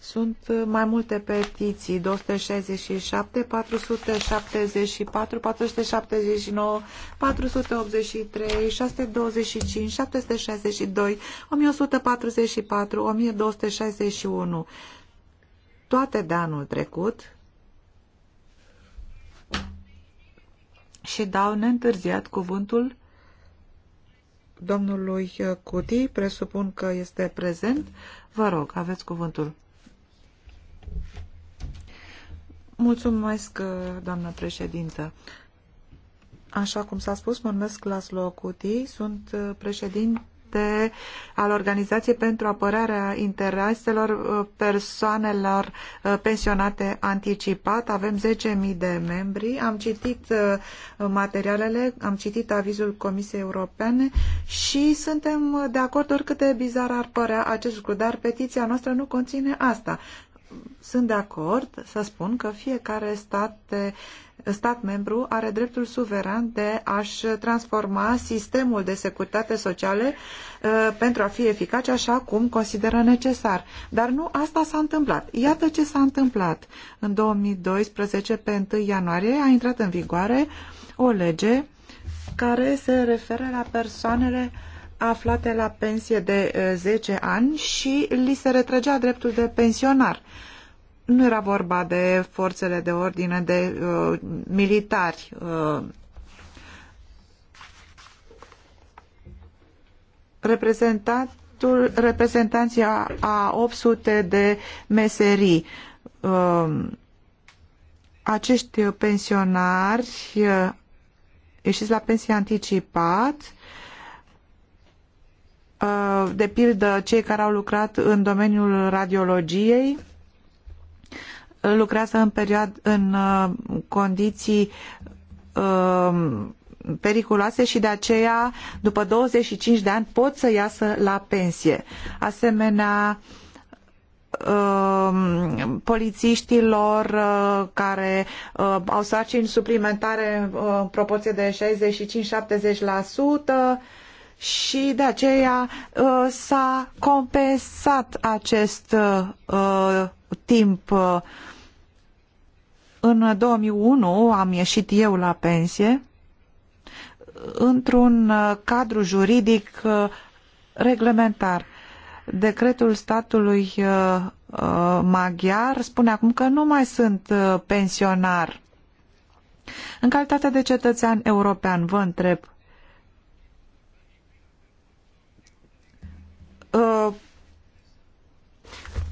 sunt uh, mai multe petiții, 267, 474, 479, 483, 625, 762, 1144, 1261. Toate de anul trecut și dau neîntârziat cuvântul domnului Cuti, presupun că este prezent. Vă rog, aveți cuvântul. Mulțumesc, uh, doamnă președintă. Așa cum s-a spus, mă numesc Laszlo Cuti, sunt uh, președinte al Organizației pentru Apărarea Interaselor uh, Persoanelor Pensionate Anticipat. Avem 10.000 de membri. Am citit materialele, am citit avizul Comisiei Europene și suntem de acord oricât de bizar ar părea acest lucru, dar petiția noastră nu conține asta sunt de acord să spun că fiecare stat, stat membru are dreptul suveran de a-și transforma sistemul de securitate sociale uh, pentru a fi eficace așa cum consideră necesar. Dar nu asta s-a întâmplat. Iată ce s-a întâmplat. În 2012, pe 1 ianuarie, a intrat în vigoare o lege care se referă la persoanele uh, aflate la pensie de 10 ani și li se retrăgea dreptul de pensionar. Nu era vorba de forțele de ordine, de uh, militari. Uh, reprezentantul, reprezentanția a, a 800 de meserii. Uh, acești pensionari uh, ieșiți la pensie anticipat uh, Uh, de pildă cei care au lucrat în domeniul radiologiei uh, lucrează în, perioad, în uh, condiții periculoase și de aceea după 25 de ani pot să iasă la pensie. Asemenea, polițiștilor care au sarcini suplimentare în proporție de 65-70%, și de aceea uh, s-a compensat acest uh, timp. Uh, în 2001 am ieșit eu la pensie într-un cadru juridic reglementar. Decretul statului maghiar spune acum că nu mai sunt pensionar. În calitate de cetățean european, vă întreb, Uh,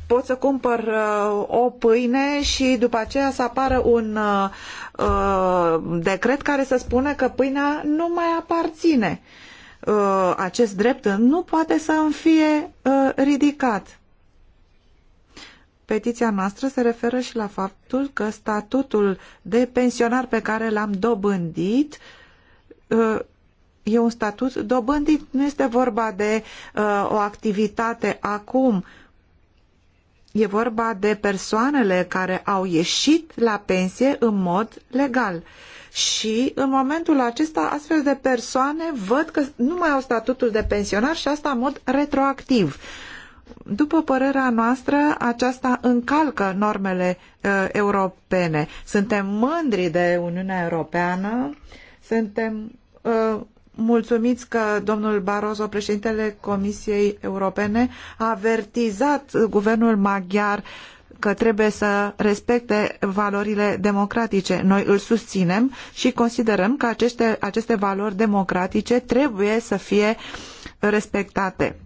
pot să cumpăr uh, o pâine și după aceea să apară un uh, decret care să spună că pâinea nu mai aparține. acest drept nu poate să îmi fie ridicat. Petiția noastră se referă și la faptul că statutul de pensionar pe care l-am dobândit e un statut dobândit, nu este vorba de uh, o activitate acum. E vorba de persoanele care au ieșit la pensie în mod legal. Și în momentul acesta astfel de persoane văd că nu mai au statutul de pensionar și asta în mod retroactiv. După părerea noastră, aceasta încalcă normele uh, europene. Suntem mândri de Uniunea Europeană, suntem uh, mulțumiți că domnul Barroso, președintele Comisiei Europene, a avertizat guvernul maghiar că trebuie să respecte valorile democratice. Noi îl susținem și considerăm că aceste, aceste valori democratice trebuie să fie respectate.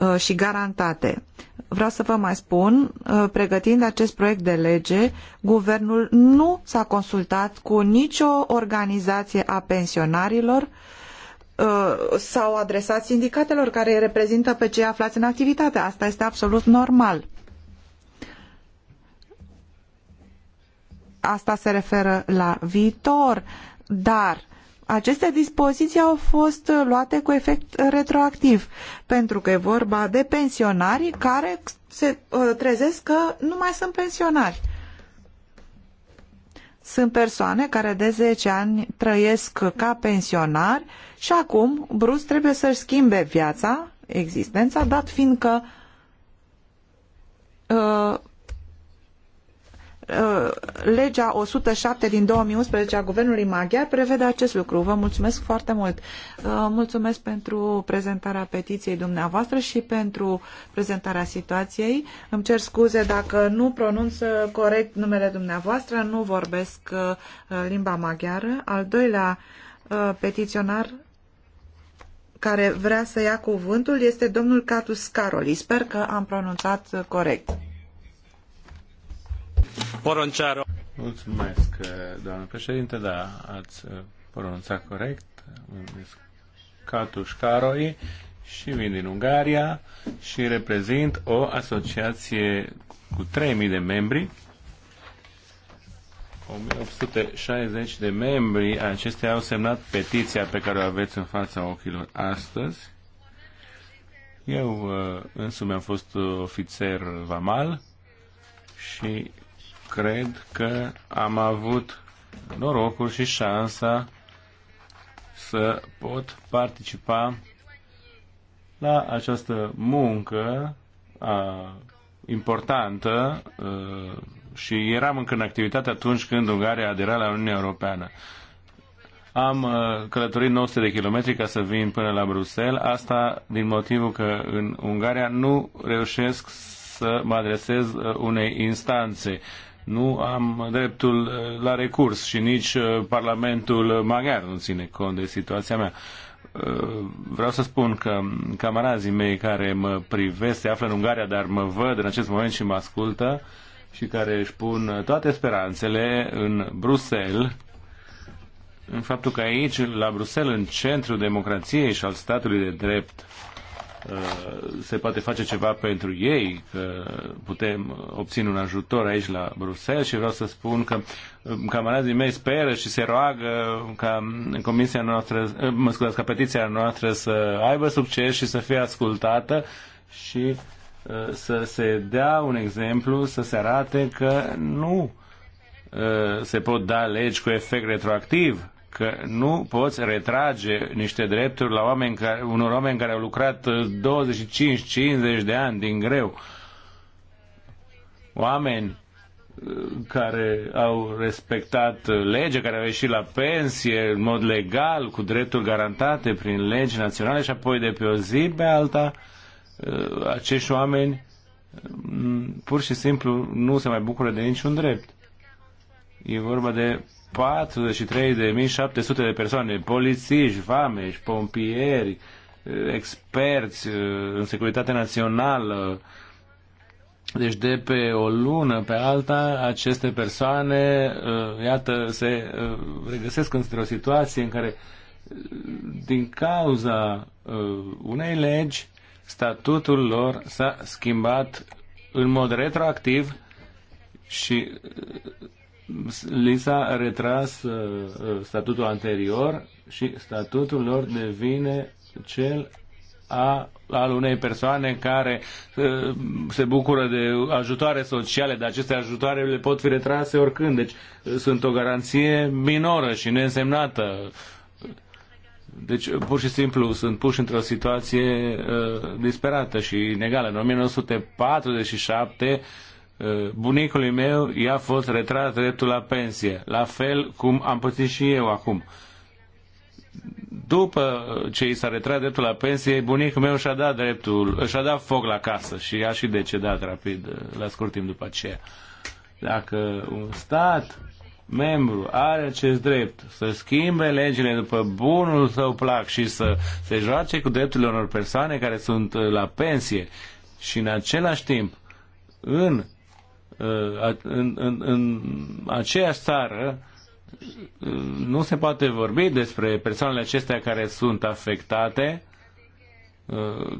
Uh, și garantate. Vreau să vă mai spun, uh, pregătind acest proiect de lege, guvernul nu s-a consultat cu nicio organizație a pensionarilor uh, sau adresat sindicatelor care îi reprezintă pe cei aflați în activitate. Asta este absolut normal. Asta se referă la viitor, dar aceste dispoziții au fost luate cu efect retroactiv, pentru că e vorba de pensionari care se uh, trezesc că nu mai sunt pensionari. Sunt persoane care de zece ani trăiesc ca pensionari și acum brusc trebuie să-și schimbe viața, existența, dat fiindcă uh, Uh, legea 107 din 2011 a guvernului maghiar prevede acest lucru. Vă mulțumesc foarte mult. Uh, mulțumesc pentru prezentarea petiției dumneavoastră și pentru prezentarea situației. Îmi cer scuze dacă nu pronunț corect numele dumneavoastră, nu vorbesc uh, limba maghiară. Al doilea petiționar care vrea să ia cuvântul este domnul Catus Caroli. Sper că am pronunțat corect. Poroncearo. Mulțumesc, doamnă președinte, da, ați uh, pronunțat corect. Catuș Caroi și vin din Ungaria și reprezint o asociație cu 3000 de membri 1860 de membri acestea au semnat petiția pe care o aveți în fața ochilor astăzi. Eu uh, însumi am fost ofițer vamal și cred că am avut norocul și șansa să pot participa la această muncă a, importantă a, și eram încă în activitate atunci când Ungaria adera la Uniunea Europeană. Am călătorit 900 de kilometri ca să vin până la Bruxelles, asta din motivul că în Ungaria nu reușesc să mă adresez unei instanțe nu am dreptul uh, la recurs și nici uh, Parlamentul maghiar nu ține cont de situația mea. Uh, vreau să spun că camarazii mei care mă privesc, se află în Ungaria, dar mă văd în acest moment și mă ascultă și care își pun toate speranțele în Bruxelles, în faptul că aici, la Bruxelles, în centrul democrației și al statului de drept, Uh, se poate face ceva pentru ei, că putem obține un ajutor aici la Bruxelles și vreau să spun că um, camarazii mei speră și se roagă ca comisia noastră, uh, mă scuzați, ca petiția noastră să aibă succes și să fie ascultată și uh, să se dea un exemplu, să se arate că nu se pot da legi cu efect retroactiv că nu poți retrage niște drepturi la oameni care, unor oameni care au lucrat 25-50 uh, de ani din greu. Oameni uh, care au respectat uh, lege, care au ieșit la pensie în mod legal, cu drepturi garantate prin legi naționale și apoi de pe o zi pe alta, acești oameni mm, pur și simplu nu se mai bucură de niciun drept. E vorba de 43.700 de persoane, polițiști, vameși, pompieri, experți eh, în securitate națională. Deci de pe o lună pe alta, aceste persoane, eh, iată, se eh, regăsesc într-o situație în care, din cauza unei legi, statutul lor s-a schimbat în mod retroactiv și li s-a retras uh, uh, statutul anterior și statutul lor devine cel a, al unei persoane care uh, se bucură de ajutoare sociale, dar aceste ajutoare le pot fi retrase oricând. Deci sunt o garanție minoră și neînsemnată. Deci, pur și simplu, sunt puși într-o situație uh, disperată și inegală. În 1947, Eh, bunicului meu i-a fost retras dreptul la pensie, la fel cum am pățit și eu acum. După ce i s-a retras dreptul la pensie, bunicul meu și-a dat dreptul, și-a dat foc la casă și a și decedat rapid, eh, la scurt timp după aceea. Dacă un stat membru are acest drept să schimbe legile după bunul său plac și să se joace cu drepturile unor persoane care sunt eh, la pensie și în același timp în Uh, în, în, în aceeași țară uh, nu se poate vorbi despre persoanele acestea care sunt afectate, uh,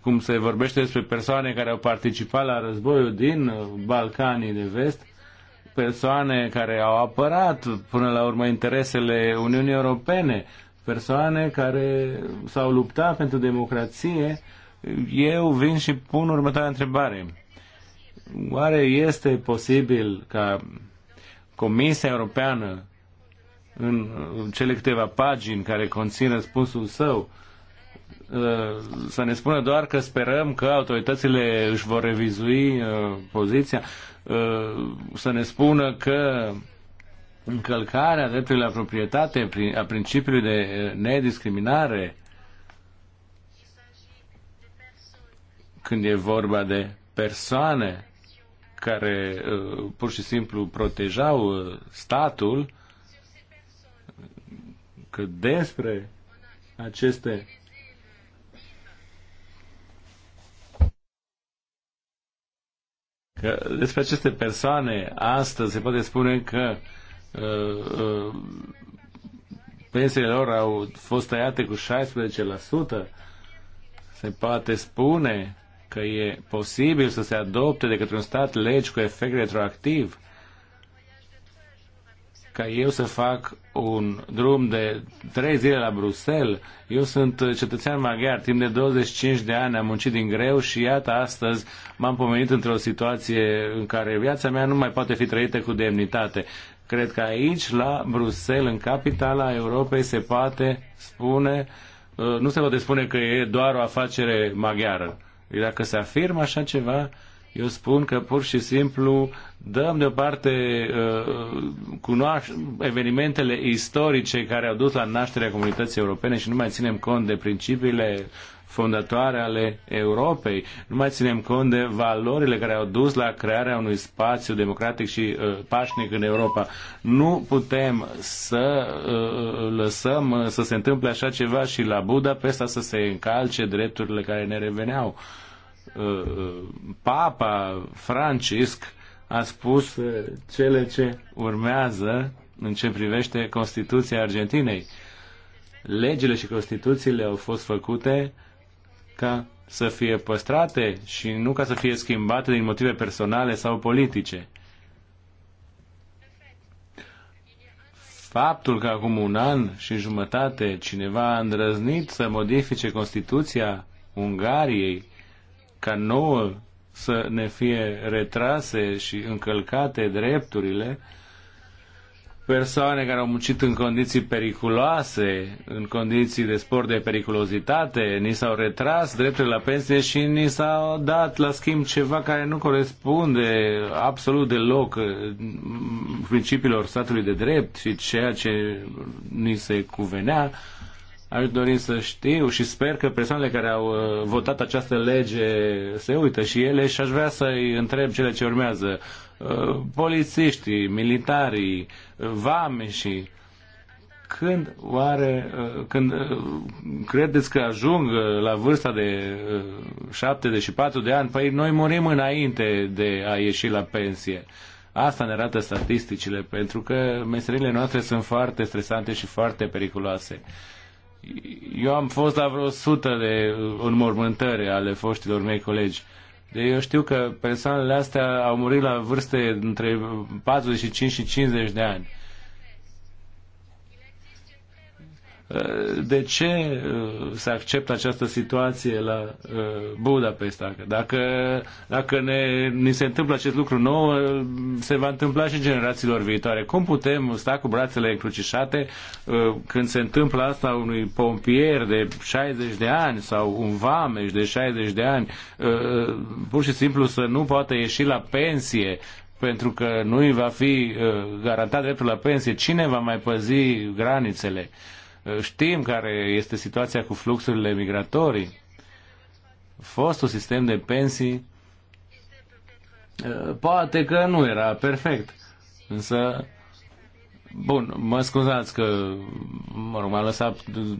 cum se vorbește despre persoane care au participat la războiul din Balcanii de vest, persoane care au apărat până la urmă interesele Uniunii Europene, persoane care s-au luptat pentru democrație, eu vin și pun următoarea întrebare. Oare este posibil ca Comisia Europeană în cele câteva pagini care conțin răspunsul său uh, să ne spună doar că sperăm că autoritățile își vor revizui uh, poziția, uh, să ne spună că încălcarea dreptului la proprietate a principiului de nediscriminare când e vorba de persoane care uh, pur și simplu protejau uh, statul, că despre aceste că despre aceste persoane astăzi se poate spune că uh, uh pensiile lor au fost tăiate cu 16%. Se poate spune că e posibil să se adopte de către un stat legi cu efect retroactiv, ca eu să fac un drum de trei zile la Bruxelles. Eu sunt cetățean maghiar, timp de 25 de ani am muncit din greu și iată astăzi m-am pomenit într-o situație în care viața mea nu mai poate fi trăită cu demnitate. Cred că aici, la Bruxelles, în capitala Europei, se poate spune, uh, nu se poate spune că e doar o afacere maghiară. Dacă se afirmă așa ceva, eu spun că pur și simplu dăm deoparte uh, cunoaș- evenimentele istorice care au dus la nașterea comunității europene și nu mai ținem cont de principiile fondatoare ale Europei. Nu mai ținem cont de valorile care au dus la crearea unui spațiu democratic și uh, pașnic în Europa. Nu putem să uh, uh lăsăm uh, să se întâmple așa ceva și la Budapesta să se încalce drepturile care ne reveneau. Uh, uh Papa Francisc a spus cele ce urmează în ce privește Constituția Argentinei legile și constituțiile au fost făcute ca să fie păstrate și nu ca să fie schimbate din motive personale sau politice. Faptul că acum un an și jumătate cineva a îndrăznit să modifice Constituția Ungariei ca nouă să ne fie retrase și încălcate drepturile, persoane care au muncit în condiții periculoase, în condiții de spor de periculozitate, ni s-au retras drepturile la pensie și ni s-au dat la schimb ceva care nu corespunde absolut deloc eh, principiilor statului de drept și ceea ce ni se cuvenea. Aș dori să știu și sper că persoanele care au eh, votat această lege se uită și ele și aș vrea să-i întreb cele ce urmează Uh, polițiștii, militarii, și când oare, uh, când uh, credeți că ajung la vârsta de 74 de ani, păi noi murim înainte de a ieși la pensie. Asta ne arată statisticile, pentru că meserile noastre sunt foarte stresante și foarte periculoase. Eu am fost la vreo sută de înmormântări ale foștilor mei colegi. Uh, deci eu știu că persoanele astea au murit la vârste între 45 și 50 de ani. Eh, de ce eh, se acceptă această situație la eh, Budapesta? Dacă, dacă ne, ni se întâmplă acest lucru nou, se va întâmpla și generațiilor viitoare. Cum putem sta cu brațele încrucișate când se întâmplă asta unui pompier de 60 de ani sau un vameș de 60 de ani, pur și simplu să nu poată ieși la pensie pentru că nu îi va fi garantat dreptul la pensie, cine va mai păzi granițele? Uh, Știm care este situația cu fluxurile migratorii. Fostul sistem de pensii eh, poate că nu era perfect, însă Bun, mă scuzați că mă rog, m-am lăsat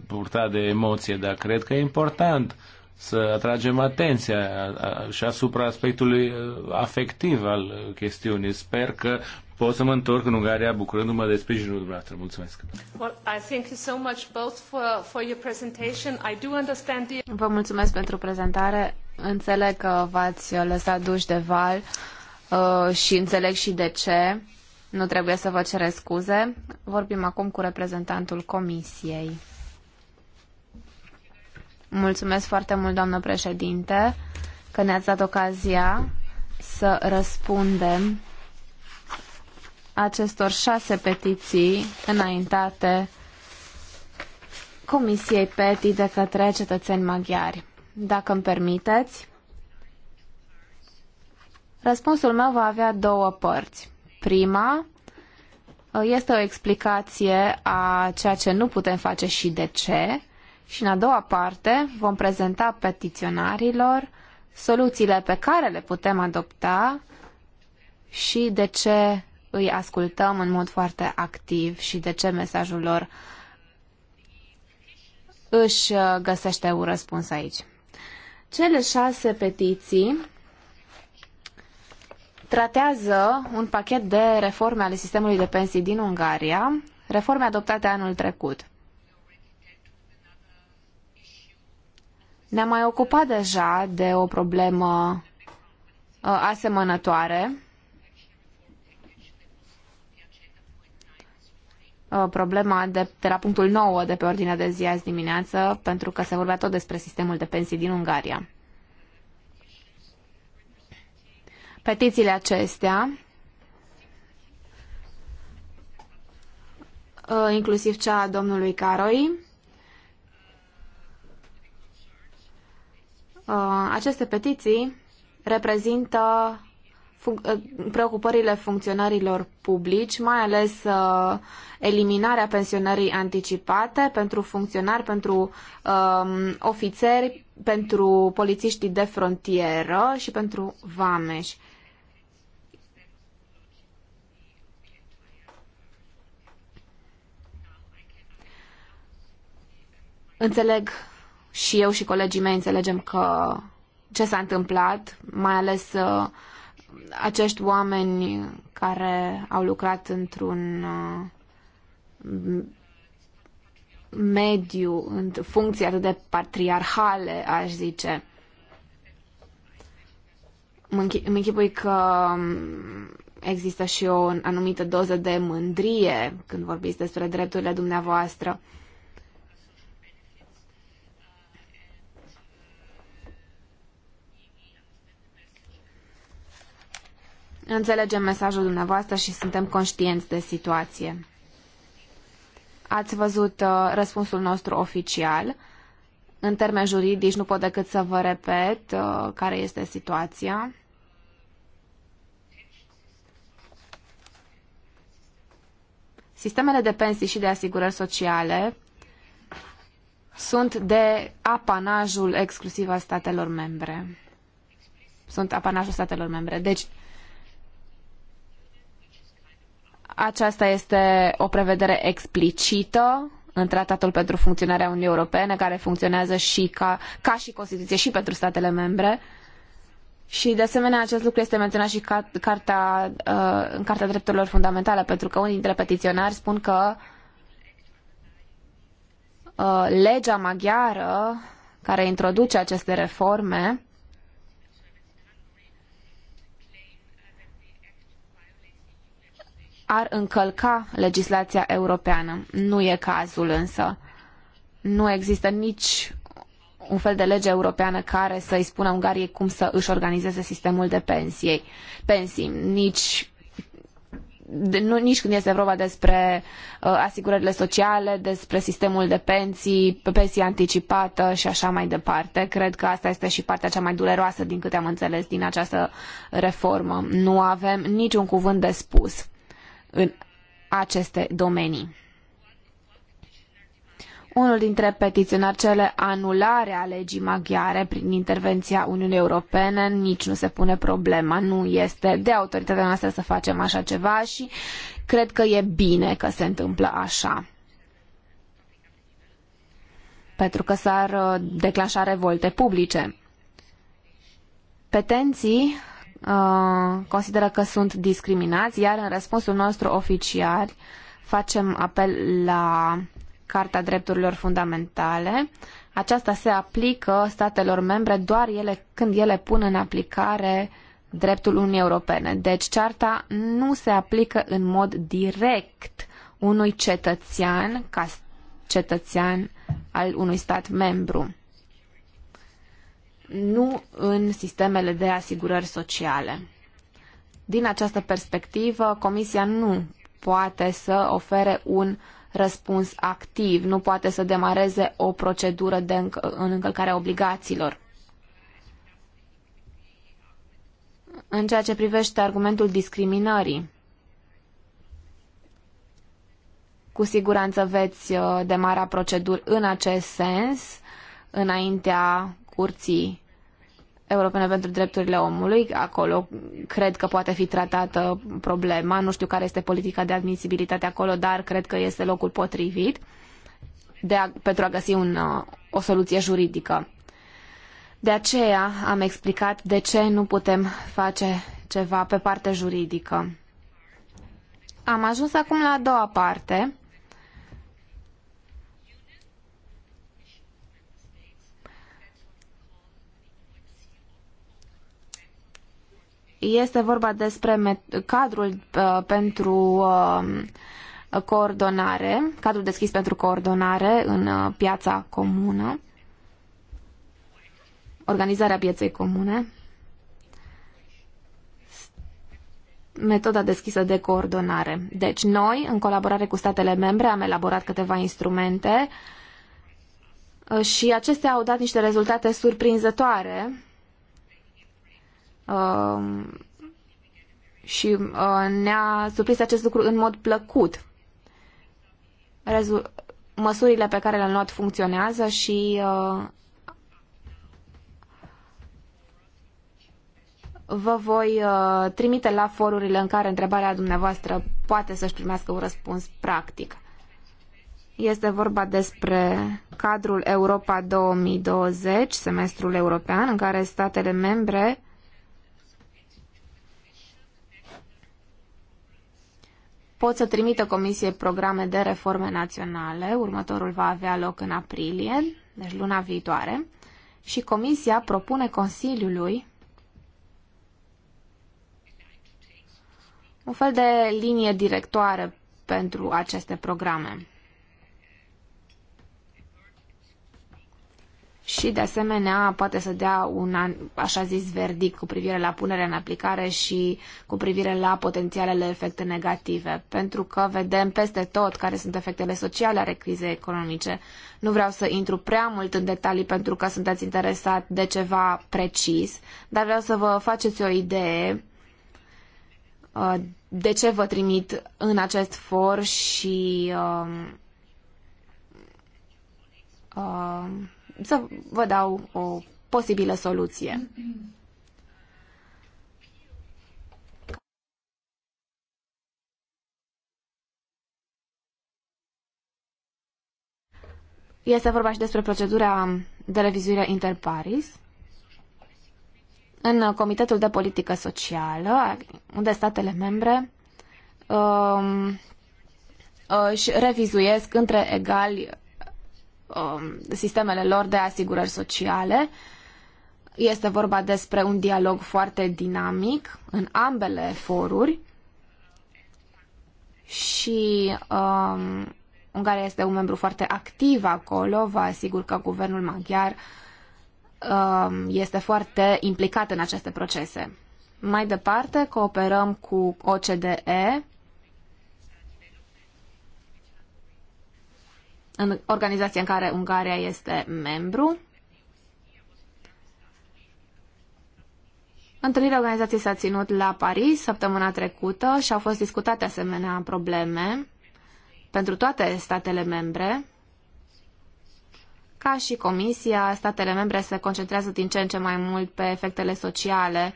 purta de emoție, dar cred că e important să atragem atenția și asupra aspectului eh, afectiv al eh, chestiunii. Sper că pot să mă întorc în Ungaria bucurându-mă de sprijinul dumneavoastră. Mulțumesc! Well, I thank you so much both for, for your presentation. I do understand the... Vă mulțumesc pentru prezentare. Înțeleg că v-ați lăsat duș de val uh, și înțeleg și de ce. Nu trebuie să vă cer scuze. Vorbim acum cu reprezentantul Comisiei. Mulțumesc foarte mult, doamnă președinte, că ne-ați dat ocazia să răspundem acestor șase petiții înaintate Comisiei PETI de către cetățeni maghiari. Dacă îmi permiteți, răspunsul meu va avea două părți. Prima este o explicație a ceea ce nu putem face și de ce. Și în a doua parte vom prezenta petiționarilor soluțiile pe care le putem adopta și de ce îi ascultăm în mod foarte activ și de ce mesajul lor își uh, găsește un răspuns aici. Cele șase petiții tratează un pachet de reforme ale sistemului de pensii din Ungaria, reforme adoptate anul trecut. Ne-am mai ocupat deja de o problemă uh, asemănătoare Uh, problema de, de la punctul 9 de pe ordinea de zi azi dimineață, pentru că se vorbea tot despre sistemul de pensii din Ungaria. Petițiile acestea, uh, inclusiv cea a domnului Caroi, uh, aceste petiții reprezintă Ă, preocupările funcționarilor publici, mai ales uh, eliminarea pensionării anticipate pentru funcționari, pentru um, ofițeri, pentru polițiștii de frontieră și pentru vameși. Înțeleg și eu și colegii mei înțelegem că ce s-a întâmplat, mai ales uh, acești oameni care au lucrat într-un uh, mediu, în funcții atât de patriarhale, aș zice. Îmi închipui că um, există și o anumită doză de mândrie când vorbiți despre drepturile dumneavoastră. Înțelegem mesajul dumneavoastră și suntem conștienți de situație. Ați văzut uh, răspunsul nostru oficial. În termeni juridici nu pot decât să vă repet uh, care este situația. Sistemele de pensii și de asigurări sociale sunt de apanajul exclusiv al statelor membre. Sunt apanajul statelor membre. Deci, Aceasta este o prevedere explicită în Tratatul pentru funcționarea Uniunii Europene, care funcționează și ca, ca și Constituție și pentru statele membre. Și, de asemenea, acest lucru este menționat și ca, carta, uh, în Carta Drepturilor Fundamentale, pentru că unii dintre petiționari spun că uh, legea maghiară care introduce aceste reforme ar încălca legislația europeană. Nu e cazul însă. Nu există nici un fel de lege europeană care să-i spună Ungariei cum să își organizeze sistemul de pensii, pensii, nici nu, nici când este vorba despre uh, asigurările sociale, despre sistemul de pensii, pensie anticipată și așa mai departe. Cred că asta este și partea cea mai dureroasă din câte am înțeles din această reformă. Nu avem niciun cuvânt de spus în aceste domenii. Unul dintre petiționari cele a legii maghiare prin intervenția Uniunii Europene nici nu se pune problema, nu este de autoritatea noastră să facem așa ceva și cred că e bine că se întâmplă așa. Pentru că s-ar uh, declanșa revolte publice. Petenții Uh, consideră că sunt discriminați, iar în răspunsul nostru oficial facem apel la Carta Drepturilor Fundamentale. Aceasta se aplică statelor membre doar ele, când ele pun în aplicare dreptul Uniunii Europene. Deci cearta nu se aplică în mod direct unui cetățean ca cetățean al unui stat membru nu în sistemele de asigurări sociale. Din această perspectivă, Comisia nu poate să ofere un răspuns activ, nu poate să demareze o procedură de înc- în încălcarea obligațiilor. În ceea ce privește argumentul discriminării, cu siguranță veți uh, demara proceduri în acest sens, înaintea curții Europene pentru Drepturile Omului. Acolo cred că poate fi tratată problema. Nu știu care este politica de admisibilitate acolo, dar cred că este locul potrivit de a, pentru a găsi un, uh, o soluție juridică. De aceea am explicat de ce nu putem face ceva pe parte juridică. Am ajuns acum la a doua parte Este vorba despre cadrul uh, pentru uh, coordonare, cadrul deschis pentru coordonare în uh, piața comună, organizarea pieței comune, metoda deschisă de coordonare. Deci noi, în colaborare cu statele membre, am elaborat câteva instrumente și acestea au dat niște rezultate surprinzătoare Um, și uh, ne-a surprins acest lucru în mod plăcut. Rezu- măsurile pe care le-am luat funcționează și uh, vă voi uh, trimite la forurile în care întrebarea dumneavoastră poate să-și primească un răspuns practic. Este vorba despre cadrul Europa 2020, semestrul european, în care statele membre pot să trimită Comisiei programe de reforme naționale. Următorul va avea loc în aprilie, deci luna viitoare. Și Comisia propune Consiliului un fel de linie directoare pentru aceste programe. și, de asemenea, poate să dea un an, așa zis verdict cu privire la punerea în aplicare și cu privire la potențialele efecte negative, pentru că vedem peste tot care sunt efectele sociale ale crizei economice. Nu vreau să intru prea mult în detalii pentru că sunteți interesat de ceva precis, dar vreau să vă faceți o idee uh, de ce vă trimit în acest for și um, um, să vă dau o posibilă soluție. Este vorba și despre procedura de revizuire interparis. În Comitetul de Politică Socială, unde statele membre um, își revizuiesc între egali Um, sistemele lor de asigurări sociale. Este vorba despre un dialog foarte dinamic în ambele foruri și um, Ungaria este un membru foarte activ acolo. Vă asigur că guvernul maghiar um, este foarte implicat în aceste procese. Mai departe, cooperăm cu OCDE, în organizația în care Ungaria este membru. Întâlnirea organizației s-a ținut la Paris săptămâna trecută și au fost discutate asemenea probleme pentru toate statele membre. Ca și Comisia, statele membre se concentrează din ce în ce mai mult pe efectele sociale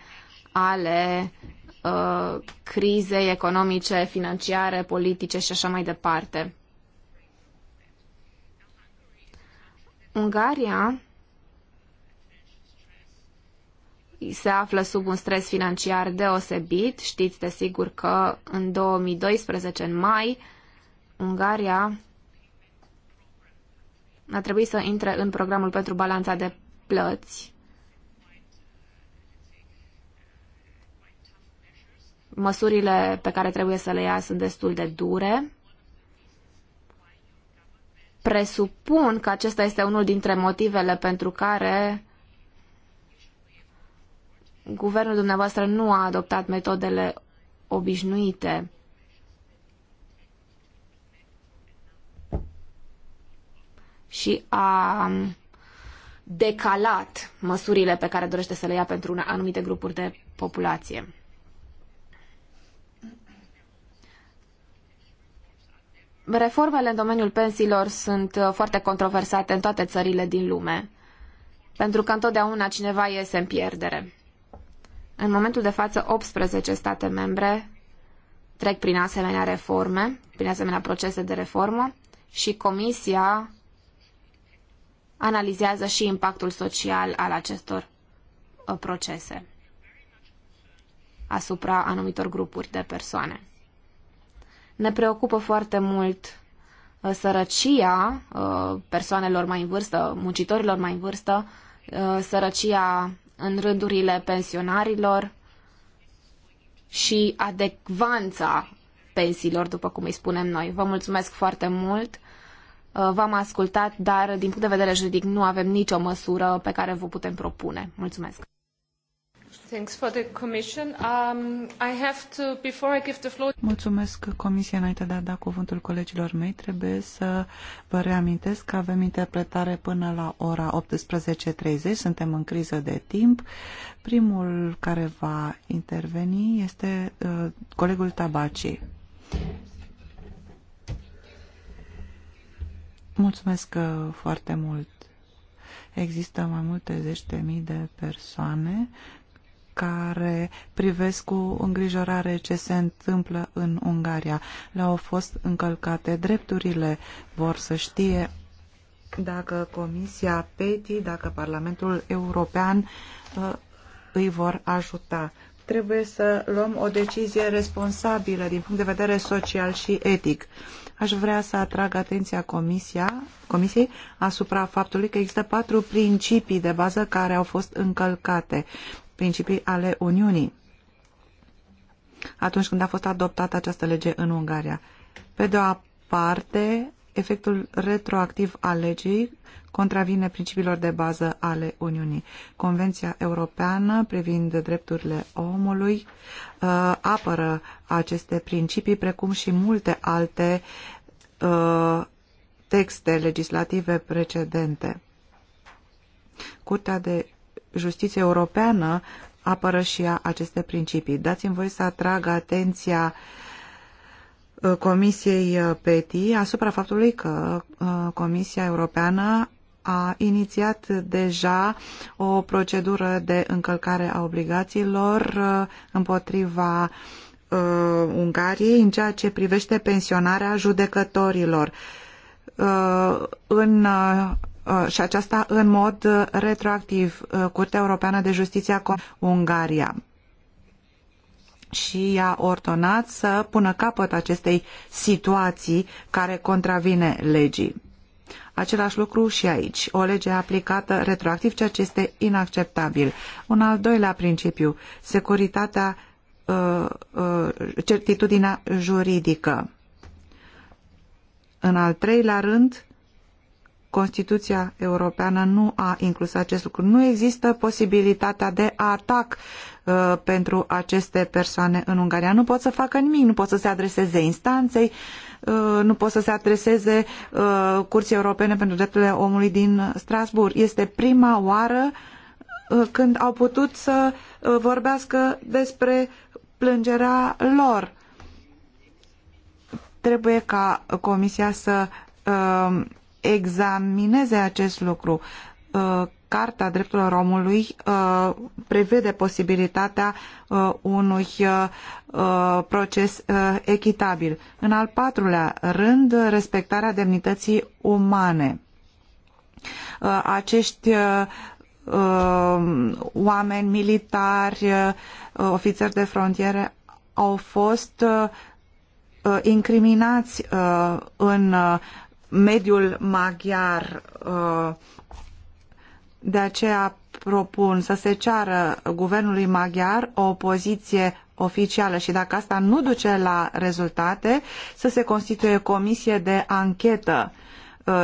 ale uh, crizei economice, financiare, politice și așa mai departe. Ungaria se află sub un stres financiar deosebit. Știți de sigur că în 2012, în mai, Ungaria a trebuit să intre în programul pentru balanța de plăți. Măsurile pe care trebuie să le ia sunt destul de dure presupun că acesta este unul dintre motivele pentru care guvernul dumneavoastră nu a adoptat metodele obișnuite. și a decalat măsurile pe care dorește să le ia pentru anumite grupuri de populație. Reformele în domeniul pensiilor sunt uh, foarte controversate în toate țările din lume, pentru că întotdeauna cineva iese în pierdere. În momentul de față, 18 state membre trec prin asemenea reforme, prin asemenea procese de reformă și Comisia analizează și impactul social al acestor uh, procese asupra anumitor grupuri de persoane. Ne preocupă foarte mult uh, sărăcia uh, persoanelor mai în vârstă, muncitorilor mai în vârstă, uh, sărăcia în rândurile pensionarilor și adecvanța pensiilor, după cum îi spunem noi. Vă mulțumesc foarte mult. V-am ascultat, dar din punct de vedere juridic nu avem nicio măsură pe care vă putem propune. Mulțumesc. Thanks for the commission. Um, I have to, before I give the floor... Mulțumesc Comisia înainte de a da cuvântul colegilor mei. Trebuie să vă reamintesc că avem interpretare până la ora 18.30. Suntem în criză de timp. Primul care va interveni este uh, colegul Tabaci. Mulțumesc uh, foarte mult. Există mai multe zeci de mii de persoane care privesc cu îngrijorare ce se întâmplă în Ungaria. Le-au fost încălcate drepturile, vor să știe dacă Comisia PETI, dacă Parlamentul European uh, îi vor ajuta. Trebuie să luăm o decizie responsabilă din punct de vedere social și etic. Aș vrea să atrag atenția comisia, Comisiei asupra faptului că există patru principii de bază care au fost încălcate principii ale Uniunii atunci când a fost adoptată această lege în Ungaria. Pe de o parte, efectul retroactiv al legii contravine principiilor de bază ale Uniunii. Convenția Europeană privind drepturile omului uh, apără aceste principii, precum și multe alte uh, texte legislative precedente. Curtea de justiție europeană apără și ea aceste principii. Dați-mi voi să atrag atenția uh, Comisiei uh, PETI asupra faptului că uh, Comisia Europeană a inițiat deja o procedură de încălcare a obligațiilor împotriva Ungariei în ceea ce privește pensionarea judecătorilor. În Uh, și aceasta în mod uh, retroactiv. Uh, Curtea Europeană de Justiție a Ungaria și i-a ordonat să pună capăt acestei situații care contravine legii. Același lucru și aici. O lege aplicată retroactiv, ceea ce este inacceptabil. Un al doilea principiu, securitatea, uh, uh, certitudinea juridică. În al treilea rând, Constituția Europeană nu a inclus acest lucru. Nu există posibilitatea de atac uh, pentru aceste persoane în Ungaria. Nu pot să facă nimic, nu pot să se adreseze instanței, uh, nu pot să se adreseze uh, Curții Europene pentru Drepturile Omului din Strasbourg. Este prima oară uh, când au putut să uh, vorbească despre plângerea lor. Trebuie ca Comisia să examineze acest lucru. Uh, Carta Drepturilor Omului uh, prevede posibilitatea uh, unui proces echitabil. În al patrulea rând, respectarea demnității umane. Acești oameni militari, ofițeri de frontiere au fost incriminați în mediul maghiar. Uh, de aceea propun să se ceară guvernului maghiar o poziție oficială și dacă asta nu duce la rezultate, să se constituie comisie de anchetă uh,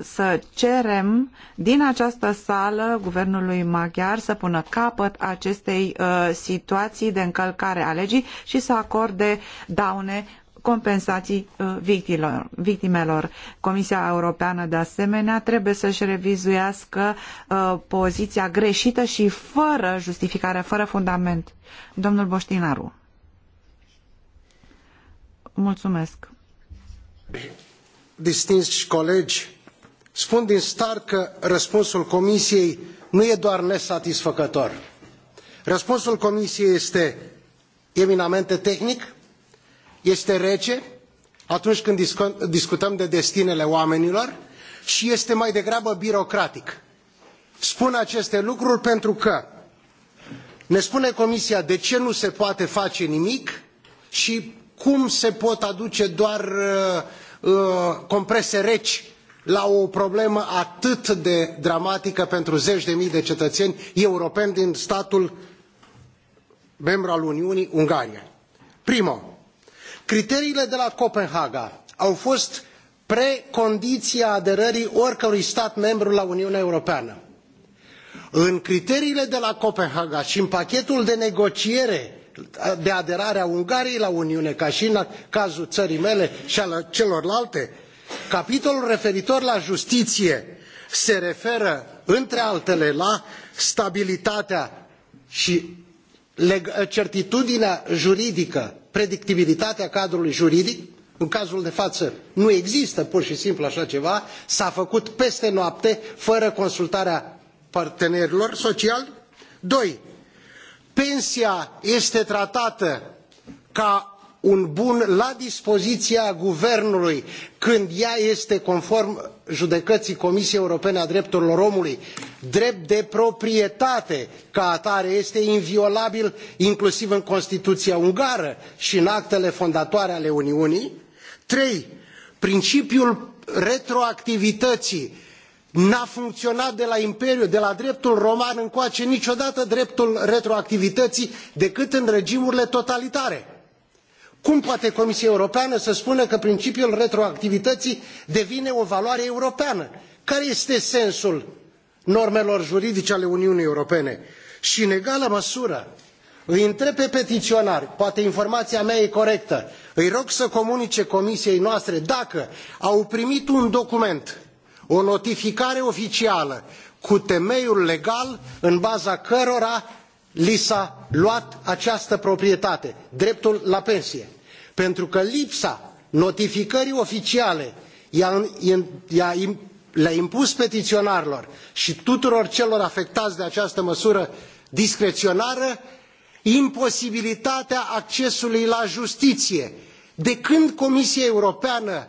să cerem din această sală guvernului maghiar să pună capăt acestei uh, situații de încălcare a legii și să acorde daune compensații uh, victimelor. Comisia Europeană, de asemenea, trebuie să-și revizuiască uh, poziția greșită și fără justificare, fără fundament. Domnul Boștinaru. Mulțumesc. Distinși colegi, spun din start că răspunsul Comisiei nu e doar nesatisfăcător. Răspunsul Comisiei este eminamente tehnic, este rece atunci când discutăm de destinele oamenilor și este mai degrabă birocratic. Spun aceste lucruri pentru că ne spune Comisia de ce nu se poate face nimic și cum se pot aduce doar uh, uh, comprese reci la o problemă atât de dramatică pentru zeci de mii de cetățeni europeni din statul membru al Uniunii, Ungaria. Primul criteriile de la copenhaga au fost precondiția aderării oricărui stat membru la uniunea europeană. în criteriile de la copenhaga și în pachetul de negociere de aderare a ungariei la uniune ca și în cazul ării mele i al celorlalte capitolul referitor la justiție se referă între altele la stabilitatea și certitudinea juridică predictibilitatea cadrului juridic în cazul de față nu există pur și simplu așa ceva, s-a făcut peste noapte, fără consultarea partenerilor sociali. Doi, pensia este tratată ca un bun la dispoziția guvernului când ea este conform judecății comisiei europene a drepturilor omului drept de proprietate ca atare este inviolabil inclusiv în constituția ungară și în actele fondatoare ale uniunii trei principiul retroactivității n-a funcționat de la imperiu, de la dreptul roman încoace niciodată dreptul retroactivității decât în regimurile totalitare cum poate Comisia Europeană să spună că principiul retroactivității devine o valoare europeană? Care este sensul normelor juridice ale Uniunii Europene? Și în egală măsură, îi întreb pe petiionari poate informaia mea e corectă îi rog să comunice comisiei noastre dacă au primit un document o notificare oficială cu temeiul legal în baza cărora li s a luat această proprietate dreptul la pensie pentru că lipsa notificării oficiale le a impus petiionarilor i tuturor celor afectai de această măsură discreionară imposibilitatea accesului la justiie de când comisia europeană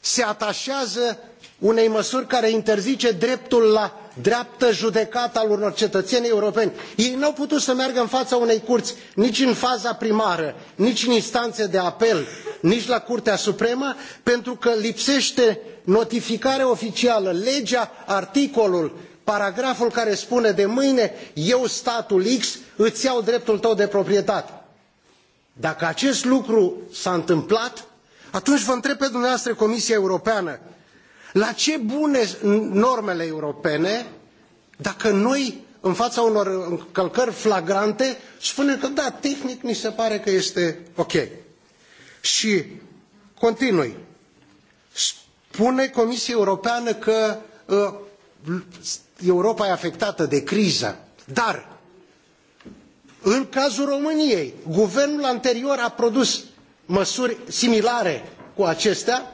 se atașează unei măsuri care interzice dreptul la dreaptă judecată al unor cetățeni europeni. Ei nu au putut să meargă în fața unei curți nici în faza primară, nici în instanțe de apel, nici la Curtea Supremă, pentru că lipsește notificarea oficială, legea, articolul, paragraful care spune de mâine eu, statul X, îți iau dreptul tău de proprietate. Dacă acest lucru s-a întâmplat, atunci vă întreb pe dumneavoastră Comisia Europeană, la ce bune normele europene dacă noi, în fața unor încălcări flagrante, spunem că da, tehnic ni se pare că este ok. Și continui. Spune Comisia Europeană că uh, Europa e afectată de criză, dar în cazul României, guvernul anterior a produs măsuri similare cu acestea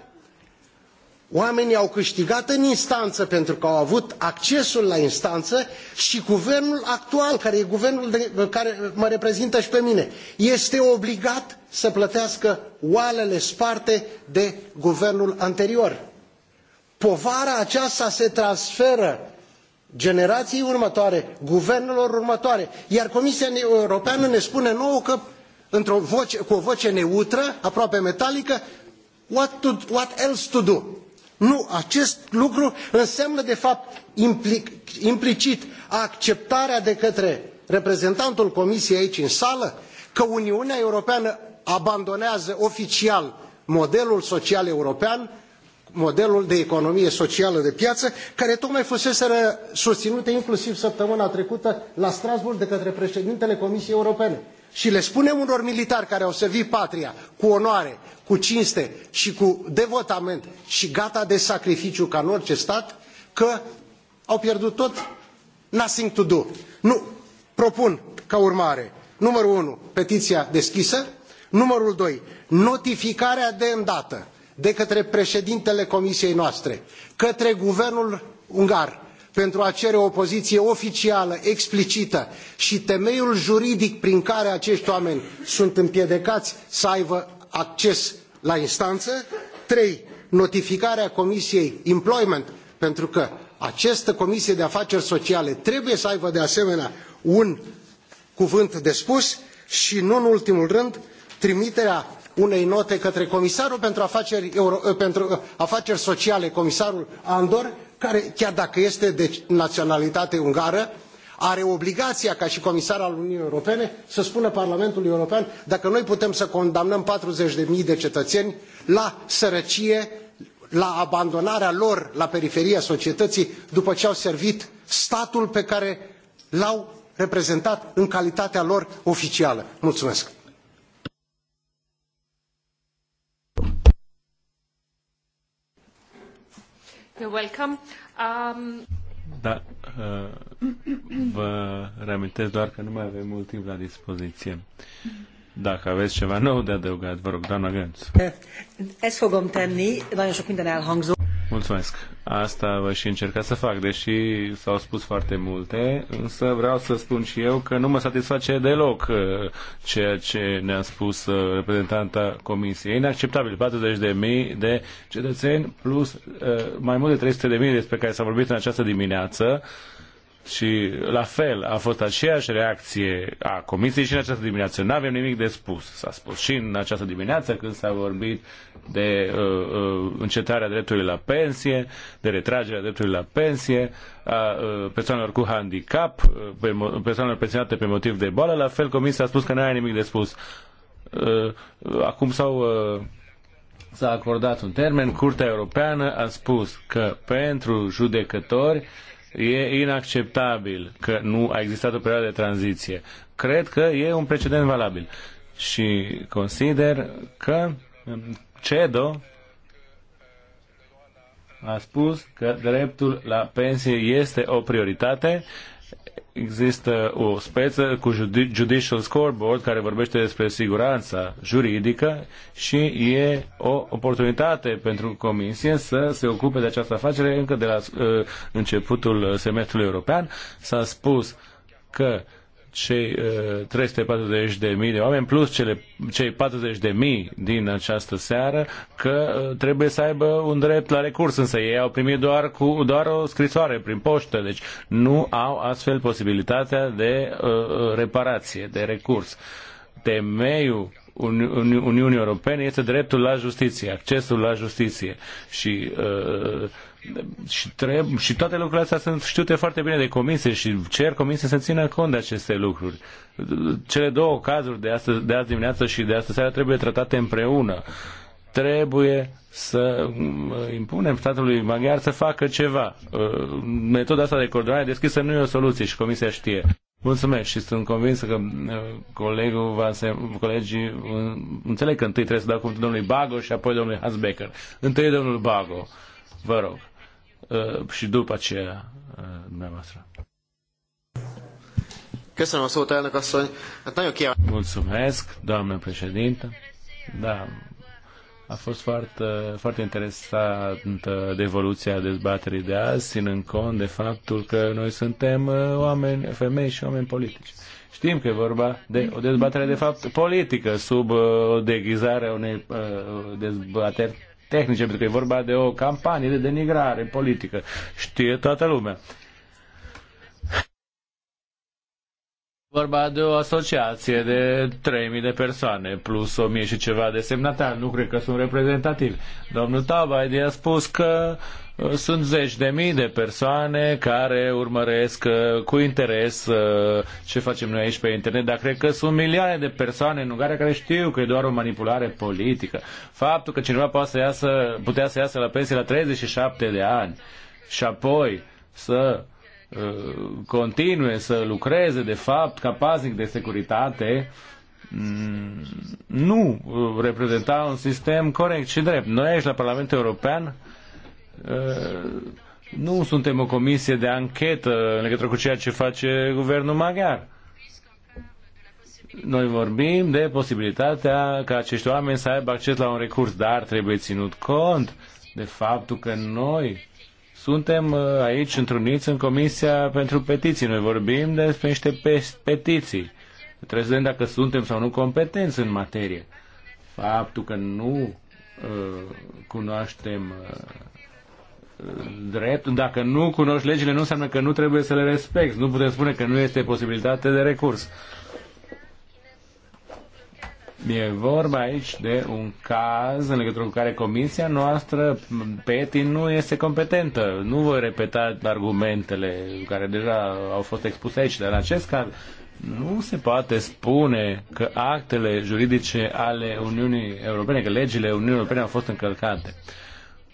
Oamenii au câștigat în instanță pentru că au avut accesul la instanță și guvernul actual, care e guvernul de, care mă reprezintă și pe mine, este obligat să plătească oalele sparte de guvernul anterior. Povara aceasta se transferă generației următoare, guvernelor următoare, iar Comisia Europeană ne spune nouă că într-o voce, cu o voce neutră, aproape metalică, what, to, what else to do? Nu, acest lucru înseamnă de fapt implic, implicit acceptarea de către reprezentantul Comisiei aici în sală că Uniunea Europeană abandonează oficial modelul social european modelul de economie socială de piață, care tocmai fusese susținute inclusiv săptămâna trecută la Strasbourg de către președintele Comisiei Europene. Și le spunem unor militari care au servit patria cu onoare, cu cinste și cu devotament și gata de sacrificiu ca în orice stat, că au pierdut tot, nothing to do. Nu, propun ca urmare, numărul unu, petiția deschisă, numărul doi, notificarea de îndată de către preedintele comisiei noastre către guvernul ungar pentru a cere o poziie oficială explicită i temeiul juridic prin care aceti oameni sunt împiedicai să aibă acces la instană trei notificarea comisiei employment pentru că această comisie de afaceri sociale trebuie să aibă de asemenea un cuvânt de spus i nu în ultimul rând trimiterea unei note către comisarul pentru afaceri, Euro, eh, pentru eh, afaceri sociale, comisarul Andor, care, chiar dacă este de naționalitate ungară, are obligația ca și comisar al Uniunii Europene să spună Parlamentului European dacă noi putem să condamnăm 40.000 de cetățeni la sărăcie, la abandonarea lor la periferia societății după ce au servit statul pe care l-au reprezentat în calitatea lor oficială. Mulțumesc! You're welcome. Um... Da, uh, vă reamintesc doar că nu mai avem mult timp la dispoziție. Dacă aveți ceva nou de adăugat, vă rog, doamna Gânț. Ezt fogom tenni, nagyon sok minden elhangzó. Mulțumesc. Asta vă și încerca să fac, deși s-au spus foarte multe, însă vreau să spun și eu că nu mă satisface deloc uh, ceea ce ne-a spus uh, reprezentanta Comisiei. E inacceptabil. 40.000 de cetățeni plus uh, mai mult de 300.000 despre care s-a vorbit în această dimineață și la fel a fost aceeași reacție a Comisiei și în această dimineață. Nu avem nimic de spus, s-a spus și în această dimineață când s-a vorbit de uh, uh, încetarea dreptului la pensie, de retragerea dreptului la pensie, a uh, persoanelor cu handicap, uh, pe, persoanelor pensionate pe motiv de boală, la fel Comisia a spus că nu are nimic de spus. Uh, acum s-au uh, s-a acordat un termen, Curtea Europeană a spus că pentru judecători e inacceptabil că nu a existat o perioadă de tranziție. Cred că e un precedent valabil și consider că CEDO a spus că dreptul la pensie este o prioritate. Există o speță cu Judicial Scoreboard care vorbește despre siguranța juridică și e o oportunitate pentru Comisie să se ocupe de această afacere încă de la uh, începutul semestrului european. S-a spus că uh, cei uh, 340.000 de oameni plus cele, cei 40.000 din această seară că uh, trebuie să aibă un drept la recurs, însă ei au primit doar, cu, doar o scrisoare prin poștă, deci nu au astfel posibilitatea de uh, uh reparație, de recurs. Temeiul Uni Uni Uniunii Europene este dreptul la justiție, accesul la justiție și uh, și, treb- și toate lucrurile astea sunt știute foarte bine de comisie și cer comisie să țină cont de aceste lucruri. Cele două cazuri de, astăzi, de azi dimineață și de astăzi seara trebuie tratate împreună. Trebuie să mm, impunem statului maghiar să facă ceva. Uh, metoda asta de coordonare deschisă nu e o soluție și comisia știe. Mulțumesc și sunt convins că uh, colegul va se, colegii uh, înțeleg că întâi trebuie să dau cuvântul domnului Bago și apoi domnului Hans Becker. Întâi domnul Bago, vă rog. Uh, și după aceea uh, dumneavoastră. Köszönöm a szót, elnök asszony. Hát nagyon Mulțumesc, doamnă președintă. Da, a fost foarte, foarte interesantă de evoluția dezbaterii de azi, ținând cont de faptul că noi suntem uh, oameni, femei și oameni politici. Știm că e vorba de o dezbatere, de fapt, politică, sub o deghizare a unei dezbateri tehnice, pentru că e vorba de o campanie de denigrare politică. Știe toată lumea. Vorba de o asociație de 3.000 de persoane, plus 1.000 și ceva de semnatari. Nu cred că sunt reprezentativi. Domnul Tabaidi a spus că sunt zeci de mii de persoane care urmăresc uh, cu interes uh, ce facem noi aici pe internet, dar cred că sunt milioane de persoane în Ungaria care știu că e doar o manipulare politică. Faptul că cineva poate să iasă, putea să iasă la pensie la 37 de ani și apoi să uh, continue să lucreze de fapt ca paznic de securitate mm, nu reprezenta un sistem corect și drept. Noi aici la Parlamentul European Uh, nu suntem o comisie de anchetă în legătură cu ceea ce face guvernul maghiar. Noi vorbim de posibilitatea ca acești oameni să aibă acces la un recurs, dar trebuie ținut cont de faptul că noi suntem uh, aici întruniți în Comisia pentru Petiții. Noi vorbim despre niște petiții. Trebuie să vedem dacă suntem sau nu competenți în materie. Faptul că nu uh, cunoaștem drept. Dacă nu cunoști legile, nu înseamnă că nu trebuie să le respecti. Nu putem spune că nu este posibilitate de recurs. E vorba aici de un caz în legătură cu care comisia noastră, PETI, nu este competentă. Nu voi repeta argumentele care deja au fost expuse aici, dar în acest caz nu se poate spune că actele juridice ale Uniunii Europene, că legile Uniunii Europene au fost încălcate. Uh,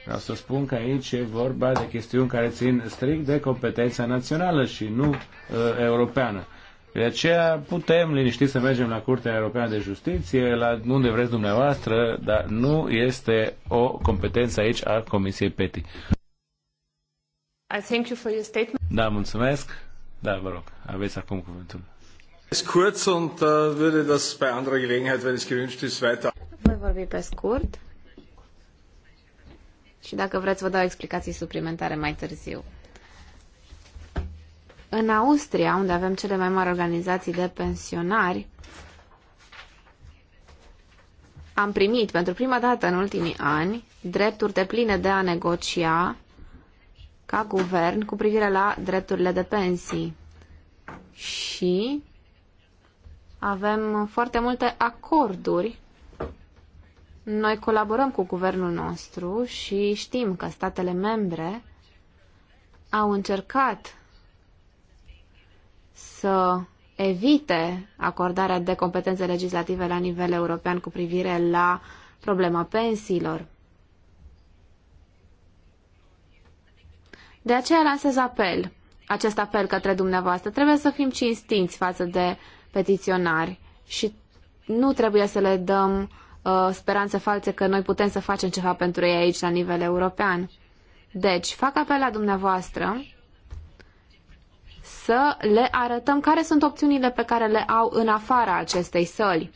Vreau să spun că aici e vorba de chestiuni care țin strict de competența națională și nu uh, europeană. De aceea putem liniști să mergem la Curtea Europeană de Justiție, la unde vreți dumneavoastră, dar nu este o competență aici a Comisiei PETI. I thank you for your statement. Da, mulțumesc. Da, vă rog, aveți acum cuvântul. Kurz und äh, würde das bei anderer Gelegenheit, wenn es gewünscht ist, weiter. Voi vorbi pe scurt și dacă vreți vă dau explicații suplimentare mai târziu. În Austria, unde avem cele mai mari organizații de pensionari, am primit pentru prima dată în ultimii ani drepturi de pline de a negocia ca guvern cu privire la drepturile de pensii. Și avem foarte multe acorduri noi colaborăm cu guvernul nostru și știm că statele membre au încercat să evite acordarea de competențe legislative la nivel european cu privire la problema pensiilor. De aceea lansez apel, acest apel către dumneavoastră. Trebuie să fim cinstinți față de petiționari și nu trebuie să le dăm uh, speranțe false că noi putem să facem ceva pentru ei aici la nivel european. Deci, fac apel la dumneavoastră să le arătăm care sunt opțiunile pe care le au în afara acestei săli.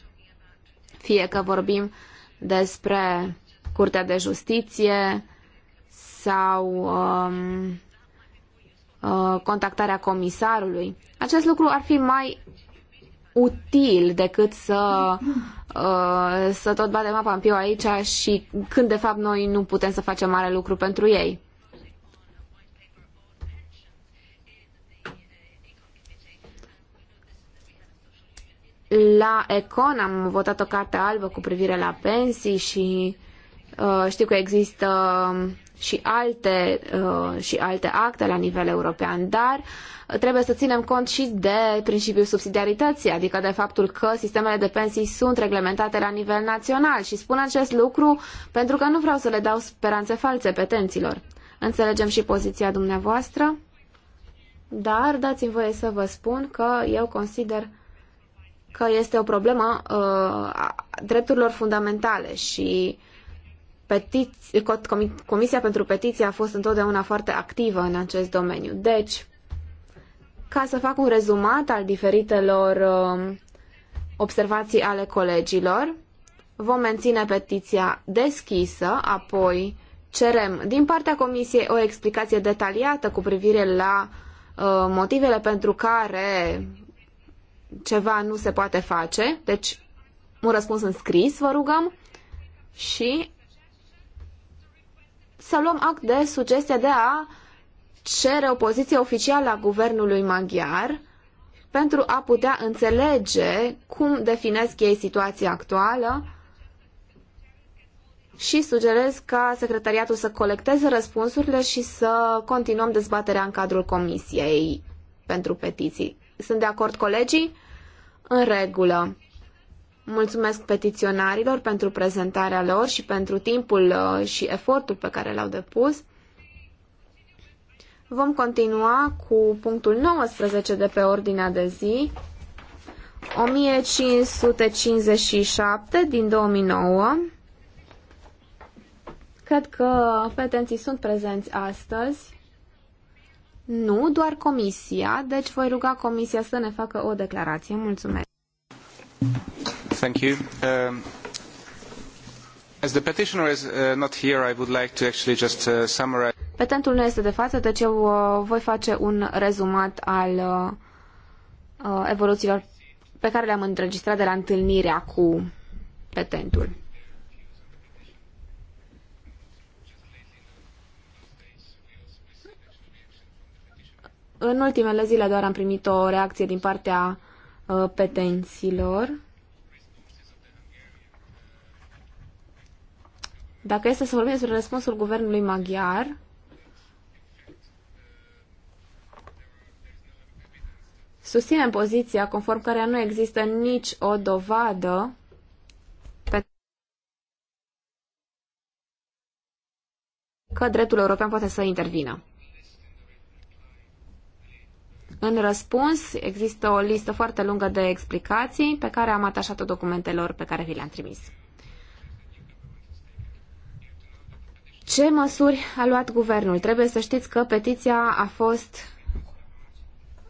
Fie că vorbim despre Curtea de Justiție sau um, uh, contactarea comisarului. Acest lucru ar fi mai util decât să, uh, să tot batem apa în piu aici și când de fapt noi nu putem să facem mare lucru pentru ei. La Econ am votat o carte albă cu privire la pensii și uh, știu că există și alte, uh, și alte acte la nivel european, dar trebuie să ținem cont și de principiul subsidiarității, adică de faptul că sistemele de pensii sunt reglementate la nivel național și spun acest lucru pentru că nu vreau să le dau speranțe false petenților. Înțelegem și poziția dumneavoastră, dar dați-mi voie să vă spun că eu consider că este o problemă uh, a drepturilor fundamentale și petiți, Comisia pentru Petiții a fost întotdeauna foarte activă în acest domeniu. Deci, ca să fac un rezumat al diferitelor um, observații ale colegilor, vom menține petiția deschisă, apoi cerem din partea Comisiei o explicație detaliată cu privire la uh, motivele pentru care ceva nu se poate face, deci un răspuns în scris, vă rugăm, și să luăm act de sugestia de a cere o poziție oficială a guvernului maghiar pentru a putea înțelege cum definesc ei situația actuală și sugerez ca secretariatul să colecteze răspunsurile și să continuăm dezbaterea în cadrul Comisiei pentru petiții. Sunt de acord colegii? În regulă. Mulțumesc petiționarilor pentru prezentarea lor și pentru timpul uh, și efortul pe care l-au depus. Vom continua cu punctul 19 de pe ordinea de zi, 1557 din 2009. Cred că petenții sunt prezenți astăzi. Nu, doar comisia, deci voi ruga comisia să ne facă o declarație. Mulțumesc. Thank you. Um, as the petitioner is uh, not here, I would like to actually just uh, summarize. Petentul nu este de față, deci eu uh, voi face un rezumat al uh, uh evoluțiilor pe care le-am înregistrat de la întâlnirea cu petentul. În ultimele zile doar am primit o reacție din partea uh, petenților. Dacă este să vorbim despre răspunsul guvernului maghiar, susținem poziția conform căreia nu există nici o dovadă că dreptul european poate să intervină. În răspuns, există o listă foarte lungă de explicații pe care am atașat-o documentelor pe care vi le-am trimis. Ce măsuri a luat guvernul? Trebuie să știți că petiția a fost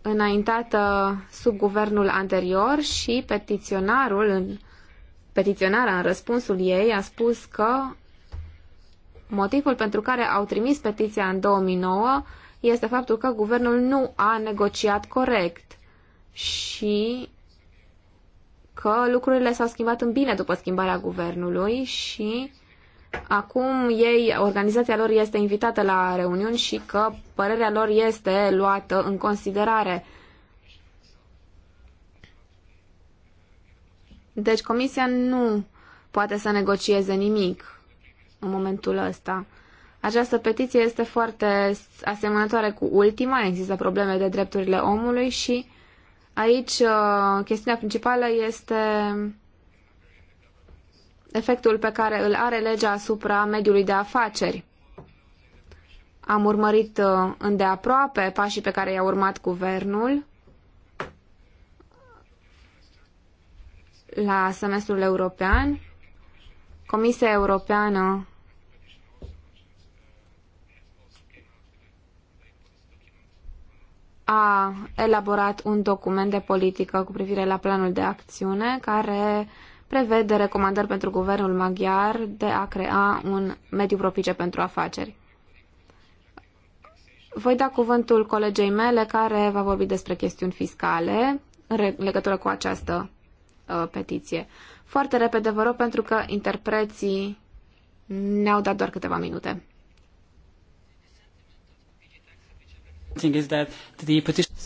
înaintată sub guvernul anterior și petiționarul, petiționarea în răspunsul ei a spus că motivul pentru care au trimis petiția în 2009 este faptul că guvernul nu a negociat corect și că lucrurile s-au schimbat în bine după schimbarea guvernului și acum ei, organizația lor este invitată la reuniuni și că părerea lor este luată în considerare. Deci comisia nu poate să negocieze nimic în momentul ăsta. Această petiție este foarte asemănătoare cu ultima, există probleme de drepturile omului și aici uh, chestiunea principală este efectul pe care îl are legea asupra mediului de afaceri. Am urmărit uh, îndeaproape pașii pe care i-a urmat guvernul la semestrul european. Comisia Europeană a elaborat un document de politică cu privire la planul de acțiune care prevede recomandări pentru guvernul maghiar de a crea un mediu propice pentru afaceri. Voi da cuvântul colegei mele care va vorbi despre chestiuni fiscale în legătură cu această uh, petiție. Foarte repede, vă rog, pentru că interpreții ne-au dat doar câteva minute.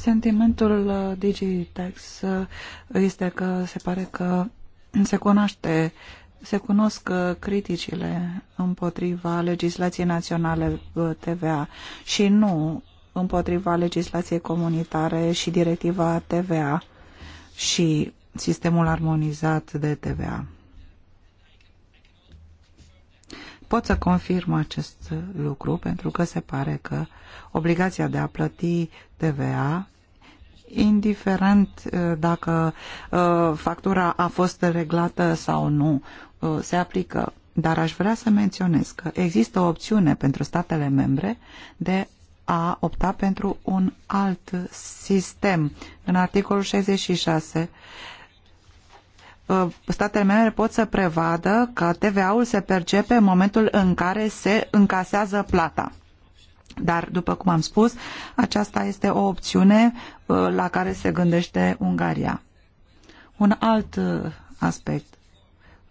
Sentimentul uh, Digitax uh, este că se pare că se cunoaște se cunosc uh, criticile împotriva legislației naționale uh, TVA și nu împotriva legislației comunitare și directiva TVA și sistemul armonizat de TVA. Pot să confirm acest uh, lucru pentru că se pare că obligația de a plăti TVA indiferent uh, dacă uh, factura a fost reglată sau nu, uh, se aplică. Dar aș vrea să menționez că există o opțiune pentru statele membre de a opta pentru un alt sistem. În articolul 66 statele membre pot să prevadă că TVA-ul se percepe în momentul în care se încasează plata. Dar, după cum am spus, aceasta este o opțiune uh, la care se gândește Ungaria. Un alt uh, aspect.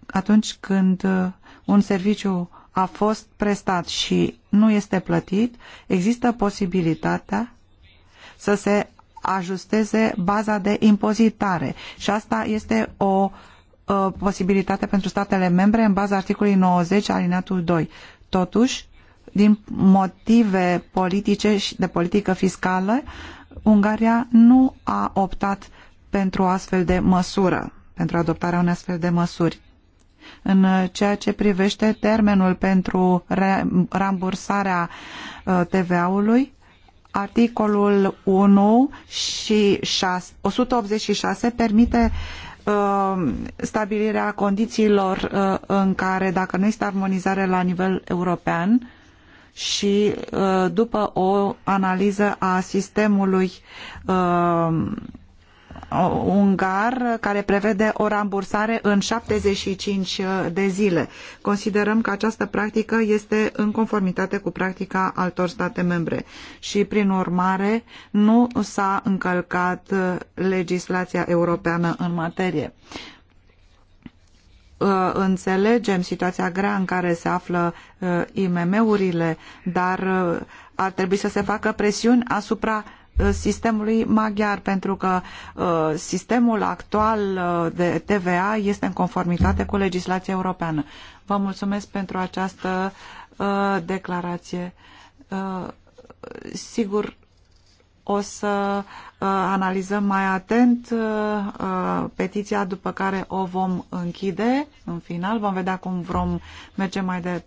Atunci când uh, un serviciu a fost prestat și nu este plătit, există posibilitatea să se ajusteze baza de impozitare și asta este o posibilitate pentru statele membre în baza articolului 90 alineatul 2. Totuși, din motive politice și de politică fiscală, Ungaria nu a optat pentru o astfel de măsură, pentru adoptarea unei astfel de măsuri. În ceea ce privește termenul pentru rambursarea uh, TVA-ului, articolul 1 și 6, 186 permite uh, stabilirea condițiilor uh, în care, dacă nu este armonizare la nivel european, și uh, după o analiză a sistemului uh, ungar care prevede o rambursare în 75 uh, de zile. Considerăm că această practică este în conformitate cu practica altor state membre și, prin urmare, nu s-a încălcat legislația europeană în materie. Uh, înțelegem situația grea în care se află uh, IMM-urile, dar uh, ar trebui să se facă presiuni asupra sistemului maghiar, pentru că sistemul actual de TVA este în conformitate cu legislația europeană. Vă mulțumesc pentru această declarație. Sigur, o să uh, analizăm mai atent uh, uh, petiția după care o vom închide în final. Vom vedea cum vom merge mai, de,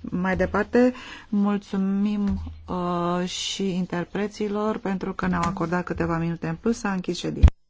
mai departe. Mulțumim și interpreților pentru că ne-au acordat câteva minute în plus. S-a închis ședința.